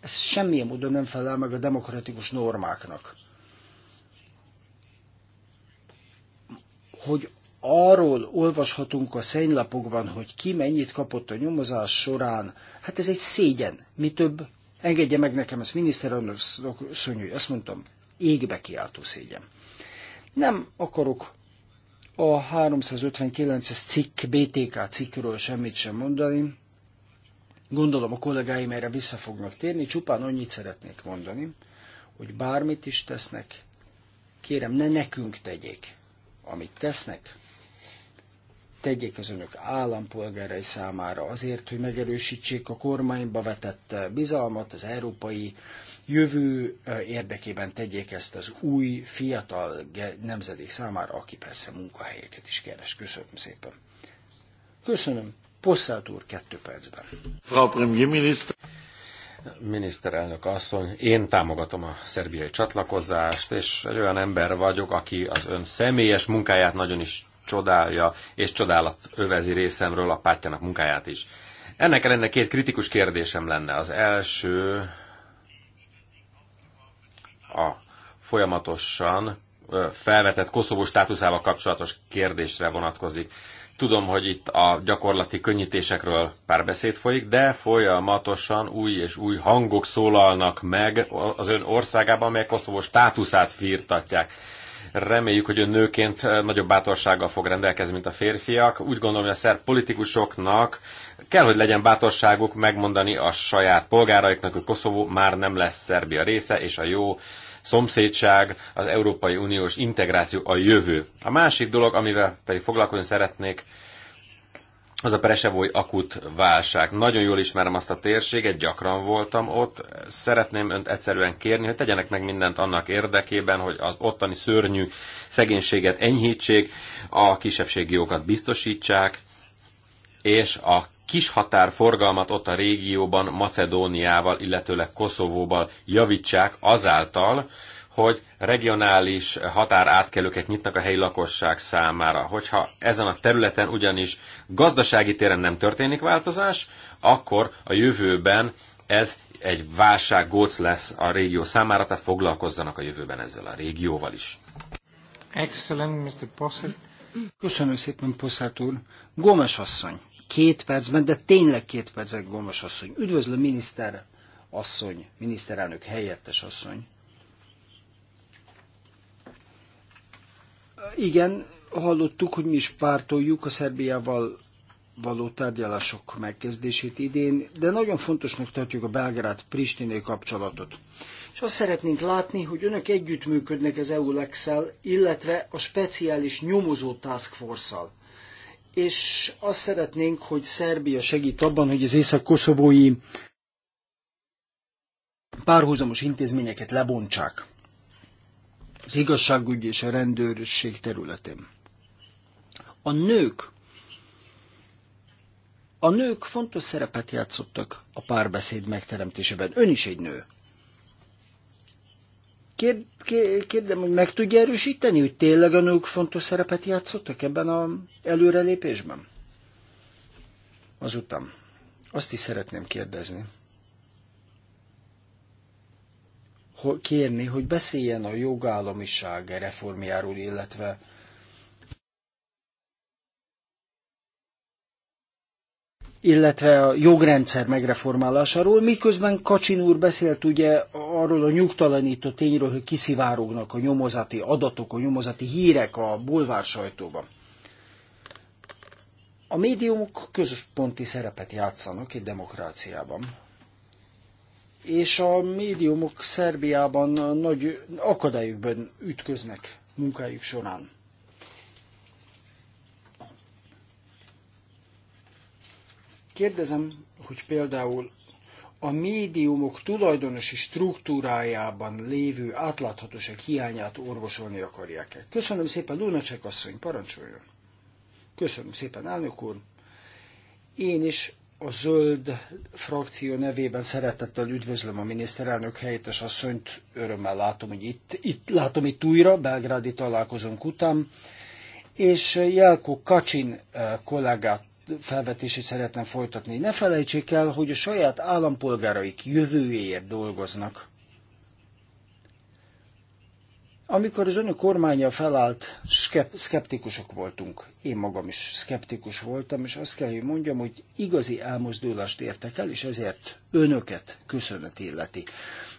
Ez semmilyen módon nem felel meg a demokratikus normáknak. hogy arról olvashatunk a szennylapokban, hogy ki mennyit kapott a nyomozás során, hát ez egy szégyen. Mi több, engedje meg nekem ezt miniszterelnök hogy azt mondtam, égbe kiáltó szégyen. Nem akarok a 359-es cikk, BTK cikkről semmit sem mondani. Gondolom a kollégáim erre vissza fognak térni, csupán annyit szeretnék mondani, hogy bármit is tesznek, kérem, ne nekünk tegyék amit tesznek, tegyék az önök állampolgárai számára azért, hogy megerősítsék a kormányba vetett bizalmat, az európai jövő érdekében tegyék ezt az új, fiatal nemzedék számára, aki persze munkahelyeket is keres. Köszönöm szépen. Köszönöm. Posszát úr, kettő percben. Frau Premierminister miniszterelnök asszony, én támogatom a szerbiai csatlakozást, és egy olyan ember vagyok, aki az ön személyes munkáját nagyon is csodálja, és csodálat övezi részemről a pártjának munkáját is. Ennek ellenére két kritikus kérdésem lenne. Az első a folyamatosan felvetett Koszovó státuszával kapcsolatos kérdésre vonatkozik. Tudom, hogy itt a gyakorlati könnyítésekről párbeszéd folyik, de folyamatosan új és új hangok szólalnak meg az ön országában, amelyek Koszovó státuszát firtatják. Reméljük, hogy ön nőként eh, nagyobb bátorsággal fog rendelkezni, mint a férfiak. Úgy gondolom, hogy a szerb politikusoknak kell, hogy legyen bátorságuk megmondani a saját polgáraiknak, hogy Koszovó már nem lesz Szerbia része, és a jó szomszédság, az Európai Uniós integráció a jövő. A másik dolog, amivel pedig foglalkozni szeretnék, az a Presevói akut válság. Nagyon jól ismerem azt a térséget, gyakran voltam ott. Szeretném önt egyszerűen kérni, hogy tegyenek meg mindent annak érdekében, hogy az ottani szörnyű szegénységet enyhítsék, a kisebbségi jogokat biztosítsák, és a kis határforgalmat ott a régióban, Macedóniával, illetőleg Koszovóval javítsák azáltal, hogy regionális határátkelőket nyitnak a helyi lakosság számára. Hogyha ezen a területen ugyanis gazdasági téren nem történik változás, akkor a jövőben ez egy válsággóc lesz a régió számára, tehát foglalkozzanak a jövőben ezzel a régióval is. Excellent, Mr. Posselt. Köszönöm szépen, Posselt úr. Gómez asszony két percben, de tényleg két percben, Gombos asszony. Üdvözlöm, miniszter asszony, miniszterelnök helyettes asszony. Igen, hallottuk, hogy mi is pártoljuk a Szerbiával való tárgyalások megkezdését idén, de nagyon fontosnak tartjuk a Belgrád-Pristinai kapcsolatot. És azt szeretnénk látni, hogy önök együttműködnek az EU-lexel, illetve a speciális nyomozó task force-szal és azt szeretnénk, hogy Szerbia segít abban, hogy az észak-koszovói párhuzamos intézményeket lebontsák az igazságügy és a rendőrség területén. A nők a nők fontos szerepet játszottak a párbeszéd megteremtésében. Ön is egy nő. Kérd, kérdem, hogy meg tudja erősíteni, hogy tényleg a nők fontos szerepet játszottak ebben az előrelépésben? Azután azt is szeretném kérdezni, kérni, hogy beszéljen a jogállamiság reformjáról, illetve illetve a jogrendszer megreformálásáról, miközben Kacsin úr beszélt ugye arról a nyugtalanító tényről, hogy kiszivárognak a nyomozati adatok, a nyomozati hírek a bulvár sajtóban. A médiumok központi szerepet játszanak egy demokráciában. És a médiumok Szerbiában nagy akadályokban ütköznek munkájuk során. Kérdezem, hogy például a médiumok tulajdonosi struktúrájában lévő átláthatóság hiányát orvosolni akarják-e? Köszönöm szépen, Lunacek asszony, parancsoljon! Köszönöm szépen, elnök úr! Én is a zöld frakció nevében szeretettel üdvözlöm a miniszterelnök helyettes asszonyt, örömmel látom, hogy itt, itt látom itt újra, belgrádi találkozónk után, és Jelko Kacsin eh, kollégát felvetését szeretném folytatni. Ne felejtsék el, hogy a saját állampolgáraik jövőjéért dolgoznak. Amikor az önök kormánya felállt, skeptikusok voltunk. Én magam is skeptikus voltam, és azt kell, hogy mondjam, hogy igazi elmozdulást értek el, és ezért önöket köszönet illeti.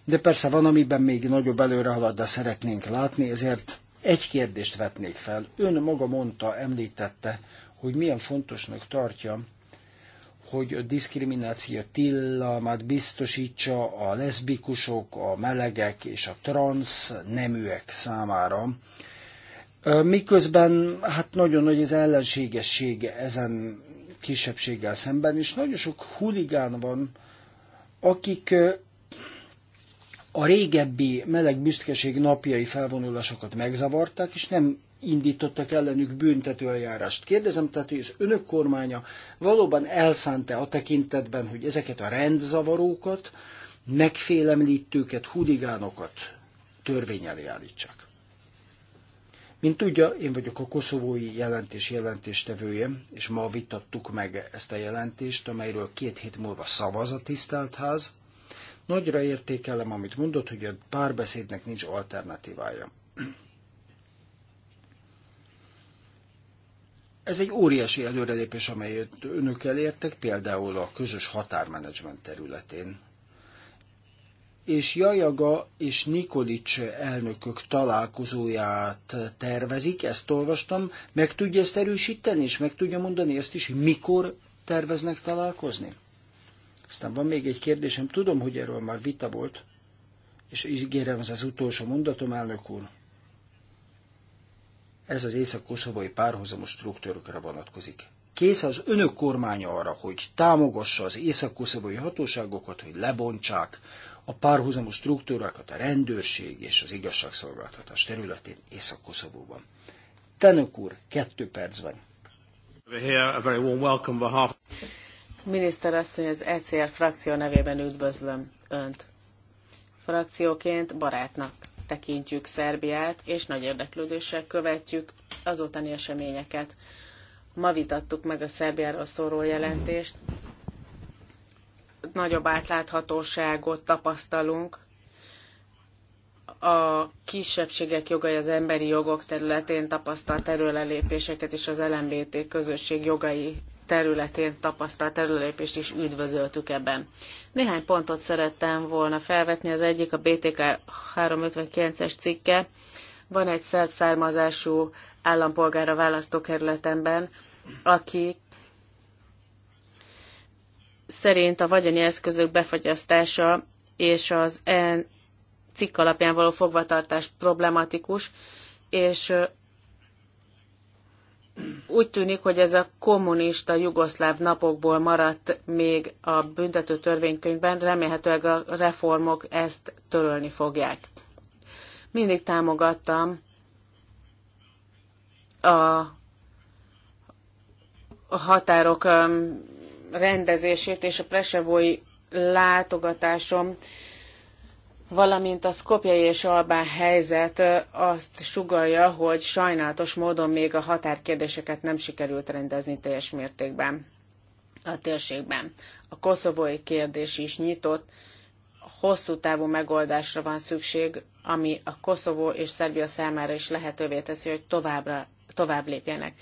De persze van, amiben még nagyobb előrehaladást szeretnénk látni, ezért egy kérdést vetnék fel. Ön maga mondta, említette, hogy milyen fontosnak tartja, hogy a diszkrimináció tillamát biztosítsa a leszbikusok, a melegek és a transz neműek számára. Miközben hát nagyon nagy az ellenségessége ezen kisebbséggel szemben, és nagyon sok huligán van, akik a régebbi meleg büszkeség napjai felvonulásokat megzavarták, és nem indítottak ellenük büntetőeljárást. Kérdezem tehát, hogy az önök kormánya valóban elszánta a tekintetben, hogy ezeket a rendzavarókat, megfélemlítőket, hudigánokat törvény elé állítsak. Mint tudja, én vagyok a koszovói jelentés jelentéstevője, és ma vitattuk meg ezt a jelentést, amelyről két hét múlva szavaz a tisztelt ház. Nagyra értékelem, amit mondott, hogy a párbeszédnek nincs alternatívája. Ez egy óriási előrelépés, amelyet önök elértek, például a közös határmenedzsment területén. És Jajaga és Nikolic elnökök találkozóját tervezik, ezt olvastam, meg tudja ezt erősíteni, és meg tudja mondani ezt is, hogy mikor terveznek találkozni? Aztán van még egy kérdésem, tudom, hogy erről már vita volt, és ígérem ez az utolsó mondatom, elnök úr. Ez az észak-koszovai párhuzamos struktúrokra vonatkozik. Kész az önök kormánya arra, hogy támogassa az észak-koszovai hatóságokat, hogy lebontsák a párhuzamos struktúrákat a rendőrség és az igazságszolgáltatás területén Észak-Koszovóban. Tenök úr, kettő percben. Miniszter asszony, az ECR frakció nevében üdvözlöm Önt. Frakcióként barátnak tekintjük Szerbiát, és nagy érdeklődéssel követjük az azótani eseményeket. Ma vitattuk meg a Szerbiáról szóló jelentést. Nagyobb átláthatóságot tapasztalunk a kisebbségek jogai az emberi jogok területén tapasztalt előrelépéseket és az LMBT közösség jogai területén tapasztalt előlépést is üdvözöltük ebben. Néhány pontot szerettem volna felvetni, az egyik a BTK 359-es cikke. Van egy szerb származású állampolgár a választókerületemben, aki szerint a vagyoni eszközök befagyasztása és az en cikk alapján való fogvatartás problematikus, és úgy tűnik, hogy ez a kommunista jugoszláv napokból maradt még a büntető törvénykönyvben, remélhetőleg a reformok ezt törölni fogják. Mindig támogattam a határok rendezését és a presevói látogatásom valamint a szkopjai és albán helyzet azt sugalja, hogy sajnálatos módon még a határkérdéseket nem sikerült rendezni teljes mértékben a térségben. A koszovói kérdés is nyitott, hosszú távú megoldásra van szükség, ami a Koszovó és Szerbia számára is lehetővé teszi, hogy továbbra, tovább lépjenek.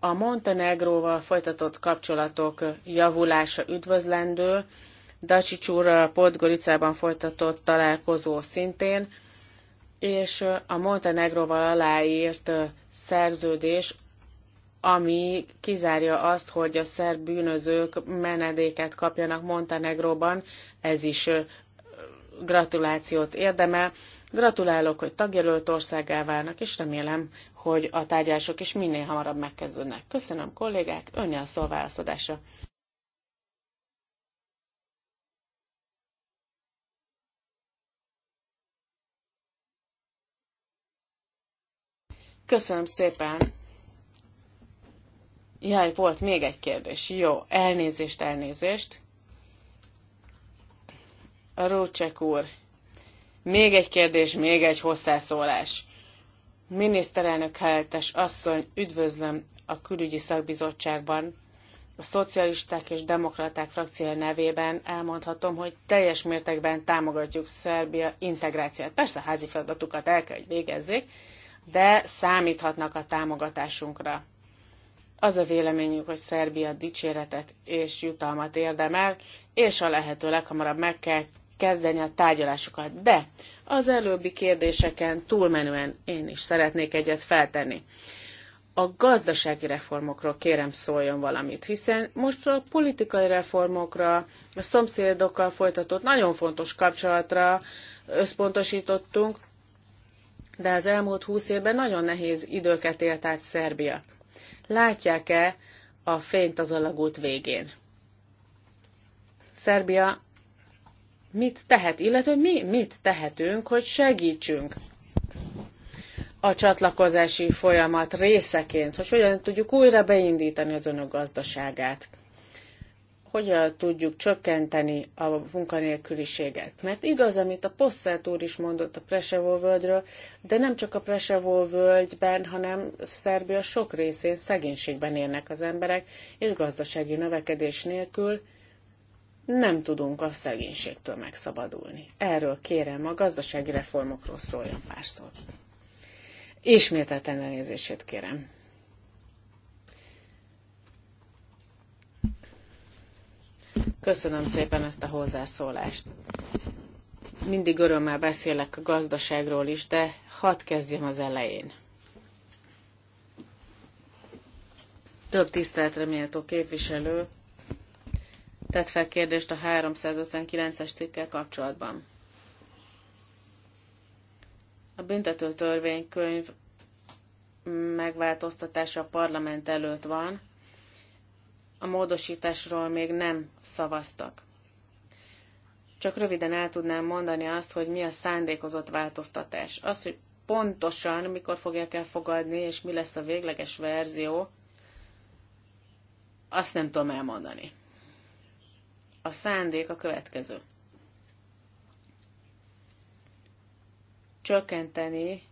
A Montenegróval folytatott kapcsolatok javulása üdvözlendő, Dacsics úrral Podgoricában folytatott találkozó szintén, és a Montenegroval aláírt szerződés, ami kizárja azt, hogy a szerb bűnözők menedéket kapjanak Montenegróban, ez is gratulációt érdemel. Gratulálok, hogy tagjelölt országá válnak, és remélem, hogy a tárgyalások is minél hamarabb megkezdődnek. Köszönöm kollégák, önnyel szó Köszönöm szépen. Jaj, volt még egy kérdés. Jó, elnézést, elnézést. A Rócsek úr, még egy kérdés, még egy hozzászólás. Miniszterelnök helyettes asszony, üdvözlöm a külügyi szakbizottságban. A szocialisták és demokraták frakció nevében elmondhatom, hogy teljes mértékben támogatjuk Szerbia integráciát. Persze házi feladatukat el kell, hogy végezzék, de számíthatnak a támogatásunkra. Az a véleményünk, hogy Szerbia dicséretet és jutalmat érdemel, és a lehető leghamarabb meg kell kezdeni a tárgyalásokat. De az előbbi kérdéseken túlmenően én is szeretnék egyet feltenni. A gazdasági reformokról kérem szóljon valamit, hiszen most a politikai reformokra, a szomszédokkal folytatott nagyon fontos kapcsolatra összpontosítottunk, de az elmúlt húsz évben nagyon nehéz időket élt át Szerbia. Látják-e a fényt az alagút végén? Szerbia mit tehet, illetve mi mit tehetünk, hogy segítsünk a csatlakozási folyamat részeként, hogy hogyan tudjuk újra beindítani az önök gazdaságát hogyan tudjuk csökkenteni a munkanélküliséget. Mert igaz, amit a Posszát úr is mondott a Presevó völgyről, de nem csak a Presevó völgyben, hanem Szerbia sok részén szegénységben élnek az emberek, és gazdasági növekedés nélkül nem tudunk a szegénységtől megszabadulni. Erről kérem, a gazdasági reformokról szóljon pár szót. Ismételten elnézését kérem. Köszönöm szépen ezt a hozzászólást. Mindig örömmel beszélek a gazdaságról is, de hadd kezdjem az elején. Több tiszteletre méltó képviselő tett fel kérdést a 359-es cikkel kapcsolatban. A büntető törvénykönyv megváltoztatása a parlament előtt van, a módosításról még nem szavaztak. Csak röviden el tudnám mondani azt, hogy mi a szándékozott változtatás. Az, hogy pontosan mikor fogják elfogadni, és mi lesz a végleges verzió, azt nem tudom elmondani. A szándék a következő. Csökkenteni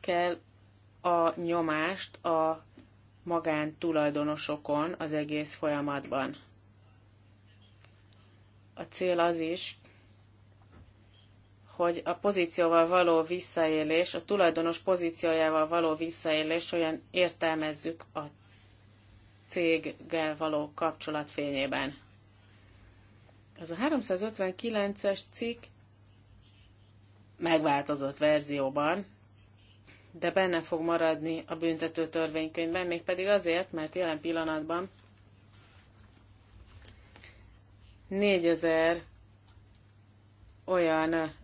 kell a nyomást a magántulajdonosokon az egész folyamatban. A cél az is, hogy a pozícióval való visszaélés, a tulajdonos pozíciójával való visszaélés olyan értelmezzük a céggel való kapcsolat fényében. Az a 359-es cikk megváltozott verzióban de benne fog maradni a büntető törvénykönyvben, mégpedig azért, mert jelen pillanatban 4000 olyan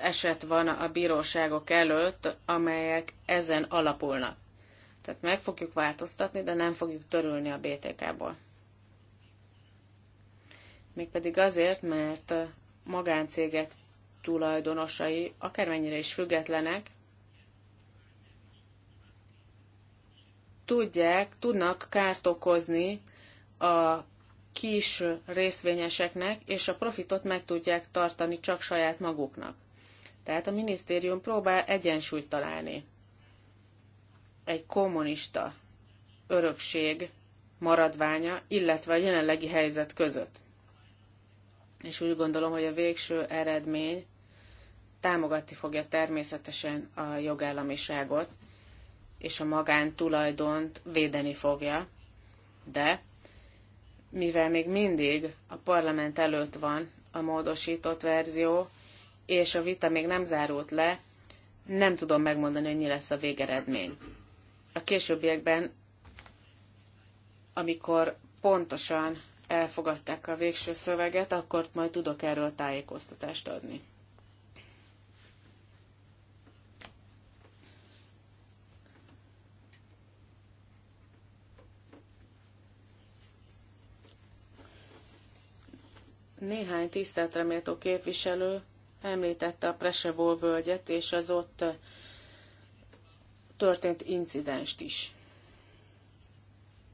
eset van a bíróságok előtt, amelyek ezen alapulnak. Tehát meg fogjuk változtatni, de nem fogjuk törülni a BTK-ból. Mégpedig azért, mert magáncégek tulajdonosai, akármennyire is függetlenek, tudják, tudnak kárt okozni a kis részvényeseknek, és a profitot meg tudják tartani csak saját maguknak. Tehát a minisztérium próbál egyensúlyt találni. Egy kommunista örökség maradványa, illetve a jelenlegi helyzet között. És úgy gondolom, hogy a végső eredmény támogatni fogja természetesen a jogállamiságot, és a magántulajdont védeni fogja, de mivel még mindig a parlament előtt van a módosított verzió, és a vita még nem zárult le, nem tudom megmondani, hogy mi lesz a végeredmény. A későbbiekben, amikor pontosan elfogadták a végső szöveget, akkor majd tudok erről tájékoztatást adni. Néhány tiszteletreméltó képviselő említette a Presevó völgyet és az ott történt incidenst is.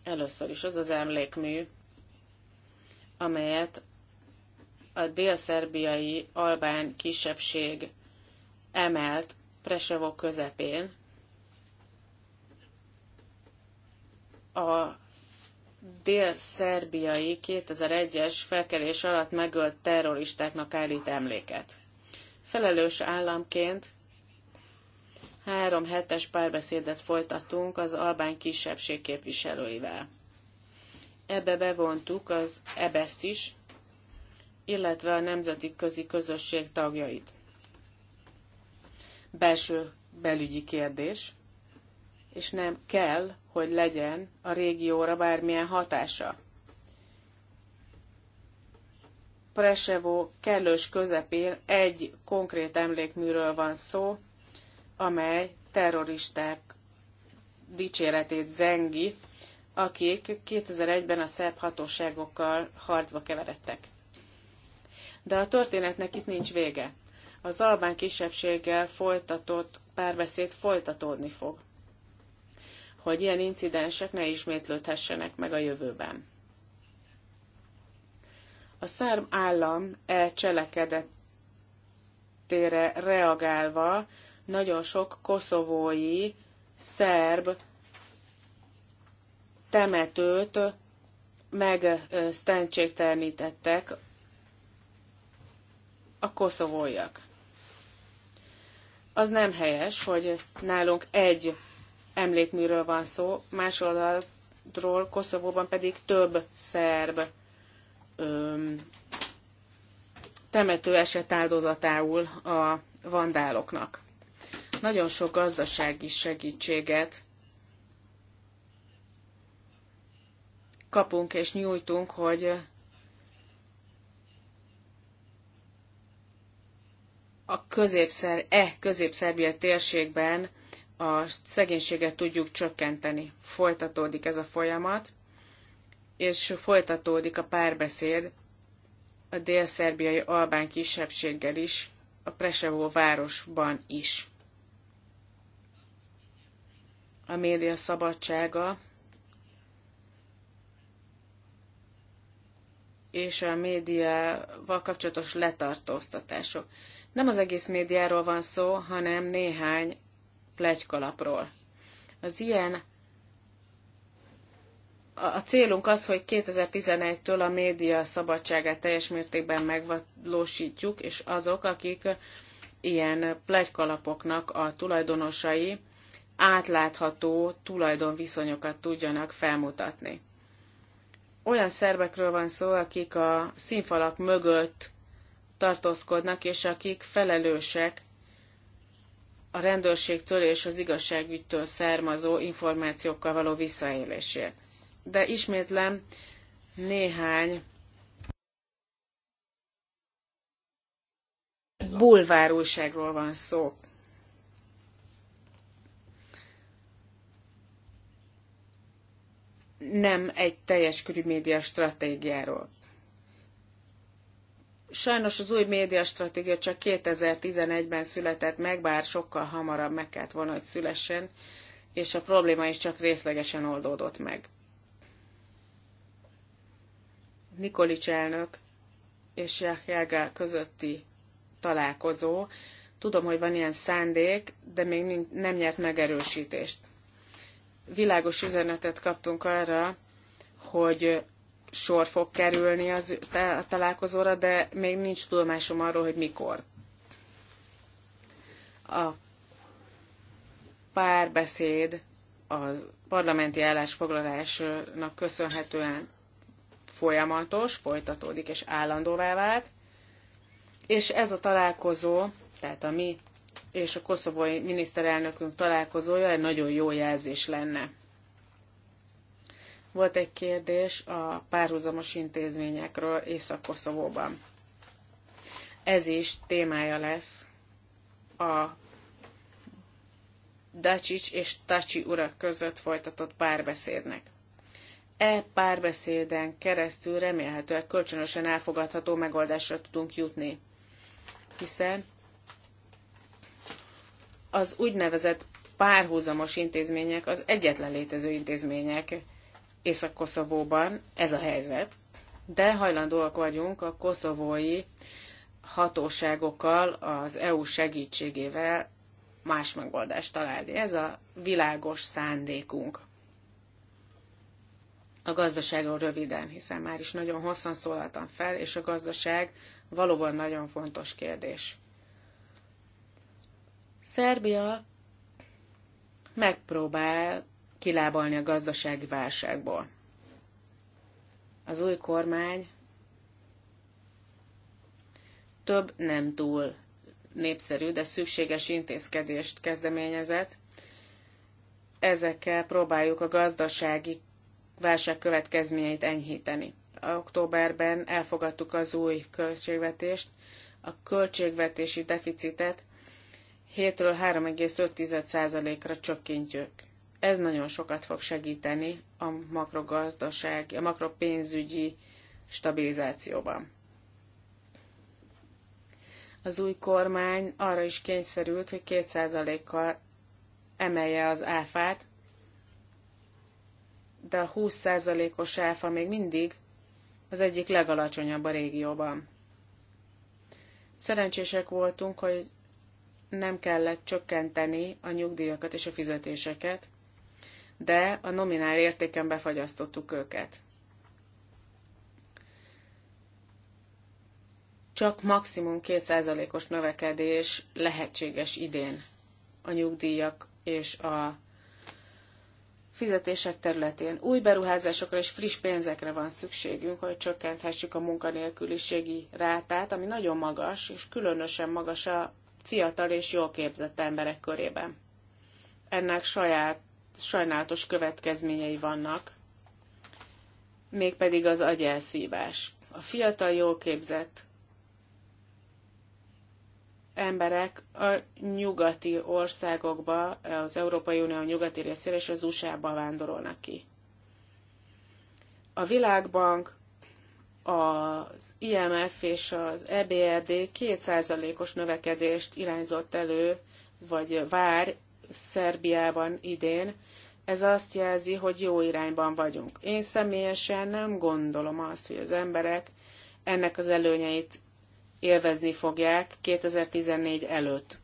Először is az az emlékmű, amelyet a délszerbiai albán kisebbség emelt Presevó közepén a dél-szerbiai 2001-es felkelés alatt megölt terroristáknak állít emléket. Felelős államként három hetes párbeszédet folytattunk az albán kisebbség képviselőivel. Ebbe bevontuk az ebeszt is, illetve a nemzeti közi közösség tagjait. Belső belügyi kérdés – és nem kell, hogy legyen a régióra bármilyen hatása. Presevo kellős közepén egy konkrét emlékműről van szó, amely terroristák dicséretét zengi, akik 2001-ben a szerb hatóságokkal harcba keveredtek. De a történetnek itt nincs vége. Az albán kisebbséggel folytatott párbeszéd folytatódni fog hogy ilyen incidensek ne ismétlődhessenek meg a jövőben. A szerb állam e cselekedetére reagálva nagyon sok koszovói szerb temetőt megsztentségtelenítettek a koszovóiak. Az nem helyes, hogy nálunk egy emlékműről van szó, más oldalról Koszovóban pedig több szerb öm, temető esett áldozatául a vandáloknak. Nagyon sok gazdasági segítséget kapunk és nyújtunk, hogy a középszer, e középszerbia térségben a szegénységet tudjuk csökkenteni. Folytatódik ez a folyamat, és folytatódik a párbeszéd a dél-szerbiai albán kisebbséggel is, a Presevó városban is. A média szabadsága és a médiával kapcsolatos letartóztatások. Nem az egész médiáról van szó, hanem néhány plegykalapról. Az ilyen a célunk az, hogy 2011-től a média szabadságát teljes mértékben megvalósítjuk, és azok, akik ilyen plegykalapoknak a tulajdonosai átlátható tulajdonviszonyokat tudjanak felmutatni. Olyan szervekről van szó, akik a színfalak mögött tartózkodnak, és akik felelősek a rendőrségtől és az igazságügytől származó információkkal való visszaélésért. De ismétlem néhány bulvár újságról van szó. Nem egy teljes körű média stratégiáról. Sajnos az új médiastratégia csak 2011-ben született meg, bár sokkal hamarabb meg kellett volna, hogy szülessen, és a probléma is csak részlegesen oldódott meg. Nikolics elnök és Jelga közötti találkozó. Tudom, hogy van ilyen szándék, de még nem nyert megerősítést. Világos üzenetet kaptunk arra, hogy sor fog kerülni az, a találkozóra, de még nincs tudomásom arról, hogy mikor. A párbeszéd az parlamenti állásfoglalásnak köszönhetően folyamatos, folytatódik és állandóvá vált, és ez a találkozó, tehát a mi és a koszovói miniszterelnökünk találkozója egy nagyon jó jelzés lenne volt egy kérdés a párhuzamos intézményekről Észak-Koszovóban. Ez is témája lesz a Dacsics és Tacsi urak között folytatott párbeszédnek. E párbeszéden keresztül remélhetőleg kölcsönösen elfogadható megoldásra tudunk jutni, hiszen az úgynevezett párhuzamos intézmények az egyetlen létező intézmények Észak-Koszovóban ez a helyzet, de hajlandóak vagyunk a koszovói hatóságokkal, az EU segítségével más megoldást találni. Ez a világos szándékunk. A gazdaságról röviden, hiszen már is nagyon hosszan szólaltam fel, és a gazdaság valóban nagyon fontos kérdés. Szerbia megpróbál kilábalni a gazdasági válságból. Az új kormány több nem túl népszerű, de szükséges intézkedést kezdeményezett. Ezekkel próbáljuk a gazdasági válság következményeit enyhíteni. Októberben elfogadtuk az új költségvetést, a költségvetési deficitet 7-ről 3,5%-ra csökkintjük. Ez nagyon sokat fog segíteni a makrogazdaság, a makropénzügyi stabilizációban. Az új kormány arra is kényszerült, hogy 2%-kal emelje az áfát, de a 20%-os áfa még mindig az egyik legalacsonyabb a régióban. Szerencsések voltunk, hogy nem kellett csökkenteni a nyugdíjakat és a fizetéseket, de a nominál értéken befagyasztottuk őket. Csak maximum 2%-os növekedés lehetséges idén a nyugdíjak és a fizetések területén. Új beruházásokra és friss pénzekre van szükségünk, hogy csökkenthessük a munkanélküliségi rátát, ami nagyon magas, és különösen magas a fiatal és jól képzett emberek körében. Ennek saját sajnálatos következményei vannak, mégpedig az agyelszívás. A fiatal, jól képzett emberek a nyugati országokba, az Európai Unió nyugati részére és az USA-ba vándorolnak ki. A Világbank, az IMF és az EBRD 2%-os növekedést irányzott elő, vagy vár Szerbiában idén, ez azt jelzi, hogy jó irányban vagyunk. Én személyesen nem gondolom azt, hogy az emberek ennek az előnyeit élvezni fogják 2014 előtt.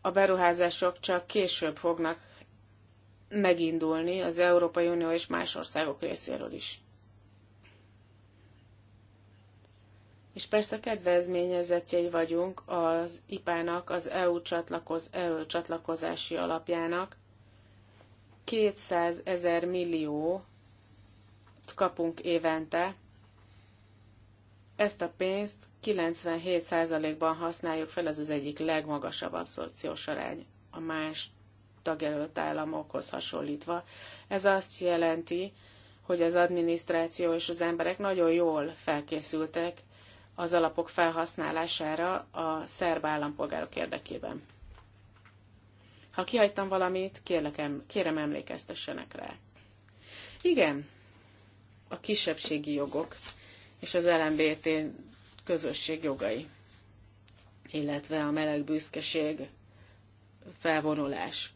A beruházások csak később fognak megindulni az Európai Unió és más országok részéről is. És persze kedvezményezetjei vagyunk az IPA-nak, az EU, csatlakoz, EU csatlakozási alapjának. 200 ezer millió kapunk évente. Ezt a pénzt 97%-ban használjuk fel, ez az egyik legmagasabb asszorciós arány a más tagjelölt államokhoz hasonlítva. Ez azt jelenti, hogy az adminisztráció és az emberek nagyon jól felkészültek az alapok felhasználására a szerb állampolgárok érdekében. Ha kihagytam valamit, kérlek, kérem emlékeztessenek rá. Igen, a kisebbségi jogok és az LMBT közösség jogai, illetve a meleg büszkeség, felvonulás.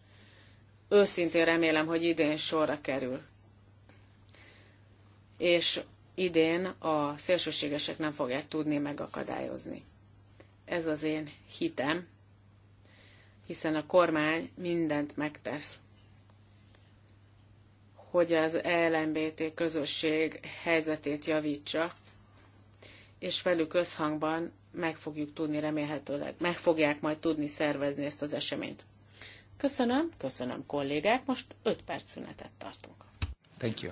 Őszintén remélem, hogy idén sorra kerül. És idén a szélsőségesek nem fogják tudni megakadályozni. Ez az én hitem, hiszen a kormány mindent megtesz, hogy az LMBT közösség helyzetét javítsa, és velük összhangban meg fogjuk tudni remélhetőleg, meg fogják majd tudni szervezni ezt az eseményt. Köszönöm, köszönöm kollégák, most 5 perc szünetet tartunk. Thank you.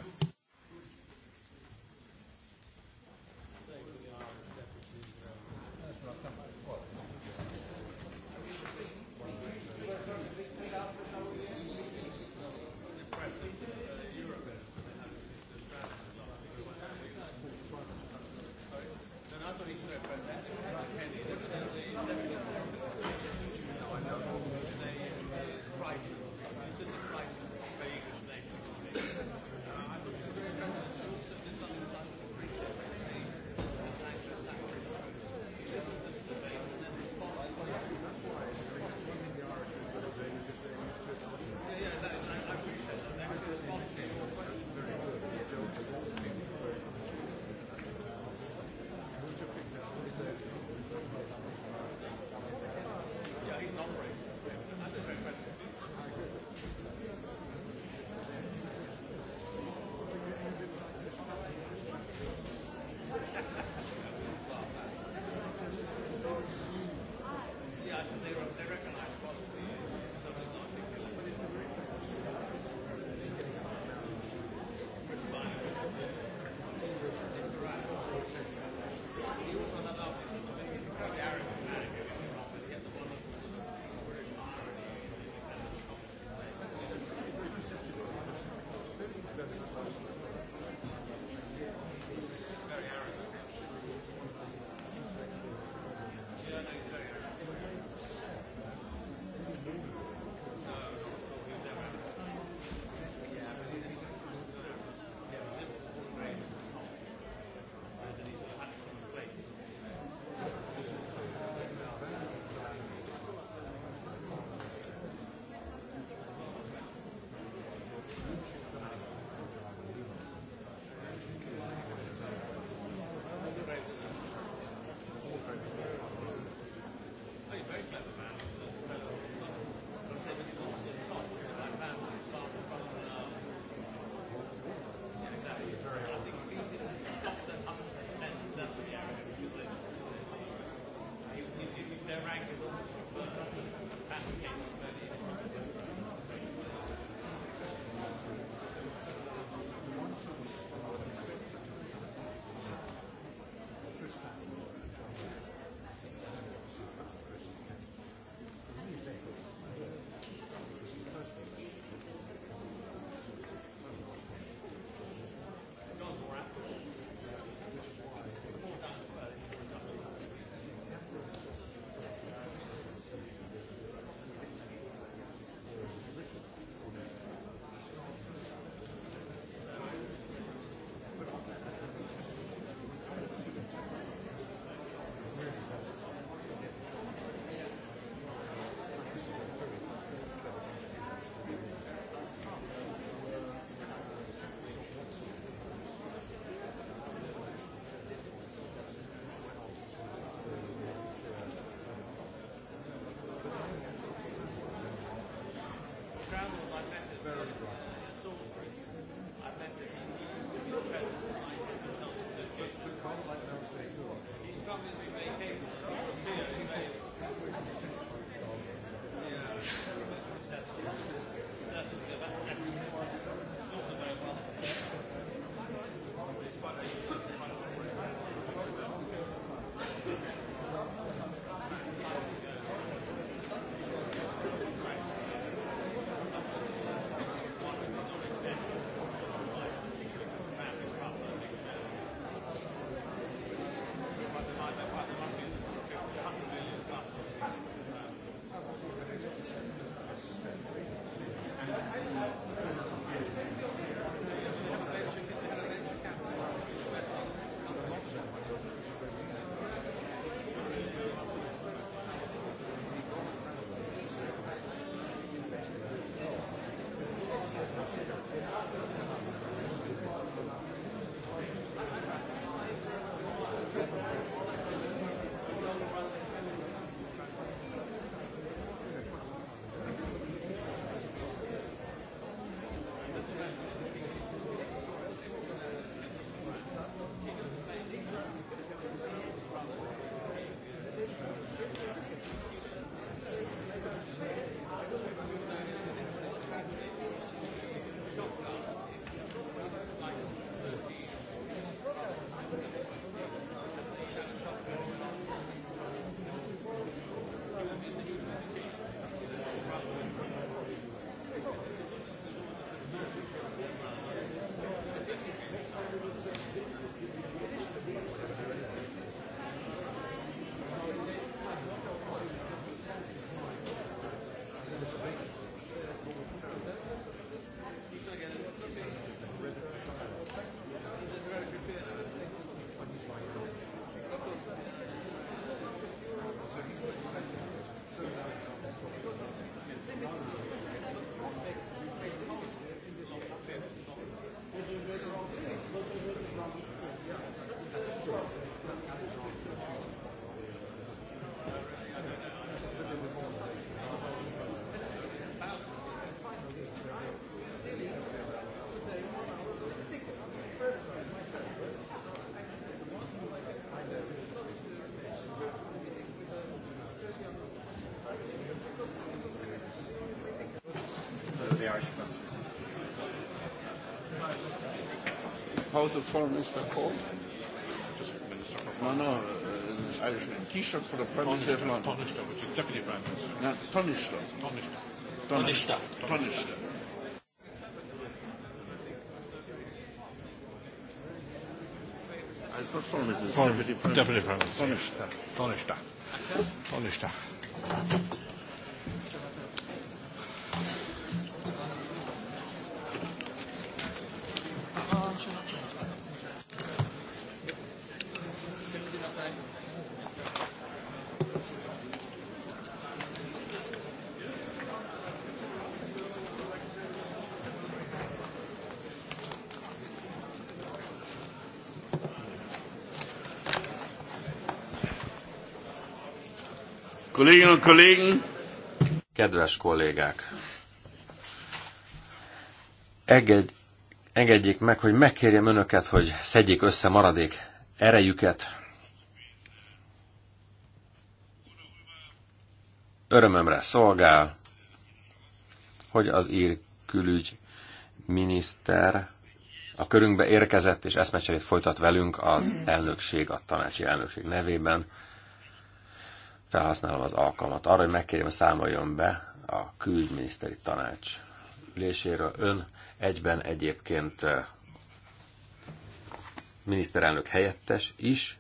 proposal for Mr. Cole? No, no, uh, Irishman. Taoiseach for the Prime Minister of London. Tonishta, which is Deputy Prime Minister. No, Tonishta. Tonishta. Tonishta. Tonishta. I thought Foreign Minister, Deputy Prime Minister. Tonishta. Tonishta. Tonishta. und Kollegen! Kedves kollégák! Engedj, engedjék meg, hogy megkérjem önöket, hogy szedjék össze maradék erejüket. Örömömre szolgál, hogy az ír külügy miniszter a körünkbe érkezett és eszmecserét folytat velünk az elnökség, a tanácsi elnökség nevében felhasználom az alkalmat arra, hogy megkérjem, számoljon be a külügyminiszteri tanács üléséről. Ön egyben egyébként miniszterelnök helyettes is,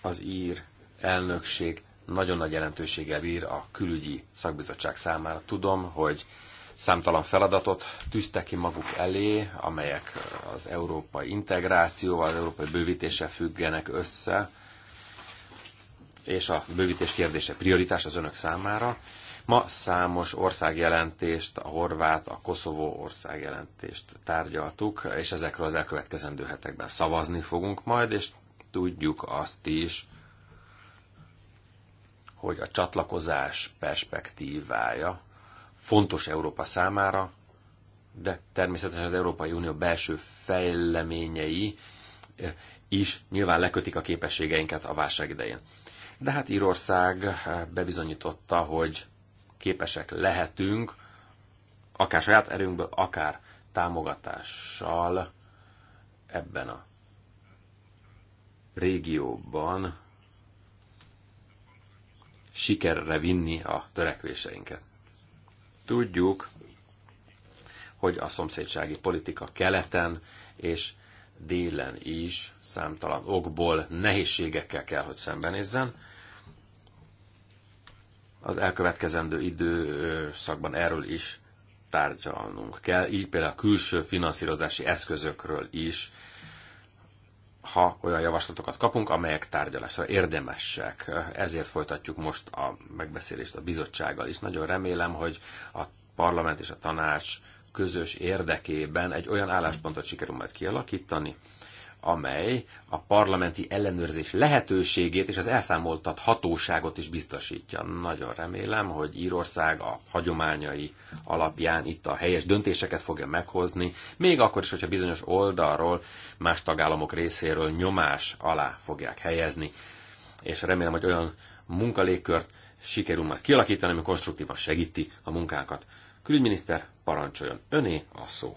az ír elnökség nagyon nagy jelentőséggel bír a külügyi szakbizottság számára. Tudom, hogy számtalan feladatot tűzte ki maguk elé, amelyek az európai integrációval, az európai bővítéssel függenek össze, és a bővítés kérdése prioritás az önök számára. Ma számos országjelentést, a horvát, a koszovó országjelentést tárgyaltuk, és ezekről az elkövetkezendő hetekben szavazni fogunk majd, és tudjuk azt is, hogy a csatlakozás perspektívája fontos Európa számára, de természetesen az Európai Unió belső fejleményei eh, is nyilván lekötik a képességeinket a válság idején. De hát Írország eh, bebizonyította, hogy képesek lehetünk, akár saját erőnkből, akár támogatással ebben a régióban sikerre vinni a törekvéseinket. Tudjuk, hogy a szomszédsági politika keleten és délen is számtalan okból nehézségekkel kell, hogy szembenézzen. Az elkövetkezendő időszakban erről is tárgyalnunk kell, így például a külső finanszírozási eszközökről is, ha olyan javaslatokat kapunk, amelyek tárgyalásra érdemesek. Ezért folytatjuk most a megbeszélést a bizottsággal is. Nagyon remélem, hogy a parlament és a tanács közös érdekében egy olyan álláspontot sikerül majd kialakítani, amely a parlamenti ellenőrzés lehetőségét és az elszámoltat hatóságot is biztosítja. Nagyon remélem, hogy Írország a hagyományai alapján itt a helyes döntéseket fogja meghozni, még akkor is, hogyha bizonyos oldalról, más tagállamok részéről nyomás alá fogják helyezni. És remélem, hogy olyan munkalégkört sikerül majd kialakítani, ami konstruktívan segíti a munkákat. Külügyminiszter, parancsoljon öné a szó.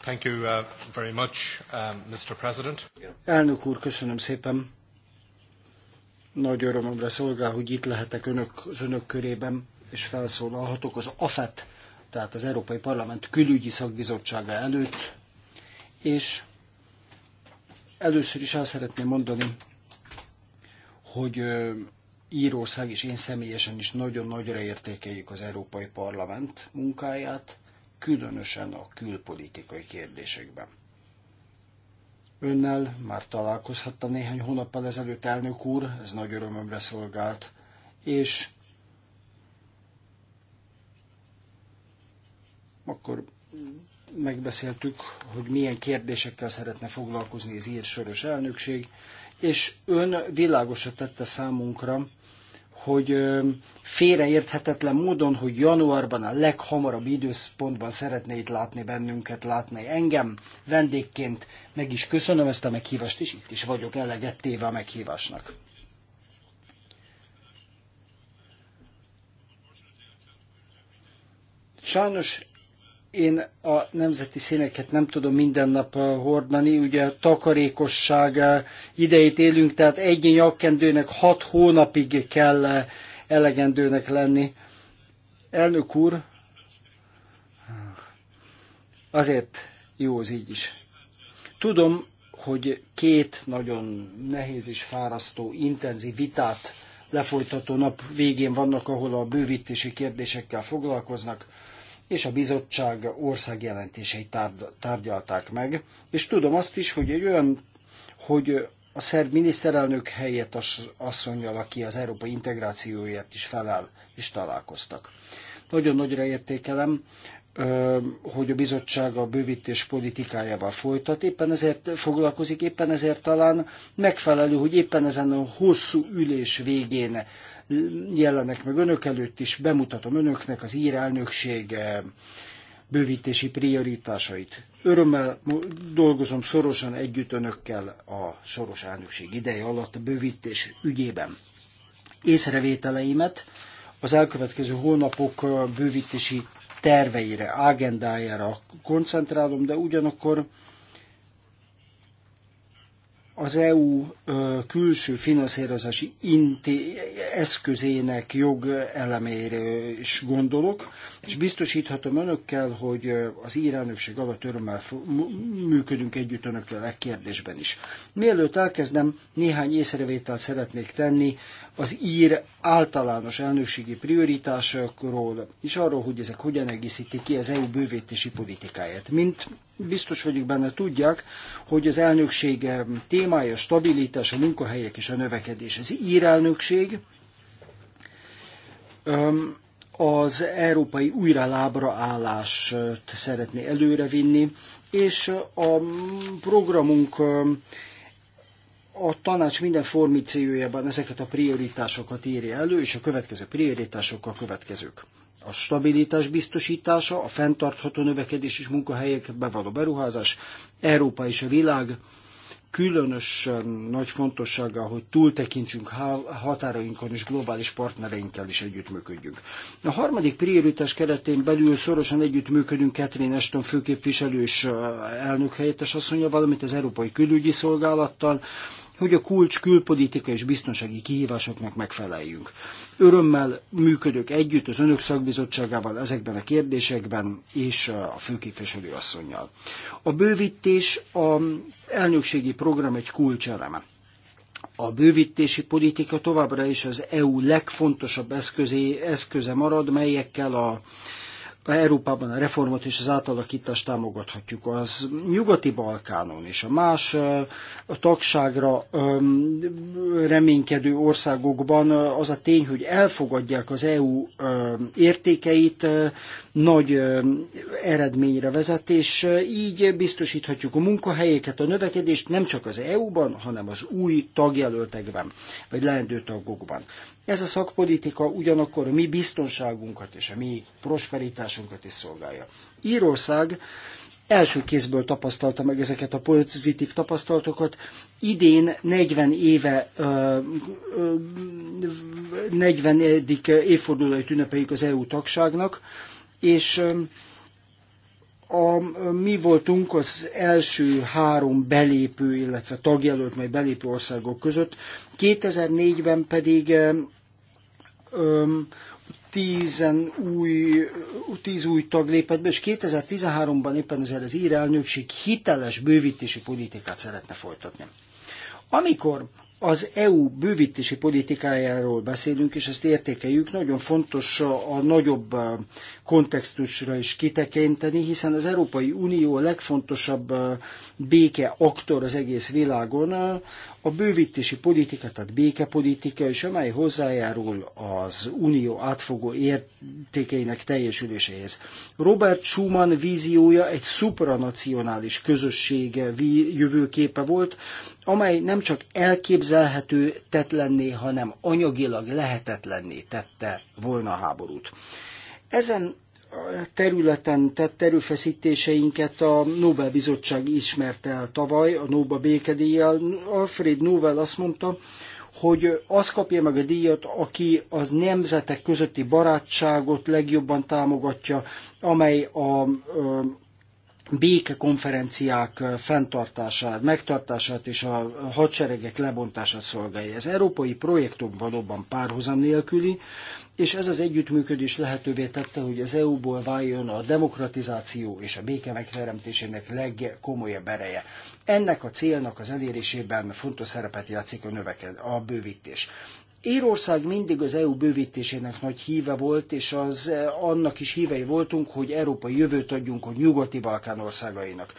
Thank you uh, very much, Mr. Um, President. Elnök úr, köszönöm szépen. Nagy örömömre szolgál, hogy itt lehetek önök, az önök körében, és felszólalhatok az AFET, tehát az Európai Parlament külügyi szakbizottsága előtt, és először is el szeretném mondani, hogy írószág és én személyesen is nagyon nagyra értékeljük az Európai Parlament munkáját, különösen a külpolitikai kérdésekben. Önnel már találkozhattam néhány hónappal ezelőtt, elnök úr, ez nagy örömömre szolgált, és akkor megbeszéltük, hogy milyen kérdésekkel szeretne foglalkozni az írsoros elnökség, és ön világosra tette számunkra, hogy félreérthetetlen módon, hogy januárban a leghamarabb időszpontban szeretné itt látni bennünket, látni engem vendégként. Meg is köszönöm ezt a meghívást, és itt is vagyok eleget téve a meghívásnak. Sajnos én a nemzeti színeket nem tudom minden nap eh, hordani, ugye takarékosság eh, idejét élünk, tehát egy nyakkendőnek hat hónapig kell eh, elegendőnek lenni. Elnök úr, azért jó az így is. Tudom, hogy két nagyon nehéz és fárasztó, intenzív vitát lefolytató nap végén vannak, ahol a bővítési kérdésekkel foglalkoznak és a bizottság országjelentéseit tár- tárgyalták meg, és tudom azt is, hogy egy olyan, hogy a szerb miniszterelnök helyett asszonyjal, aki az európai integrációért is felel, is találkoztak. Nagyon nagyra értékelem, hogy a bizottság a bővítés politikájával folytat, éppen ezért foglalkozik, éppen ezért talán megfelelő, hogy éppen ezen a hosszú ülés végén jelenek meg önök előtt is, bemutatom önöknek az ír elnökség bővítési prioritásait. Örömmel dolgozom szorosan együtt önökkel a soros elnökség ideje alatt a bővítés ügyében. Észrevételeimet az elkövetkező hónapok bővítési terveire, agendájára koncentrálom, de ugyanakkor az EU külső finanszírozási inté- eszközének jogelemére is gondolok, és biztosíthatom önökkel, hogy az írelnökség alatt örömmel működünk együtt önökkel a e kérdésben is. Mielőtt elkezdem, néhány észrevételt szeretnék tenni az ír általános elnökségi prioritásokról, és arról, hogy ezek hogyan egészítik ki az EU bővítési politikáját. Mint biztos vagyok benne, tudják, hogy az elnökség témája stabilitás, a munkahelyek és a növekedés. Az ír elnökség az európai újralábra állást szeretné előrevinni, és a programunk a tanács minden formíciójában ezeket a prioritásokat írja elő, és a következő prioritások a következők. A stabilitás biztosítása, a fenntartható növekedés és munkahelyekbe való beruházás, Európa és a világ, különös nagy fontossága, hogy túltekintsünk határainkon és globális partnereinkkel is együttműködjünk. A harmadik prioritás keretén belül szorosan együttműködünk Catherine Eston főképviselő és elnök helyettes asszonya, valamint az Európai Külügyi Szolgálattal, hogy a kulcs külpolitika és biztonsági kihívásoknak megfeleljünk. Örömmel működök együtt az önök szakbizottságával ezekben a kérdésekben és a főképviselő asszonynal. A bővítés a elnökségi program egy kulcseleme. A bővítési politika továbbra is az EU legfontosabb eszközé, eszköze marad, melyekkel a Európában a reformot és az átalakítást támogathatjuk. Az nyugati Balkánon és a más a tagságra reménykedő országokban az a tény, hogy elfogadják az EU értékeit, nagy eredményre vezet, és így biztosíthatjuk a munkahelyeket, a növekedést nem csak az EU-ban, hanem az új tagjelöltekben, vagy leendő tagokban. Ez a szakpolitika ugyanakkor a mi biztonságunkat és a mi prosperitásunkat is szolgálja. Írország első kézből tapasztalta meg ezeket a pozitív tapasztalatokat. Idén 40 éve, 40. évfordulóit ünnepeljük az EU tagságnak, és a, mi voltunk az első három belépő, illetve tagjelölt, mely belépő országok között. 2004-ben pedig tízen új, tíz új tag lépett be, és 2013-ban éppen ezzel az ír elnökség hiteles bővítési politikát szeretne folytatni. Amikor az EU bővítési politikájáról beszélünk, és ezt értékeljük, nagyon fontos a nagyobb kontextusra is kitekinteni, hiszen az Európai Unió a legfontosabb béke aktor az egész világon, a bővítési politika, tehát békepolitika, és amely hozzájárul az unió átfogó értékeinek teljesüléséhez. Robert Schumann víziója egy szupranacionális közössége jövőképe volt, amely nem csak elképzelhető tetlenné, hanem anyagilag lehetetlenné tette volna a háborút. Ezen területen tett erőfeszítéseinket a Nobel Bizottság ismerte el tavaly, a Nobel békedíjjal. Alfred Nobel azt mondta, hogy az kapja meg a díjat, aki az nemzetek közötti barátságot legjobban támogatja, amely a, békekonferenciák fenntartását, megtartását és a hadseregek lebontását szolgálja. Az európai projektum valóban párhuzam nélküli, és ez az együttműködés lehetővé tette, hogy az EU-ból váljon a demokratizáció és a béke megteremtésének legkomolyabb ereje. Ennek a célnak az elérésében fontos szerepet játszik a, növeked, a bővítés. Írország mindig az EU bővítésének nagy híve volt, és az eh, annak is hívei voltunk, hogy európai jövőt adjunk a nyugati Balkán országainak.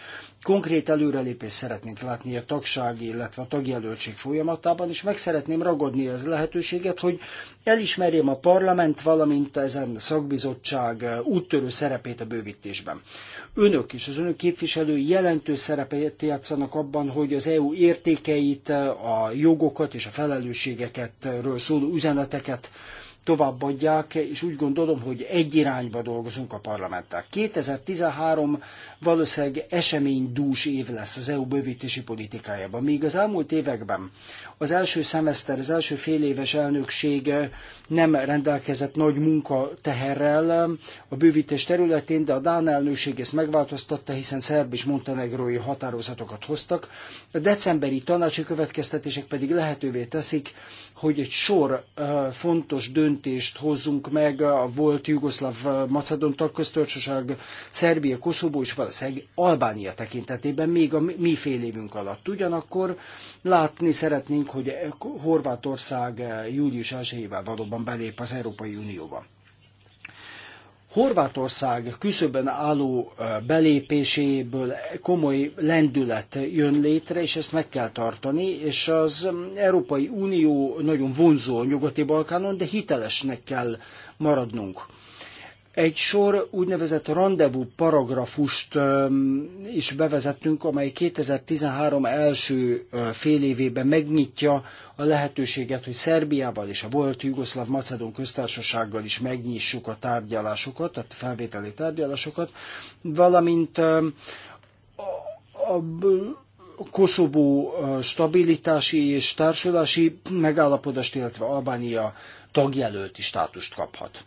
Konkrét előrelépést szeretnénk látni a tagság, illetve a tagjelöltség folyamatában, és meg szeretném ragadni az lehetőséget, hogy elismerjem a parlament, valamint ezen a szakbizottság úttörő szerepét a bővítésben. Önök is, az önök képviselői jelentős szerepet játszanak abban, hogy az EU értékeit, a jogokat és a felelősségeket ről szóló üzeneteket továbbadják, és úgy gondolom, hogy egy irányba dolgozunk a parlamenttel. 2013 valószínűleg eseménydús év lesz az EU bővítési politikájában. Míg az elmúlt években az első szemeszter, az első féléves elnökség nem rendelkezett nagy munkateherrel a bővítés területén, de a Dán elnökség ezt megváltoztatta, hiszen szerb és montenegrói határozatokat hoztak. A decemberi tanácsi következtetések pedig lehetővé teszik, hogy egy sor fontos döntést hozzunk meg a volt Jugoszláv Macedon tagköztársaság, Szerbia, Koszobó és valószínűleg Albánia tekintetében még a mi fél évünk alatt. Ugyanakkor látni szeretnénk, hogy Horvátország július 1 valóban belép az Európai Unióba. Horvátország küszöben álló belépéséből komoly lendület jön létre, és ezt meg kell tartani, és az mm, Európai Unió nagyon vonzó a nyugati Balkánon, de hitelesnek kell maradnunk. Egy sor úgynevezett rendezvú paragrafust is bevezettünk, amely 2013 első fél évében megnyitja a lehetőséget, hogy Szerbiával és a volt Jugoszláv Macedon köztársasággal is megnyissuk a tárgyalásokat, a felvételi tárgyalásokat, valamint a Koszovó stabilitási és társulási megállapodást, illetve Albánia tagjelölti státust kaphat.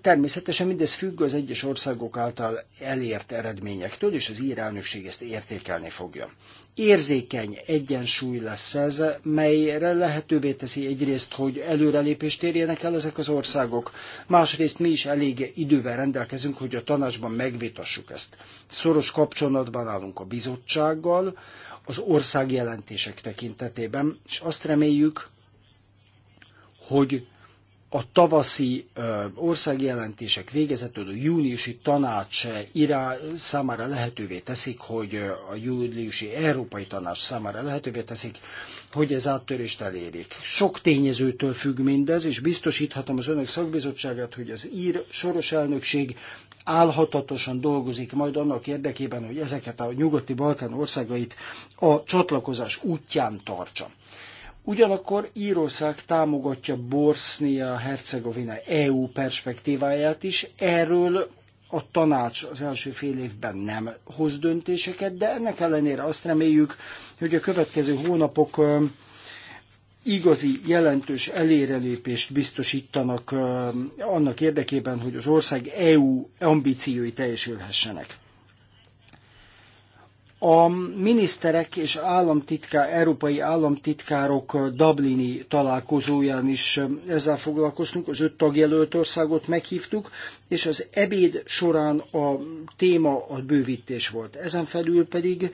Természetesen mindez függ az egyes országok által elért eredményektől, és az ír elnökség ezt értékelni fogja. Érzékeny egyensúly lesz ez, melyre lehetővé teszi egyrészt, hogy előrelépést érjenek el ezek az országok, másrészt mi is elég idővel rendelkezünk, hogy a tanácsban megvitassuk ezt. Szoros kapcsolatban állunk a bizottsággal, az országjelentések tekintetében, és azt reméljük, hogy a tavaszi országjelentések végezetül a júniusi tanács irá számára lehetővé teszik, hogy a júliusi Európai Tanács számára lehetővé teszik, hogy ez áttörést elérik. Sok tényezőtől függ mindez, és biztosíthatom az önök szakbizottságát, hogy az ír soros elnökség álhatatosan dolgozik majd annak érdekében, hogy ezeket a nyugati Balkán országait a csatlakozás útján tartsa. Ugyanakkor Írország támogatja Bosznia-Hercegovina EU perspektíváját is, erről a tanács az első fél évben nem hoz döntéseket, de ennek ellenére azt reméljük, hogy a következő hónapok igazi, jelentős elérelépést biztosítanak annak érdekében, hogy az ország EU ambíciói teljesülhessenek. A miniszterek és államtitká, európai államtitkárok Dublini találkozóján is ezzel foglalkoztunk, az öt tagjelölt országot meghívtuk, és az ebéd során a téma a bővítés volt. Ezen felül pedig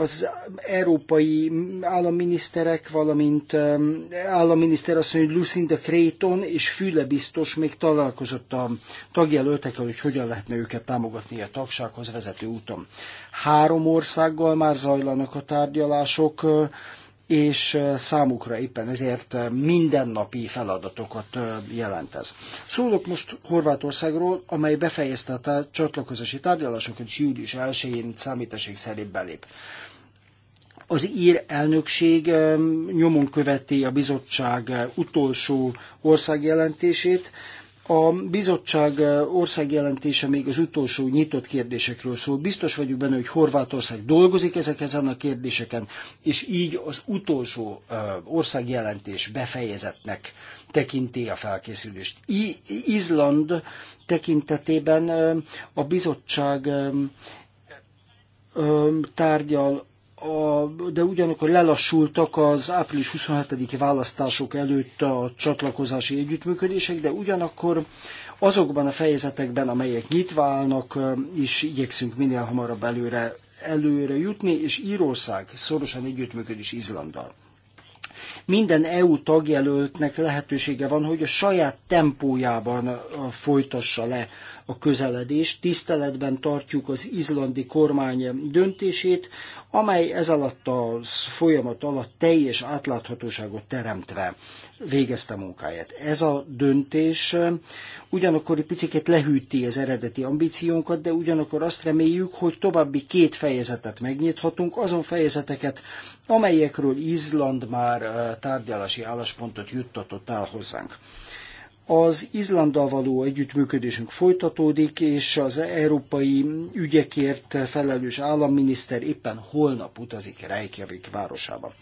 az európai államminiszterek, valamint um, államminiszter azt mondja, hogy Lucinda Creighton és Füle biztos még találkozott a tagjelöltekkel, hogy hogyan lehetne őket támogatni a tagsághoz vezető úton. Három országgal már zajlanak a tárgyalások, uh, és uh, számukra éppen ezért uh, mindennapi feladatokat jelent ez. Szólok most Horvátországról, amely befejezte a csatlakozási tárgyalásokat, és július 1-én számításig szerint belép. Az ír elnökség nyomon követi a bizottság utolsó országjelentését. A bizottság országjelentése még az utolsó nyitott kérdésekről szól. Biztos vagyok benne, hogy Horvátország dolgozik ezek ezen a kérdéseken, és így az utolsó országjelentés befejezetnek tekinti a felkészülést. I- Izland tekintetében a bizottság tárgyal a, de ugyanakkor lelassultak az április 27-i választások előtt a csatlakozási együttműködések, de ugyanakkor azokban a fejezetekben, amelyek nyitva állnak, is igyekszünk minél hamarabb előre, előre jutni, és Írország szorosan együttműködés Izlanddal. Minden EU tagjelöltnek lehetősége van, hogy a saját tempójában folytassa le a közeledés, tiszteletben tartjuk az izlandi kormány döntését, amely ez alatt a folyamat alatt teljes átláthatóságot teremtve végezte munkáját. Ez a döntés ugyanakkor egy picit lehűti az eredeti ambíciónkat, de ugyanakkor azt reméljük, hogy további két fejezetet megnyithatunk, azon fejezeteket, amelyekről Izland már eh, tárgyalási álláspontot juttatott el hozzánk. Az Izlanddal való együttműködésünk folytatódik, és az európai ügyekért felelős államminiszter éppen holnap utazik Reykjavik városába.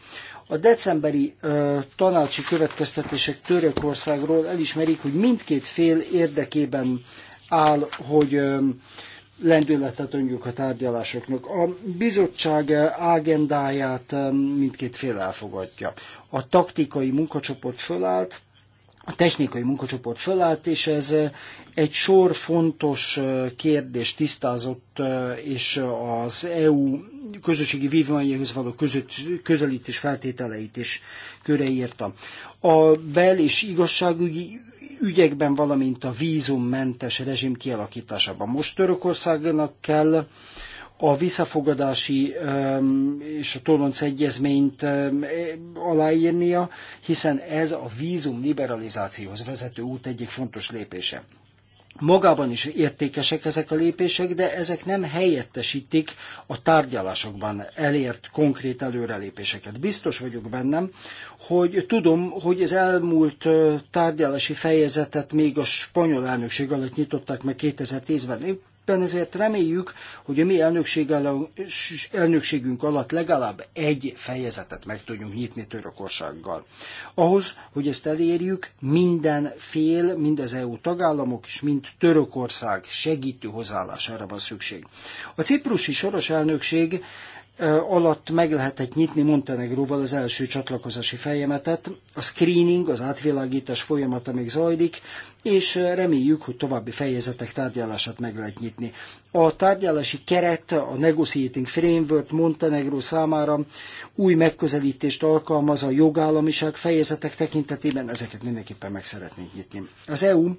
A decemberi ö, tanácsi következtetések Törökországról elismerik, hogy mindkét fél érdekében áll, hogy ö, lendületet adjunk a tárgyalásoknak. A bizottság agendáját mindkét fél elfogadja. A taktikai munkacsoport fölállt, a technikai munkacsoport fölállt, és ez egy sor fontos kérdést tisztázott, és az EU közösségi vívmányéhoz való között, közelítés feltételeit is köreírta. A bel- és igazságügyi ügyekben, valamint a vízummentes rezsim kialakításában. Most Törökországnak kell a visszafogadási és a tolonc egyezményt aláírnia, hiszen ez a vízum liberalizációhoz vezető út egyik fontos lépése. Magában is értékesek ezek a lépések, de ezek nem helyettesítik a tárgyalásokban elért konkrét előrelépéseket. Biztos vagyok bennem, hogy tudom, hogy az elmúlt tárgyalási fejezetet még a spanyol elnökség alatt nyitották meg 2010-ben. Éppen ezért reméljük, hogy a mi elnökségünk alatt legalább egy fejezetet meg tudjunk nyitni Törökországgal. Ahhoz, hogy ezt elérjük, minden fél, mind az EU tagállamok és mind Törökország segítő hozzáállására van szükség. A ciprusi soros elnökség alatt meg lehetett nyitni Montenegróval az első csatlakozási fejemetet. A screening, az átvilágítás folyamata még zajlik, és reméljük, hogy további fejezetek tárgyalását meg lehet nyitni. A tárgyalási keret, a Negotiating Framework Montenegró számára új megközelítést alkalmaz a jogállamiság fejezetek tekintetében, ezeket mindenképpen meg szeretnénk nyitni. Az EU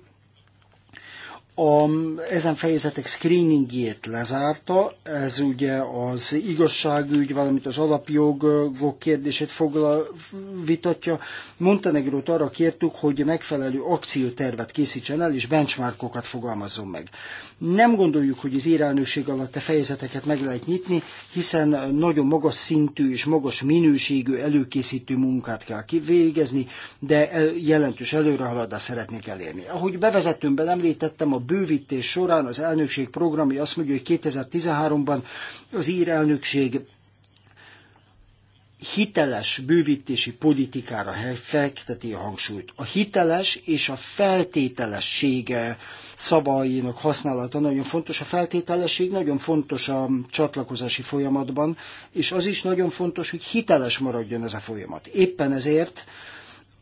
a, ezen fejezetek screeningjét lezárta, ez ugye az igazságügy, valamint az alapjogok kérdését foglal, vitatja. Montenegrót arra kértük, hogy megfelelő akciótervet készítsen el, és benchmarkokat fogalmazzon meg. Nem gondoljuk, hogy az iránőség alatt a fejezeteket meg lehet nyitni, hiszen nagyon magas szintű és magas minőségű előkészítő munkát kell végezni, de jelentős előrehaladást szeretnék elérni. Ahogy bevezetőmben említettem, a bővítés során az elnökség programja azt mondja, hogy 2013-ban az ír elnökség hiteles bővítési politikára fekteti a hangsúlyt. A hiteles és a feltételessége szavainak használata nagyon fontos. A feltételesség nagyon fontos a csatlakozási folyamatban, és az is nagyon fontos, hogy hiteles maradjon ez a folyamat. Éppen ezért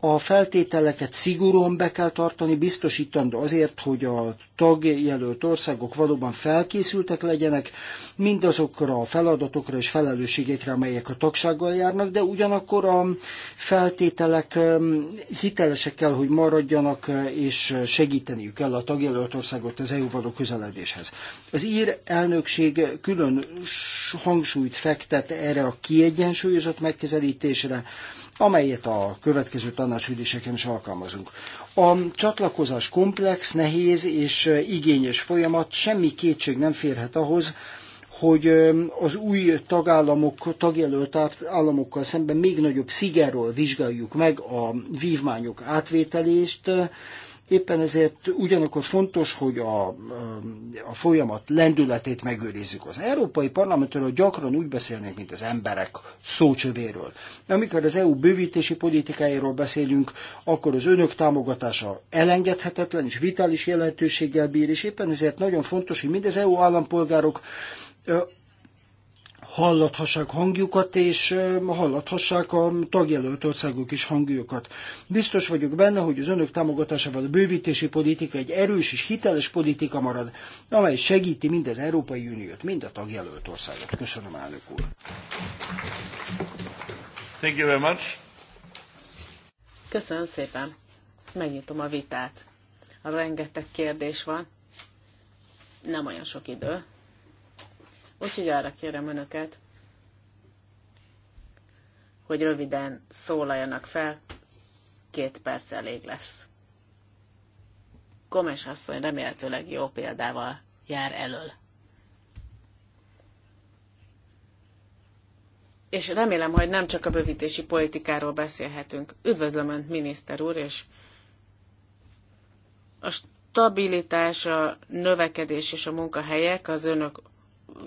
a feltételeket szigorúan be kell tartani, biztosítandó azért, hogy a tagjelölt országok valóban felkészültek legyenek mindazokra a feladatokra és felelősségekre, amelyek a tagsággal járnak, de ugyanakkor a feltételek hitelesek kell, hogy maradjanak, eh, és segíteniük kell a tagjelölt országot az EU való közeledéshez. Az ír elnökség külön hangsúlyt fektet erre a kiegyensúlyozott megközelítésre, amelyet a következő tanácsüléseken is alkalmazunk. A csatlakozás komplex, nehéz és igényes folyamat, semmi kétség nem férhet ahhoz, hogy az új tagállamok, tagjelölt államokkal szemben még nagyobb szigerről vizsgáljuk meg a vívmányok átvételést, Éppen ezért ugyanakkor fontos, hogy a, a folyamat lendületét megőrizzük. Az Európai Parlamentről gyakran úgy beszélnek, mint az emberek szócsövéről. Amikor az EU bővítési politikájáról beszélünk, akkor az önök támogatása elengedhetetlen és vitális jelentőséggel bír, és éppen ezért nagyon fontos, hogy mind az EU állampolgárok hallathassák hangjukat, és hallathassák a tagjelölt országok is hangjukat. Biztos vagyok benne, hogy az önök támogatásával a bővítési politika egy erős és hiteles politika marad, amely segíti mind az Európai Uniót, mind a tagjelölt országot. Köszönöm, elnök úr. Thank you very much. Köszönöm szépen. Megnyitom a vitát. Rengeteg kérdés van. Nem olyan sok idő, Úgyhogy arra kérem önöket, hogy röviden szólaljanak fel, két perc elég lesz. Gomes asszony remélhetőleg jó példával jár elől. És remélem, hogy nem csak a bővítési politikáról beszélhetünk. Üdvözlöm Önt, miniszter úr, és a stabilitás, a növekedés és a munkahelyek az Önök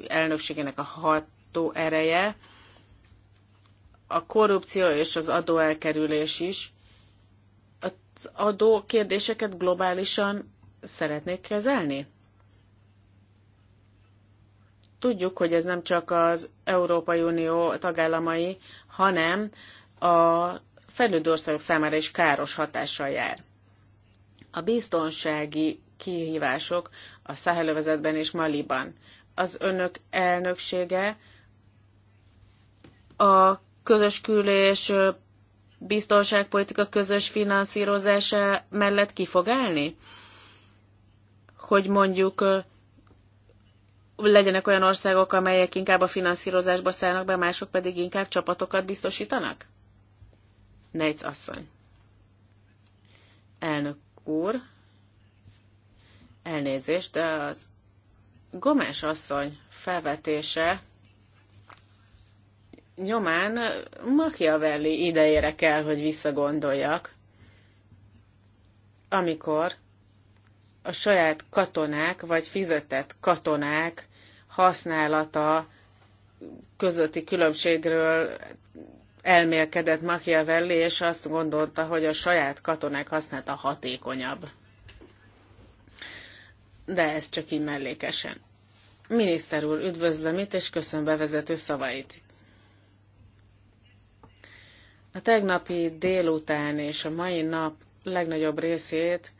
elnökségének a ható ereje, a korrupció és az adóelkerülés is. Az adó kérdéseket globálisan szeretnék kezelni? Tudjuk, hogy ez nem csak az Európai Unió tagállamai, hanem a fejlődő országok számára is káros hatással jár. A biztonsági kihívások a Száhelövezetben és Maliban az önök elnöksége a közös külés biztonságpolitika közös finanszírozása mellett ki fog állni? Hogy mondjuk legyenek olyan országok, amelyek inkább a finanszírozásba szállnak be, mások pedig inkább csapatokat biztosítanak? Nejc asszony. Elnök úr, elnézést, de az Gomes asszony felvetése nyomán Machiavelli idejére kell, hogy visszagondoljak, amikor a saját katonák vagy fizetett katonák használata közötti különbségről elmélkedett Machiavelli, és azt gondolta, hogy a saját katonák használata hatékonyabb de ez csak így mellékesen. Miniszter úr, üdvözlöm itt, és köszönöm bevezető szavait. A tegnapi délután és a mai nap legnagyobb részét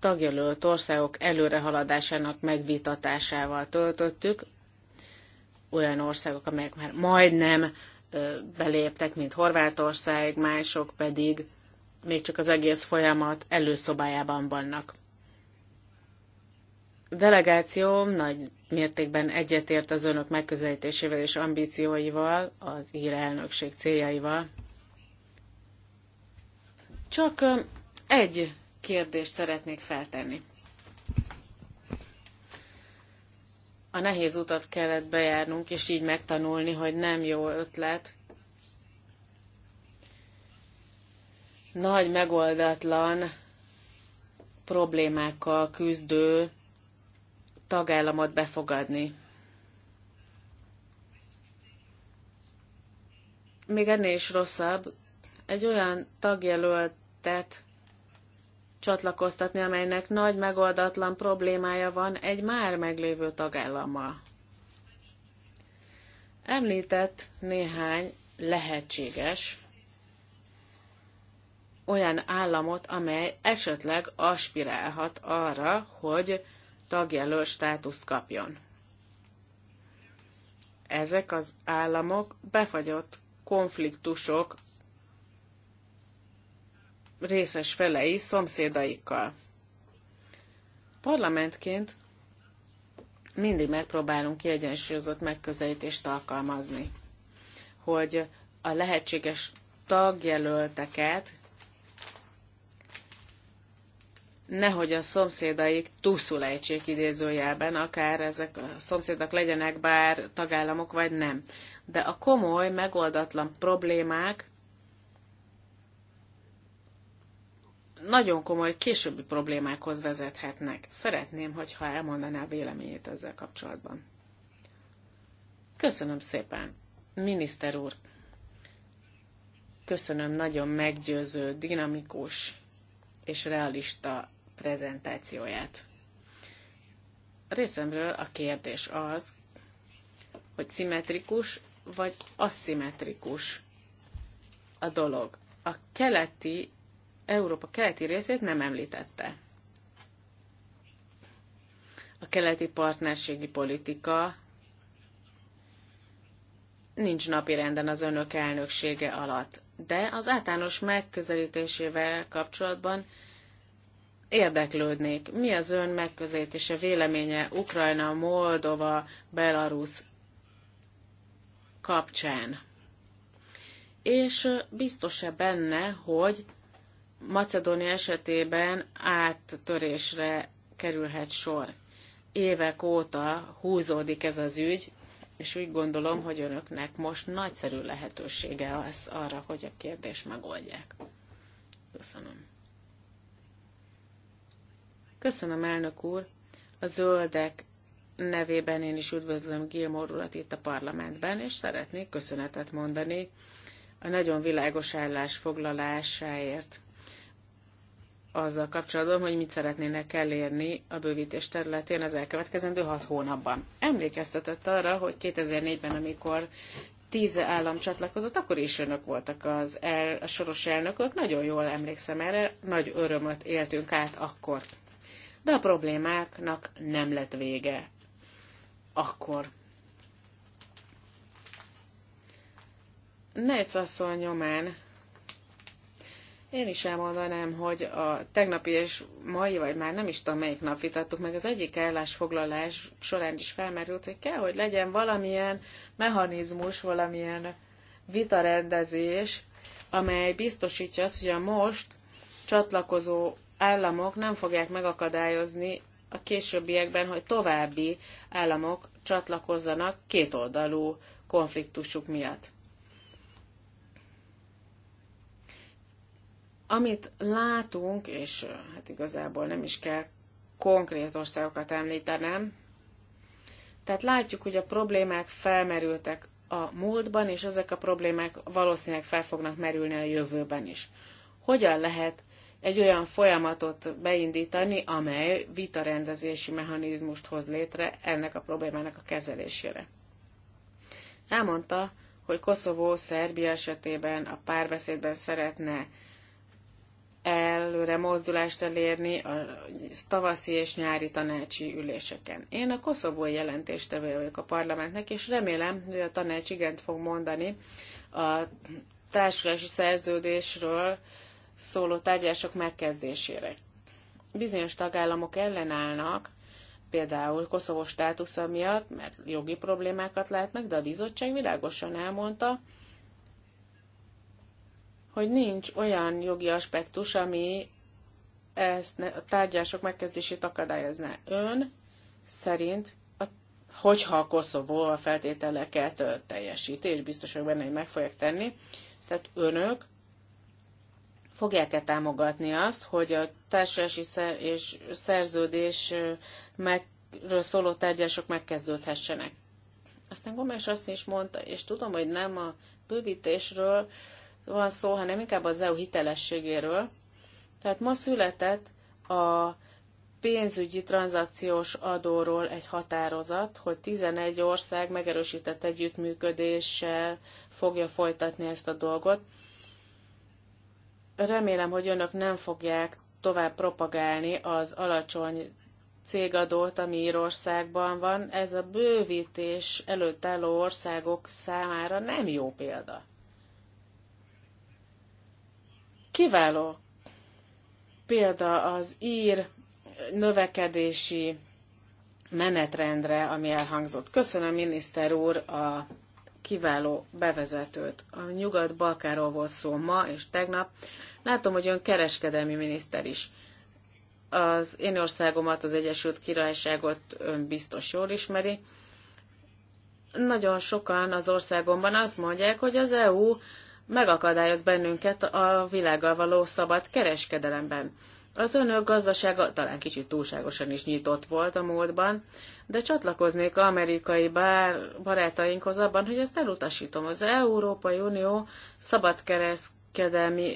tagjelölt országok előrehaladásának megvitatásával töltöttük, olyan országok, amelyek már majdnem beléptek, mint Horvátország, mások pedig még csak az egész folyamat előszobájában vannak delegációm nagy mértékben egyetért az önök megközelítésével és ambícióival, az ír elnökség céljaival. Csak egy kérdést szeretnék feltenni. A nehéz utat kellett bejárnunk, és így megtanulni, hogy nem jó ötlet nagy megoldatlan problémákkal küzdő tagállamot befogadni. Még ennél is rosszabb, egy olyan tagjelöltet csatlakoztatni, amelynek nagy megoldatlan problémája van egy már meglévő tagállammal. Említett néhány lehetséges olyan államot, amely esetleg aspirálhat arra, hogy tagjelölt státuszt kapjon. Ezek az államok befagyott konfliktusok részes felei szomszédaikkal. Parlamentként mindig megpróbálunk kiegyensúlyozott megközelítést alkalmazni, hogy a lehetséges tagjelölteket nehogy a szomszédaik túszul ejtsék idézőjelben, akár ezek a szomszédok legyenek bár tagállamok vagy nem. De a komoly, megoldatlan problémák nagyon komoly későbbi problémákhoz vezethetnek. Szeretném, hogyha elmondaná a véleményét ezzel kapcsolatban. Köszönöm szépen, miniszter úr! Köszönöm nagyon meggyőző, dinamikus és realista prezentációját. Részemről a kérdés az, hogy szimmetrikus vagy aszimmetrikus a dolog. A keleti, Európa keleti részét nem említette. A keleti partnerségi politika nincs napirenden az önök elnöksége alatt, de az általános megközelítésével kapcsolatban érdeklődnék. Mi az ön megközelítése, véleménye Ukrajna, Moldova, Belarus kapcsán? És biztos-e benne, hogy Macedónia esetében áttörésre kerülhet sor? Évek óta húzódik ez az ügy, és úgy gondolom, hogy önöknek most nagyszerű lehetősége az arra, hogy a kérdést megoldják. Köszönöm. Köszönöm, elnök úr. A zöldek nevében én is üdvözlöm Gilmore urat itt a parlamentben, és szeretnék köszönetet mondani a nagyon világos állásfoglalásáért azzal kapcsolatban, hogy mit szeretnének elérni a bővítés területén az elkövetkezendő hat hónapban. Emlékeztetett arra, hogy 2004-ben, amikor tíz állam csatlakozott, akkor is önök voltak az el, a soros elnökök. Nagyon jól emlékszem erre, nagy örömöt éltünk át akkor de a problémáknak nem lett vége akkor. Nejc asszony nyomán én is elmondanám, hogy a tegnapi és mai, vagy már nem is tudom melyik nap vitattuk meg, az egyik állásfoglalás során is felmerült, hogy kell, hogy legyen valamilyen mechanizmus, valamilyen vitarendezés, amely biztosítja azt, hogy a most csatlakozó államok nem fogják megakadályozni a későbbiekben, hogy további államok csatlakozzanak kétoldalú konfliktusuk miatt. Amit látunk, és hát igazából nem is kell konkrét országokat említenem, tehát látjuk, hogy a problémák felmerültek a múltban, és ezek a problémák valószínűleg fel fognak merülni a jövőben is. Hogyan lehet egy olyan folyamatot beindítani, amely vitarendezési mechanizmust hoz létre ennek a problémának a kezelésére. Elmondta, hogy Koszovó Szerbia esetében a párbeszédben szeretne előre mozdulást elérni a tavaszi és nyári tanácsi üléseken. Én a koszovói jelentéstevője vagyok a parlamentnek, és remélem, hogy a tanács igent fog mondani a társulási szerződésről, szóló tárgyások megkezdésére. Bizonyos tagállamok ellenállnak, például Koszovó státusza miatt, mert jogi problémákat látnak, de a bizottság világosan elmondta, hogy nincs olyan jogi aspektus, ami ezt a tárgyások megkezdését akadályozná. Ön szerint, a, hogyha a Koszovó a feltételeket teljesíti, és biztos, hogy benne meg fogják tenni, tehát önök fogják-e támogatni azt, hogy a társulási szer- és szerződés megről szóló tárgyások megkezdődhessenek. Aztán Gomes azt is mondta, és tudom, hogy nem a bővítésről van szó, hanem inkább az EU hitelességéről. Tehát ma született a pénzügyi tranzakciós adóról egy határozat, hogy 11 ország megerősített együttműködéssel fogja folytatni ezt a dolgot Remélem, hogy önök nem fogják tovább propagálni az alacsony cégadót, ami Írországban van. Ez a bővítés előtt álló országok számára nem jó példa. Kiváló példa az ír növekedési menetrendre, ami elhangzott. Köszönöm, miniszter úr, a kiváló bevezetőt. A Nyugat-Balkáról volt szó ma és tegnap. Látom, hogy ön kereskedelmi miniszter is. Az én országomat, az Egyesült Királyságot ön biztos jól ismeri. Nagyon sokan az országomban azt mondják, hogy az EU megakadályoz bennünket a világgal való szabad kereskedelemben. Az önök gazdasága talán kicsit túlságosan is nyitott volt a múltban, de csatlakoznék amerikai bár barátainkhoz abban, hogy ezt elutasítom. Az Európai Unió szabadkereskedelmi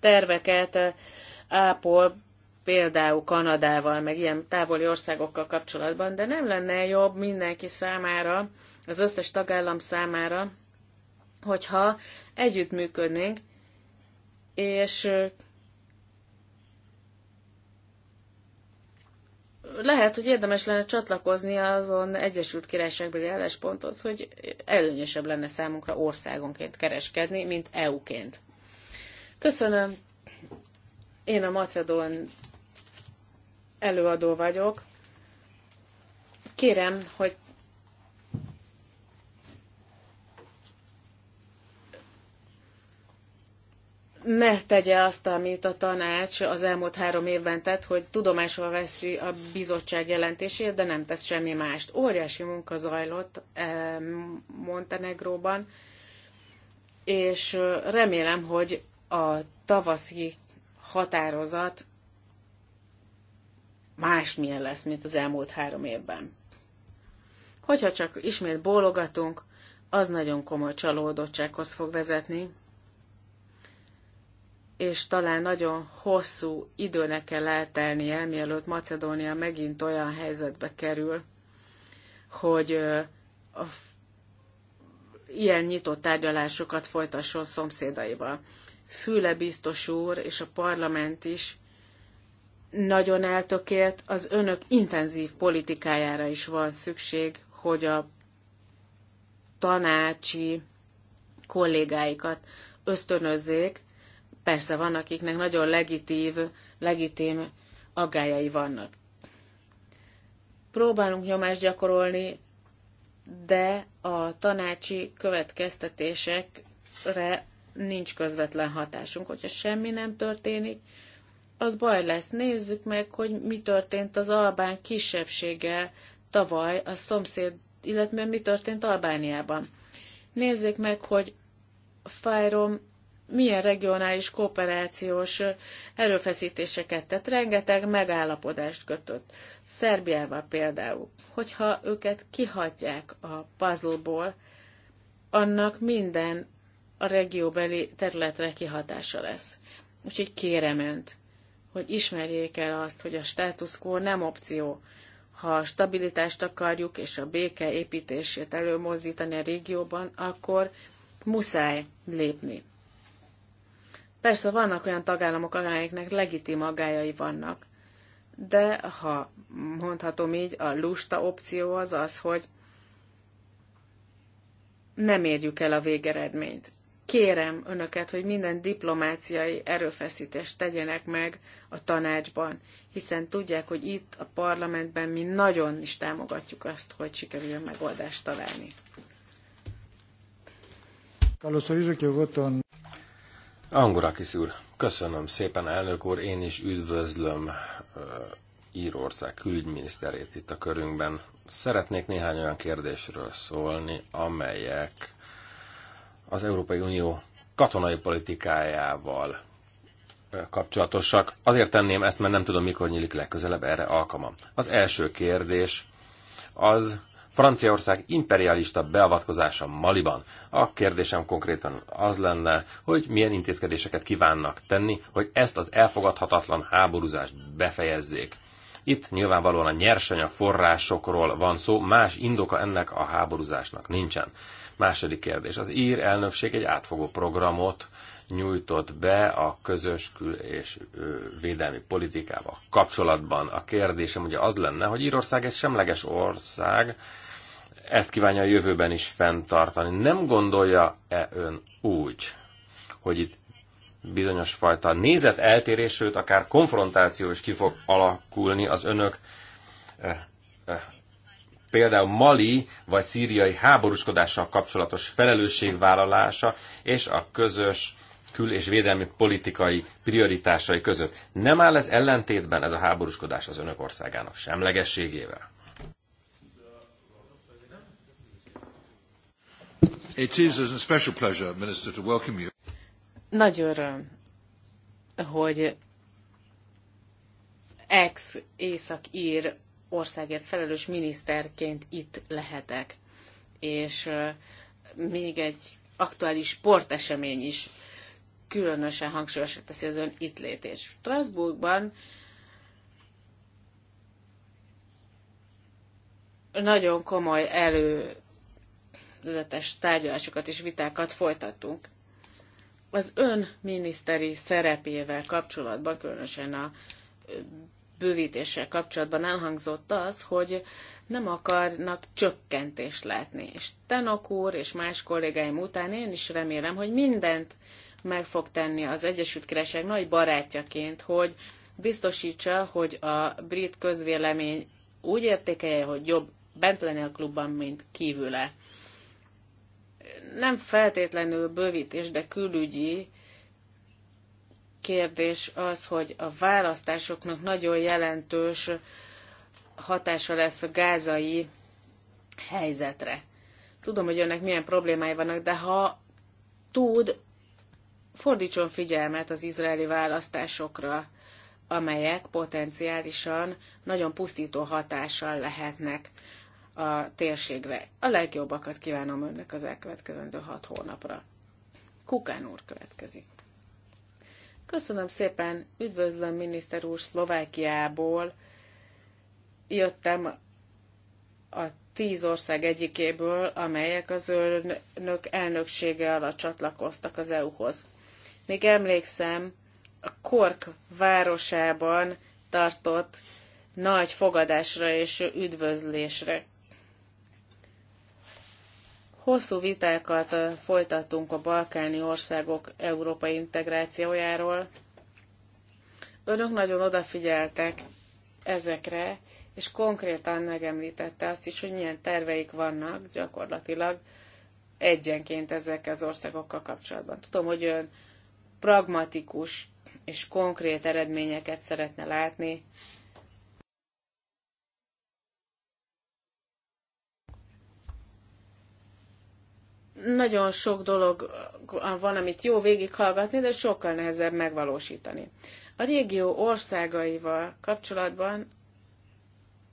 terveket ápol például Kanadával, meg ilyen távoli országokkal kapcsolatban, de nem lenne jobb mindenki számára, az összes tagállam számára, hogyha együttműködnénk, és lehet, hogy érdemes lenne csatlakozni azon Egyesült Királyságbeli állásponthoz, hogy előnyösebb lenne számunkra országonként kereskedni, mint EU-ként. Köszönöm. Én a Macedón előadó vagyok. Kérem, hogy ne tegye azt, amit a tanács az elmúlt három évben tett, hogy tudomásul veszi a bizottság jelentését, de nem tesz semmi mást. Óriási munka zajlott eh, Montenegróban, és remélem, hogy a tavaszi határozat másmilyen lesz, mint az elmúlt három évben. Hogyha csak ismét bólogatunk, az nagyon komoly csalódottsághoz fog vezetni, és talán nagyon hosszú időnek kell eltelnie, mielőtt Macedónia megint olyan helyzetbe kerül, hogy a ilyen nyitott tárgyalásokat folytasson szomszédaival. Füle biztos úr és a parlament is nagyon eltökélt, az önök intenzív politikájára is van szükség, hogy a tanácsi kollégáikat ösztönözzék Persze van, akiknek nagyon legitív, legitim aggájai vannak. Próbálunk nyomást gyakorolni, de a tanácsi következtetésekre nincs közvetlen hatásunk. Hogyha semmi nem történik, az baj lesz. Nézzük meg, hogy mi történt az albán kisebbséggel tavaly a szomszéd, illetve mi történt Albániában. Nézzük meg, hogy Fajrom milyen regionális kooperációs erőfeszítéseket tett, rengeteg megállapodást kötött. Szerbiával például, hogyha őket kihagyják a puzzleból, annak minden a regióbeli területre kihatása lesz. Úgyhogy kérem önt, hogy ismerjék el azt, hogy a status quo nem opció. Ha a stabilitást akarjuk és a béke építését előmozdítani a régióban, akkor muszáj lépni. Persze vannak olyan tagállamok, amelyeknek legitim aggájai vannak, de ha mondhatom így, a lusta opció az az, hogy nem érjük el a végeredményt. Kérem önöket, hogy minden diplomáciai erőfeszítést tegyenek meg a tanácsban, hiszen tudják, hogy itt a parlamentben mi nagyon is támogatjuk azt, hogy sikerüljön megoldást találni. Καλωσορίζω και εγώ τον Angurakis úr, köszönöm szépen, elnök úr, én is üdvözlöm Írország külügyminiszterét itt a körünkben. Szeretnék néhány olyan kérdésről szólni, amelyek az Európai Unió katonai politikájával kapcsolatosak. Azért tenném ezt, mert nem tudom, mikor nyílik legközelebb erre alkalmam. Az első kérdés az Franciaország imperialista beavatkozása Maliban. A kérdésem konkrétan az lenne, hogy milyen intézkedéseket kívánnak tenni, hogy ezt az elfogadhatatlan háborúzást befejezzék. Itt nyilvánvalóan a nyersanyag forrásokról van szó, más indoka ennek a háborúzásnak nincsen. Második kérdés. Az ír elnökség egy átfogó programot nyújtott be a közös kül- és védelmi politikával kapcsolatban. A kérdésem ugye az lenne, hogy Írország egy semleges ország, ezt kívánja a jövőben is fenntartani. Nem gondolja-e ön úgy, hogy itt bizonyos fajta eltérés, sőt akár konfrontáció is ki fog alakulni az önök eh, eh, például Mali vagy szíriai háborúskodással kapcsolatos felelősségvállalása és a közös kül- és védelmi politikai prioritásai között. Nem áll ez ellentétben ez a háborúskodás az önök országának semlegességével? It is a special pleasure, Minister, to welcome you. Nagy öröm, hogy ex-észak-ír országért felelős miniszterként itt lehetek. És még egy aktuális sportesemény is különösen hangsúlyosra teszi az ön itt létés. Strasbourgban nagyon komoly előzetes tárgyalásokat és vitákat folytattunk. Az ön miniszteri szerepével kapcsolatban, különösen a bővítéssel kapcsolatban elhangzott az, hogy nem akarnak csökkentést látni. És Tenok úr és más kollégáim után én is remélem, hogy mindent meg fog tenni az Egyesült Királyság nagy barátjaként, hogy biztosítsa, hogy a brit közvélemény úgy értékelje, hogy jobb bent lenni a klubban, mint kívüle. Nem feltétlenül bővítés, de külügyi kérdés az, hogy a választásoknak nagyon jelentős hatása lesz a gázai helyzetre. Tudom, hogy önnek milyen problémái vannak, de ha tud, fordítson figyelmet az izraeli választásokra, amelyek potenciálisan nagyon pusztító hatással lehetnek a térségre. A legjobbakat kívánom önnek az elkövetkezendő hat hónapra. Kukán úr következik. Köszönöm szépen, üdvözlöm miniszter úr Szlovákiából. Jöttem a tíz ország egyikéből, amelyek az önök elnöksége alatt csatlakoztak az EU-hoz. Még emlékszem, a Kork városában tartott nagy fogadásra és üdvözlésre. Hosszú vitákat folytattunk a balkáni országok európai integrációjáról. Önök nagyon odafigyeltek ezekre, és konkrétan megemlítette azt is, hogy milyen terveik vannak gyakorlatilag egyenként ezek az országokkal kapcsolatban. Tudom, hogy ön pragmatikus és konkrét eredményeket szeretne látni. Nagyon sok dolog van, amit jó végighallgatni, de sokkal nehezebb megvalósítani. A régió országaival kapcsolatban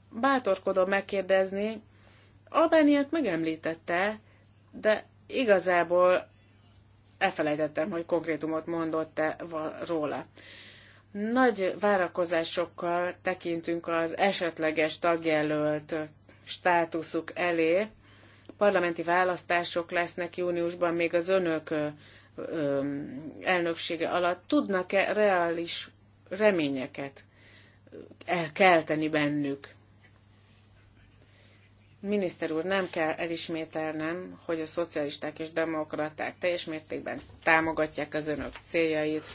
bátorkodom megkérdezni, Albániát megemlítette, de igazából elfelejtettem, hogy konkrétumot mondott-e róla. Nagy várakozásokkal tekintünk az esetleges tagjelölt státuszuk elé. Parlamenti választások lesznek júniusban még az önök elnöksége alatt. Tudnak-e reális reményeket elkelteni bennük? Miniszter úr, nem kell elismételnem, hogy a szocialisták és demokraták teljes mértékben támogatják az önök céljait,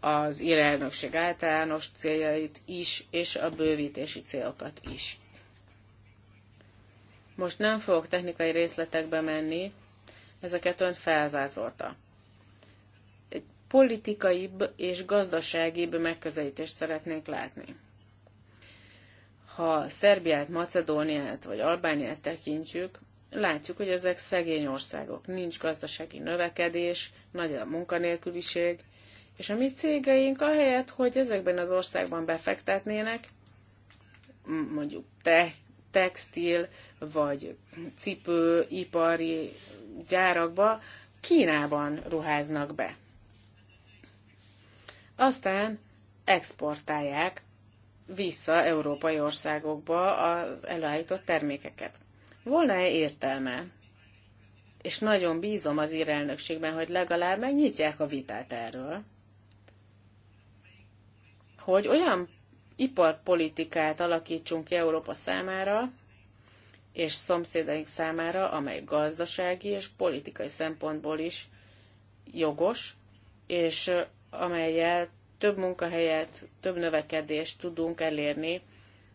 az irelnökség általános céljait is, és a bővítési célokat is. Most nem fogok technikai részletekbe menni, ezeket ön felvázolta. Egy politikaibb és gazdaságibb megközelítést szeretnénk látni ha Szerbiát, Macedóniát vagy Albániát tekintjük, látjuk, hogy ezek szegény országok. Nincs gazdasági növekedés, nagy a munkanélküliség, és a mi cégeink ahelyett, hogy ezekben az országban befektetnének, mondjuk te, textil vagy cipőipari gyárakba, Kínában ruháznak be. Aztán exportálják vissza európai országokba az előállított termékeket. Volna-e értelme? És nagyon bízom az írelnökségben, hogy legalább megnyitják a vitát erről, hogy olyan iparpolitikát alakítsunk ki Európa számára, és szomszédaink számára, amely gazdasági és politikai szempontból is jogos, és amelyel több munkahelyet, több növekedést tudunk elérni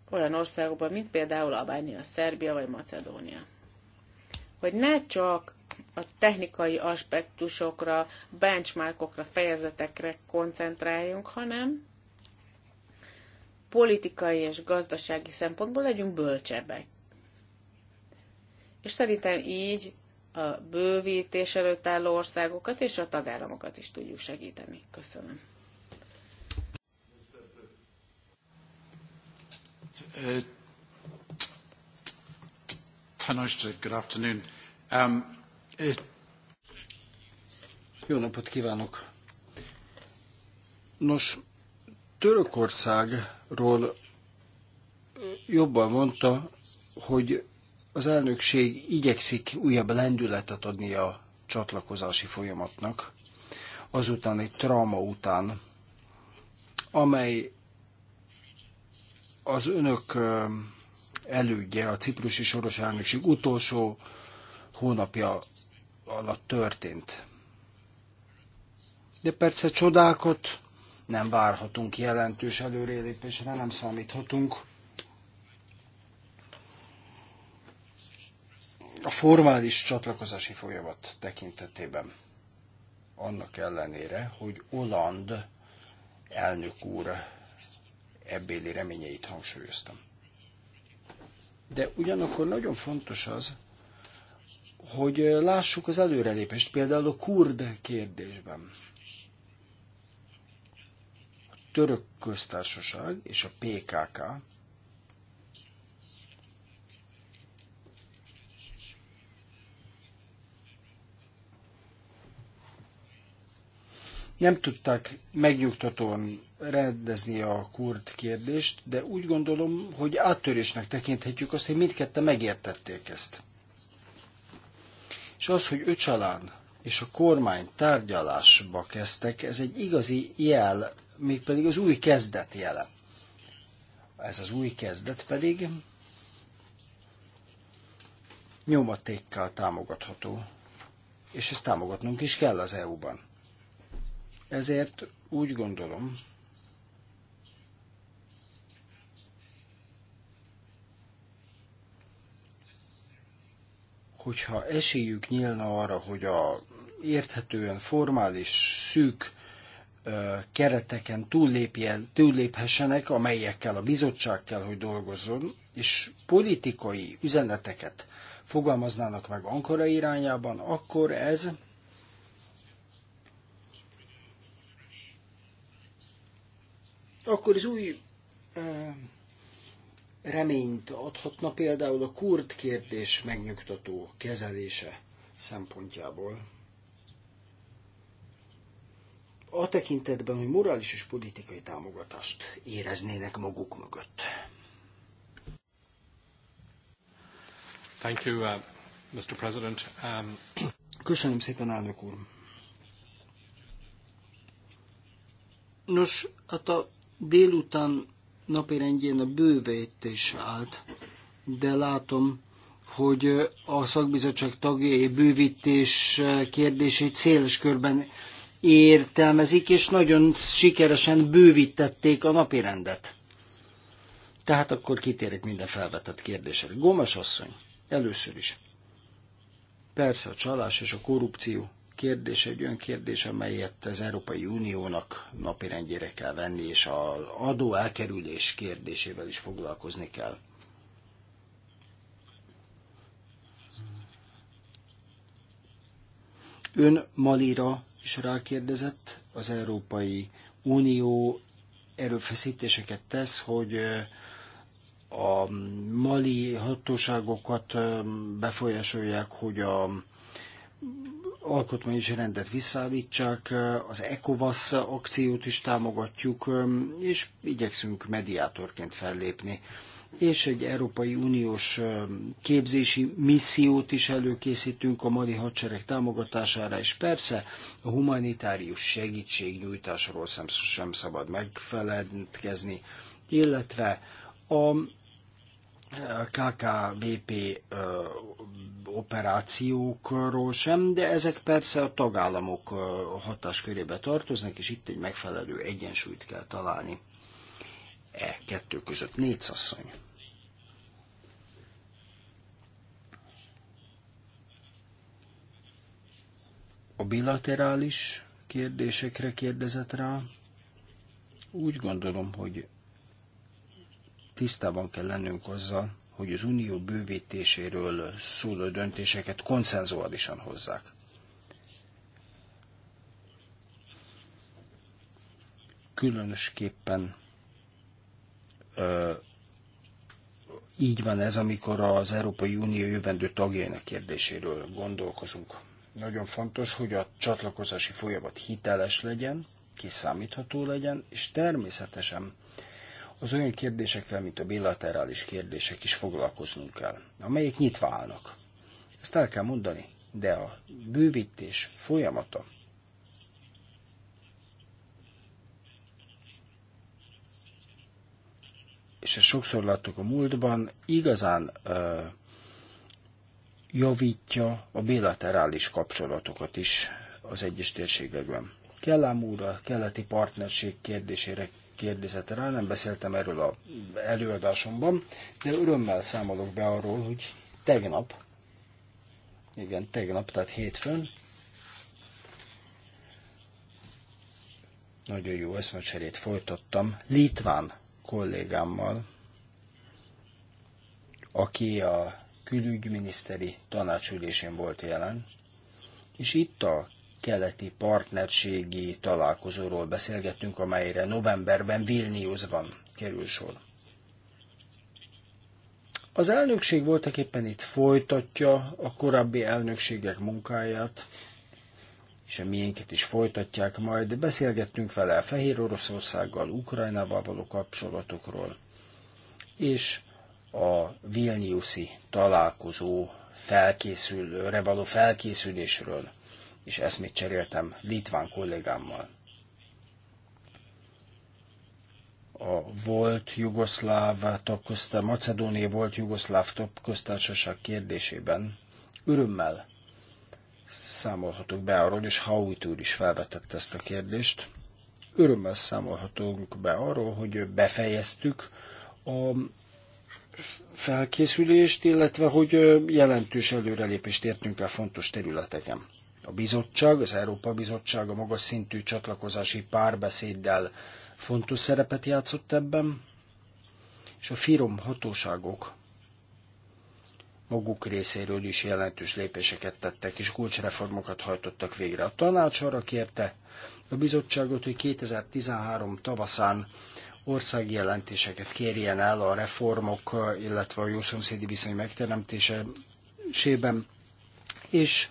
olyan országokban, mint például Albánia, Szerbia vagy Macedónia. Hogy ne csak a technikai aspektusokra, benchmarkokra, fejezetekre koncentráljunk, hanem politikai és gazdasági szempontból legyünk bölcsebbek. És szerintem így a bővítés előtt álló országokat és a tagállamokat is tudjuk segíteni. Köszönöm. Tanojta, good afternoon. Jó napot kívánok! Nos, Törökországról jobban mondta, hogy az elnökség igyekszik újabb lendületet adni a csatlakozási folyamatnak, azután egy trauma után, amely az önök um, elődje, a ciprusi soros elnökség utolsó hónapja alatt történt. De persze csodákat nem várhatunk, jelentős előrelépésre nem számíthatunk. A formális csatlakozási folyamat tekintetében annak ellenére, hogy Oland elnök úr ebbéli reményeit hangsúlyoztam. De ugyanakkor nagyon fontos az, hogy lássuk az előrelépést, például a kurd kérdésben. A török köztársaság és a PKK Nem tudták megnyugtatóan rendezni a kurd kérdést, de úgy gondolom, hogy áttörésnek tekinthetjük azt, hogy mindketten megértették ezt. És az, hogy Öcsalán és a kormány tárgyalásba kezdtek, ez egy igazi jel, mégpedig az új kezdet jele. Ez az új kezdet pedig nyomatékkal támogatható, és ezt támogatnunk is kell az EU-ban. Ezért úgy gondolom, hogyha esélyük nyílna arra, hogy a érthetően formális, szűk ö, kereteken túlléphessenek, amelyekkel a bizottság kell, hogy dolgozzon, és politikai üzeneteket fogalmaznának meg Ankara irányában, akkor ez akkor az új reményt adhatna például a kurd kérdés megnyugtató kezelése szempontjából. A tekintetben, hogy morális és politikai támogatást éreznének maguk mögött. Thank you, uh, Mr. President. Um... Köszönöm szépen, elnök úr. Nos, hát a Délután napirendjén a bővítés állt, de látom, hogy a szakbizottság tagjai bővítés kérdését széles körben értelmezik, és nagyon sikeresen bővítették a napirendet. Tehát akkor kitérek minden felvetett kérdésre. Gomes asszony, először is. Persze a csalás és a korrupció kérdés egy olyan kérdés, amelyet az Európai Uniónak napirendjére kell venni, és az adó elkerülés kérdésével is foglalkozni kell. Ön Malira is rákérdezett, az Európai Unió erőfeszítéseket tesz, hogy a mali hatóságokat befolyásolják, hogy a és rendet visszaállítsák, az ECOVASZ akciót is támogatjuk, és igyekszünk mediátorként fellépni. És egy Európai Uniós képzési missziót is előkészítünk a mali hadsereg támogatására, és persze a humanitárius segítségnyújtásról sem, sem szabad megfeledkezni, illetve a KKVP operációkról sem, de ezek persze a tagállamok hatáskörébe tartoznak, és itt egy megfelelő egyensúlyt kell találni e kettő között. Négy asszony. A bilaterális kérdésekre kérdezett rá. Úgy gondolom, hogy tisztában kell lennünk azzal, hogy az unió bővítéséről szóló döntéseket konszenzuálisan hozzák. Különösképpen ö, így van ez, amikor az Európai Unió jövendő tagjainak kérdéséről gondolkozunk. Nagyon fontos, hogy a csatlakozási folyamat hiteles legyen, kiszámítható legyen, és természetesen az olyan kérdésekkel, mint a bilaterális kérdések is foglalkoznunk kell, amelyek nyitva állnak. Ezt el kell mondani, de a bővítés folyamata és ezt sokszor láttuk a múltban, igazán ö, javítja a bilaterális kapcsolatokat is az egyes térségekben. Kellám úr a keleti partnerség kérdésére kérdezett rá, nem beszéltem erről a előadásomban, de örömmel számolok be arról, hogy tegnap, igen, tegnap, tehát hétfőn, nagyon jó eszmecserét folytattam Litván kollégámmal, aki a külügyminiszteri tanácsülésén volt jelen, és itt a keleti partnerségi találkozóról beszélgettünk, amelyre novemberben Vilniusban kerül sor. Az elnökség voltak éppen itt folytatja a korábbi elnökségek munkáját, és a miénket is folytatják majd. Beszélgettünk vele a Fehér Oroszországgal, Ukrajnával való kapcsolatokról, és a Vilniuszi találkozó felkészülőre való felkészülésről és eszmét cseréltem litván kollégámmal. A volt jugoszláv tagközte, Macedónia volt jugoszláv topköztársaság kérdésében örömmel számolhatok be arról, és Hauit úr is felvetette ezt a kérdést. Örömmel számolhatunk be arról, hogy befejeztük a felkészülést, illetve hogy jelentős előrelépést értünk el fontos területeken. A bizottság, az Európa Bizottság a magas szintű csatlakozási párbeszéddel fontos szerepet játszott ebben, és a firom hatóságok maguk részéről is jelentős lépéseket tettek, és kulcsreformokat hajtottak végre. A tanács arra kérte a bizottságot, hogy 2013 tavaszán országjelentéseket kérjen el a reformok, illetve a jószomszédi viszony megteremtésében, és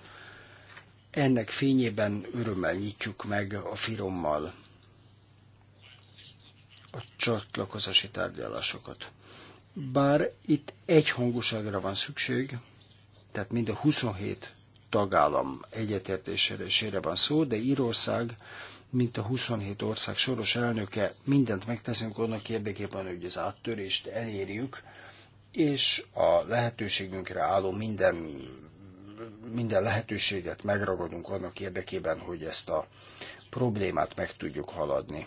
ennek fényében örömmel nyitjuk meg a firommal a csatlakozási tárgyalásokat. Bár itt egyhangúságra van szükség, tehát mind a 27 tagállam egyetértésére van szó, de Írország, mint a 27 ország soros elnöke, mindent megteszünk annak érdekében, hogy az áttörést elérjük, és a lehetőségünkre álló minden minden lehetőséget megragadunk annak érdekében, hogy ezt a problémát meg tudjuk haladni.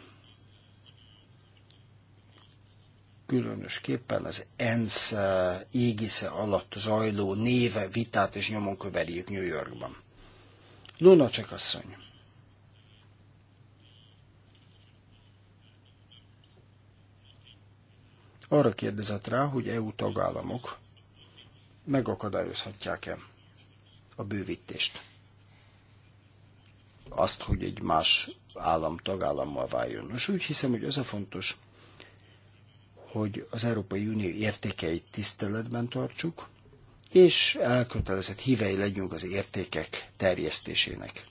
Különösképpen az ENSZ eh, égisze alatt zajló néve vitát és nyomon köveljük New Yorkban. Luna asszony. Arra kérdezett rá, hogy EU tagállamok megakadályozhatják-e a bővítést. Azt, hogy egy más állam tagállammal váljon. Nos, úgy hiszem, hogy az a fontos, hogy az Európai Unió értékeit tiszteletben tartsuk, és elkötelezett hívei legyünk az értékek terjesztésének.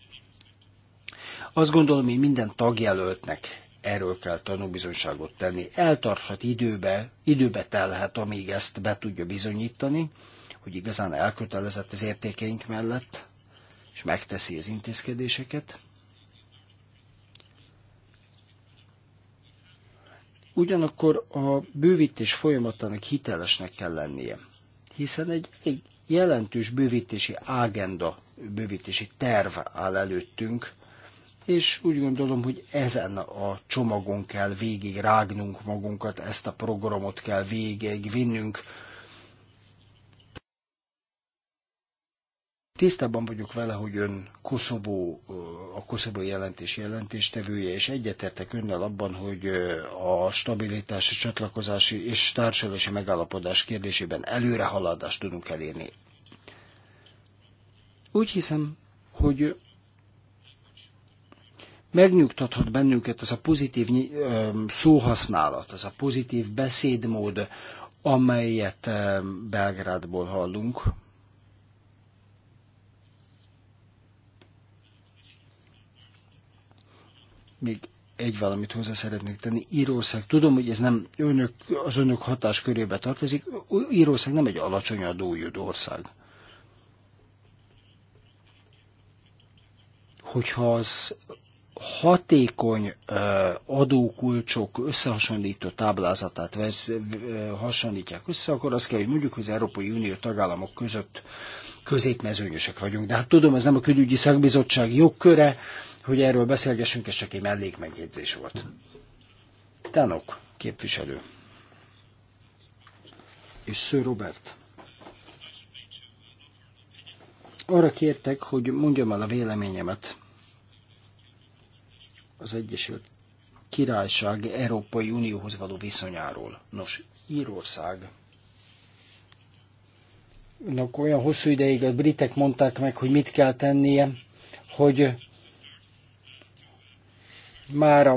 Azt gondolom, hogy minden tagjelöltnek erről kell tanúbizonyságot tenni. Eltarthat időbe, időbe telhet, amíg ezt be tudja bizonyítani, hogy igazán elkötelezett az értékeink mellett, és megteszi az intézkedéseket. Ugyanakkor a bővítés folyamatának hitelesnek kell lennie, hiszen egy, egy jelentős bővítési ágenda, bővítési terv áll előttünk, és úgy gondolom, hogy ezen a csomagon kell végig rágnunk magunkat, ezt a programot kell végig vinnünk, Tisztában vagyok vele, hogy ön Koszovó, a koszovói jelentés jelentéstevője, és egyetértek önnel abban, hogy a stabilitási, csatlakozási és társadalmi megállapodás kérdésében előrehaladást tudunk elérni. Úgy hiszem, hogy megnyugtathat bennünket ez a pozitív szóhasználat, ez a pozitív beszédmód, amelyet Belgrádból hallunk, még egy valamit hozzá szeretnék tenni. Írószág, tudom, hogy ez nem önök, az önök hatáskörébe tartozik, Írószág nem egy alacsony adójú ország. Hogyha az hatékony adókulcsok összehasonlító táblázatát vesz, hasonlítják össze, akkor azt kell, hogy mondjuk, hogy az Európai Unió tagállamok között középmezőnyösek vagyunk. De hát tudom, ez nem a külügyi szakbizottság jogköre, hogy erről beszélgessünk, és csak egy mellék megjegyzés volt. Tanok, képviselő. És Sir Robert. Arra kértek, hogy mondjam el a véleményemet az Egyesült Királyság Európai Unióhoz való viszonyáról. Nos, Írország olyan hosszú ideig a britek mondták meg, hogy mit kell tennie, hogy Mára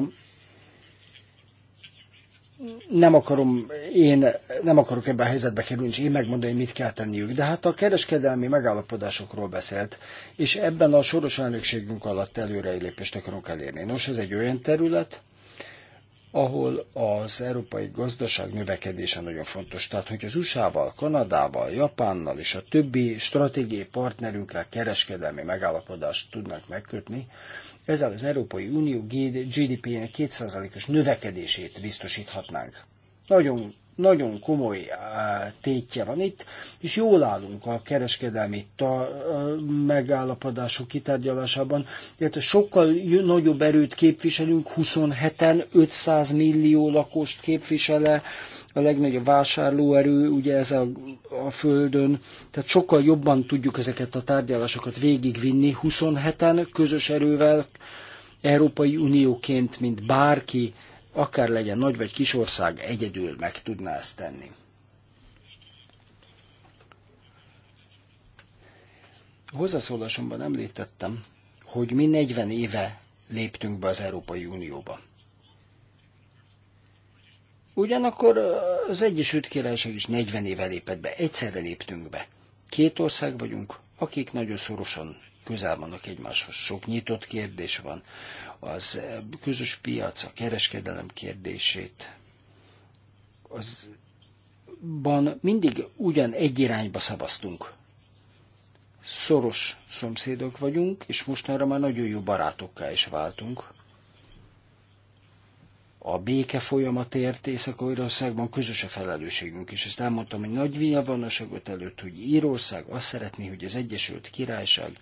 nem akarom, én nem akarok ebben a helyzetbe kerülni, és én megmondom, hogy mit kell tenniük. De hát a kereskedelmi megállapodásokról beszélt, és ebben a soros elnökségünk alatt előrelépést akarunk elérni. Nos, ez egy olyan terület, ahol az európai gazdaság növekedése nagyon fontos. Tehát, hogy az USA-val, Kanadával, Japánnal és a többi stratégiai partnerünkkel kereskedelmi megállapodást tudnak megkötni, ezzel az Európai Unió GDP-nek 2%-os növekedését biztosíthatnánk. Nagyon, nagyon komoly tétje van itt, és jól állunk a kereskedelmi ta, megállapodások kitárgyalásában, illetve sokkal nagyobb erőt képviselünk, 27-en 500 millió lakost képvisele, a legnagyobb vásárlóerő ugye ez a, a földön, tehát sokkal jobban tudjuk ezeket a tárgyalásokat végigvinni 27-en közös erővel, Európai Unióként, mint bárki, akár legyen nagy vagy kis ország, egyedül meg tudná ezt tenni. Hozzászólásomban említettem, hogy mi 40 éve léptünk be az Európai Unióba. Ugyanakkor az Egyesült Királyság is 40 éve lépett be, egyszerre léptünk be. Két ország vagyunk, akik nagyon szorosan közel vannak egymáshoz. Sok nyitott kérdés van. Az közös piac, a kereskedelem kérdését, az ban mindig ugyan egy irányba szavaztunk. Szoros szomszédok vagyunk, és mostanra már nagyon jó barátokká is váltunk a béke folyamatért Észak-Írországban közös a felelősségünk, és ezt elmondtam, hogy nagy nyilvánosságot előtt, hogy Írország azt szeretné, hogy az Egyesült Királyság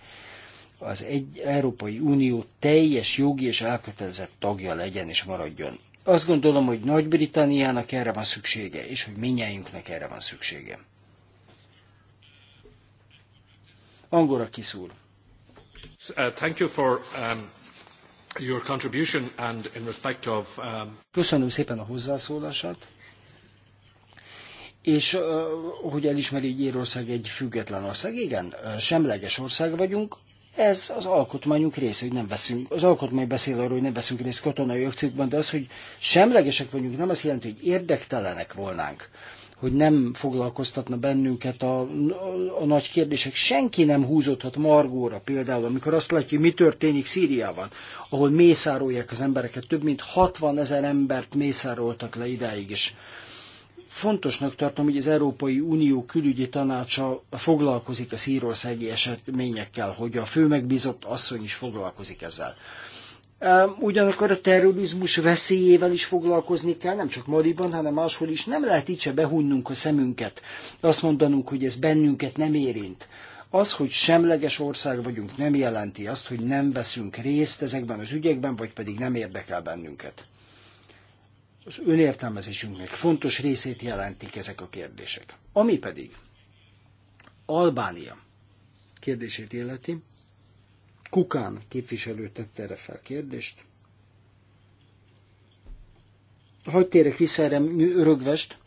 az egy Európai Unió teljes jogi és elkötelezett tagja legyen és maradjon. Azt gondolom, hogy Nagy-Britanniának erre van szüksége, és hogy minnyájunknak erre van szüksége. Angora kiszúr. Uh, thank you for um, your contribution and in respect of... Um... Köszönöm szépen a hozzászólását, és hogy elismeri, hogy Írország egy független ország. Igen, semleges ország vagyunk, ez az alkotmányunk része, hogy nem veszünk. Az alkotmány beszél arról, hogy nem veszünk részt katonai akciókban, de az, hogy semlegesek vagyunk, nem azt jelenti, hogy érdektelenek volnánk hogy nem foglalkoztatna bennünket a, a, a nagy kérdések. Senki nem húzódhat margóra például, amikor azt látjuk, mi történik Szíriában, ahol mészárolják az embereket. Több mint 60 ezer embert mészároltak le idáig is. Fontosnak tartom, hogy az Európai Unió külügyi tanácsa foglalkozik a szírországi eseményekkel, hogy a fő megbízott asszony is foglalkozik ezzel. Ugyanakkor a terrorizmus veszélyével is foglalkozni kell, nem csak Maliban, hanem máshol is. Nem lehet így se behunnunk a szemünket, azt mondanunk, hogy ez bennünket nem érint. Az, hogy semleges ország vagyunk, nem jelenti azt, hogy nem veszünk részt ezekben az ügyekben, vagy pedig nem érdekel bennünket. Az önértelmezésünknek fontos részét jelentik ezek a kérdések. Ami pedig Albánia kérdését illeti, Kukán képviselő tette erre fel kérdést. Hagy térek vissza erre örögvest,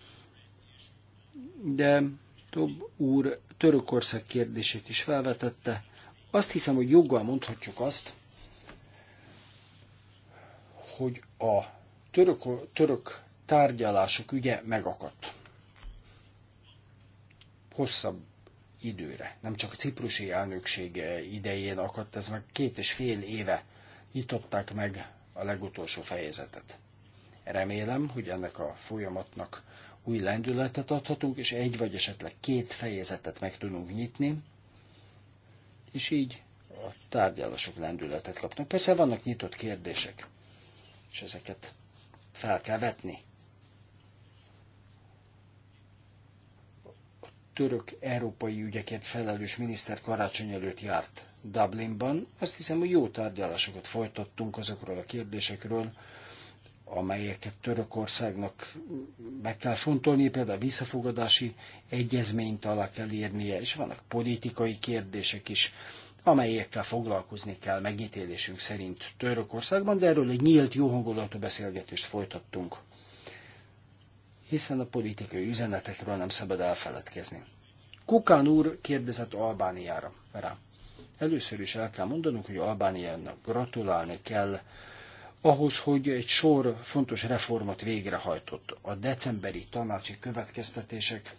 de Tob úr Törökország kérdését is felvetette. Azt hiszem, hogy joggal mondhatjuk azt, hogy a török, török tárgyalások ügye megakadt. Hosszabb időre. Nem csak a ciprusi elnökség eh, idején akadt ez meg, két és fél éve nyitották meg a legutolsó fejezetet. Remélem, hogy ennek a folyamatnak új lendületet adhatunk, és egy vagy esetleg két fejezetet meg tudunk nyitni, és így a tárgyalások lendületet kapnak. Persze vannak nyitott kérdések, és ezeket fel kell vetni. török európai ügyeket felelős miniszter karácsony előtt járt Dublinban. Azt hiszem, hogy jó tárgyalásokat folytattunk azokról a kérdésekről, amelyeket Törökországnak meg kell fontolni, például a visszafogadási egyezményt alá kell írnie, és vannak politikai kérdések is, amelyekkel foglalkozni kell megítélésünk szerint Törökországban, de erről egy nyílt, jó hangulatú beszélgetést folytattunk hiszen a politikai üzenetekről nem szabad elfeledkezni. Kukán úr kérdezett Albániára rá. Először is el kell mondanunk, hogy Albániának gratulálni kell ahhoz, hogy egy sor fontos reformot végrehajtott. A decemberi tanácsi következtetések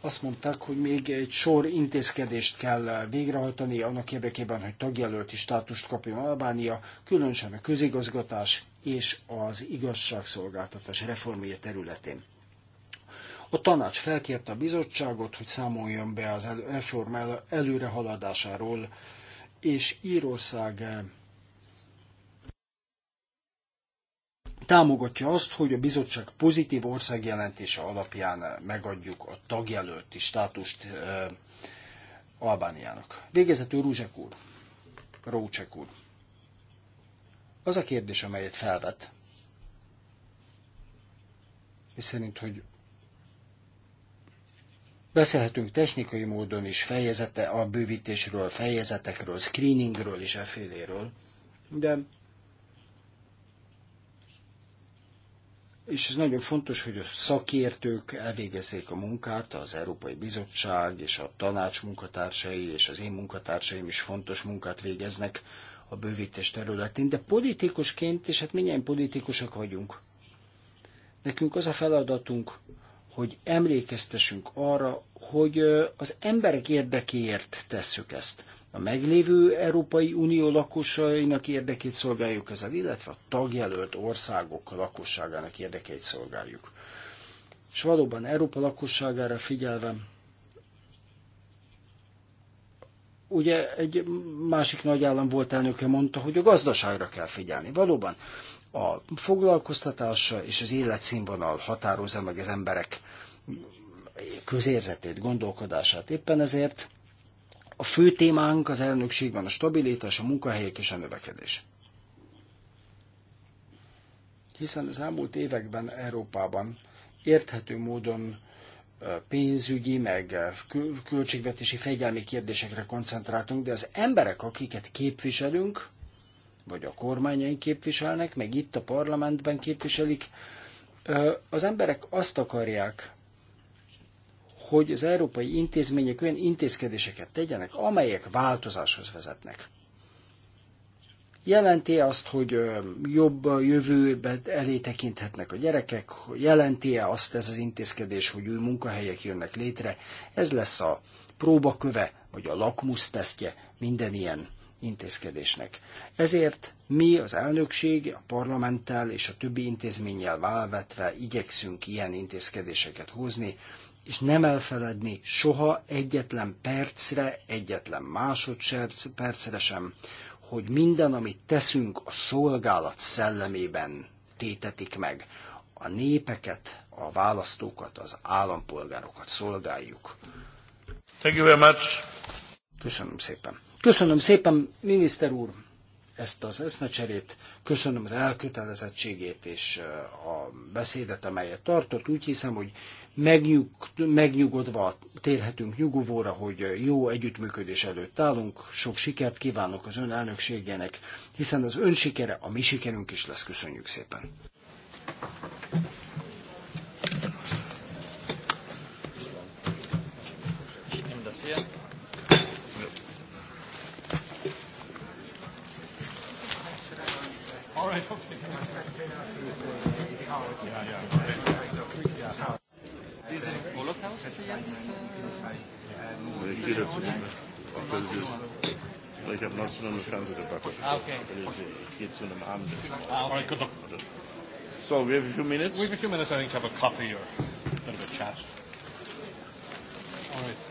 azt mondták, hogy még egy sor intézkedést kell végrehajtani annak érdekében, hogy tagjelölti státust kapjon Albánia, különösen a közigazgatás és az igazságszolgáltatás reformja területén. A tanács felkérte a bizottságot, hogy számoljon be az reform előrehaladásáról, és Írország eh, támogatja azt, hogy a bizottság pozitív országjelentése alapján eh, megadjuk a tagjelölti státust eh, Albániának. Végezetül Ruzsek úr, Rócsek úr. Az a kérdés, amelyet felvet, és szerint, hogy Beszélhetünk technikai módon is fejezete, a bővítésről, fejezetekről, screeningről és efféléről, de és ez nagyon fontos, hogy a szakértők elvégezzék a munkát, az Európai Bizottság és a tanács munkatársai és az én munkatársaim is fontos munkát végeznek a bővítés területén, de politikusként, és hát mindjárt politikusok vagyunk, nekünk az a feladatunk, hogy emlékeztessünk arra, hogy az emberek érdekéért tesszük ezt. A meglévő Európai Unió lakosainak érdekét szolgáljuk ezzel, illetve a tagjelölt országok lakosságának érdekeit szolgáljuk. És valóban Európa lakosságára figyelve, ugye egy másik nagy állam volt elnöke mondta, hogy a gazdaságra kell figyelni. Valóban a foglalkoztatása és az életszínvonal határozza meg az emberek közérzetét, gondolkodását. Éppen ezért a fő témánk az elnökségben a stabilitás, a munkahelyek és a növekedés. Hiszen az elmúlt években Európában érthető módon pénzügyi, meg költségvetési fegyelmi kérdésekre koncentráltunk, de az emberek, akiket képviselünk, vagy a kormányaink képviselnek, meg itt a parlamentben képviselik. Az emberek azt akarják, hogy az európai intézmények olyan intézkedéseket tegyenek, amelyek változáshoz vezetnek. Jelenti azt, hogy jobb jövőbe elé tekinthetnek a gyerekek, jelenti-e azt ez az intézkedés, hogy új munkahelyek jönnek létre, ez lesz a próbaköve, vagy a lakmusztesztje minden ilyen intézkedésnek. Ezért mi, az elnökség, a parlamenttel és a többi intézménnyel válvetve igyekszünk ilyen intézkedéseket hozni, és nem elfeledni soha egyetlen percre, egyetlen másodpercre sem, hogy minden, amit teszünk, a szolgálat szellemében tétetik meg. A népeket, a választókat, az állampolgárokat szolgáljuk. Thank you very much. Köszönöm szépen. Köszönöm szépen, miniszter úr, ezt az eszmecserét, köszönöm az elkötelezettségét és a beszédet, amelyet tartott. Úgy hiszem, hogy megnyug, megnyugodva térhetünk nyugovóra, hogy jó együttműködés előtt állunk. Sok sikert kívánok az ön elnökségének, hiszen az ön sikere a mi sikerünk is lesz. Köszönjük szépen! Köszönöm. ich habe 19 eine Fernsehdebatte. okay. Ich gehe zu einem Abendessen. So, we have a few minutes? We have a few minutes, I think, to have a coffee or a bit of a chat. All right.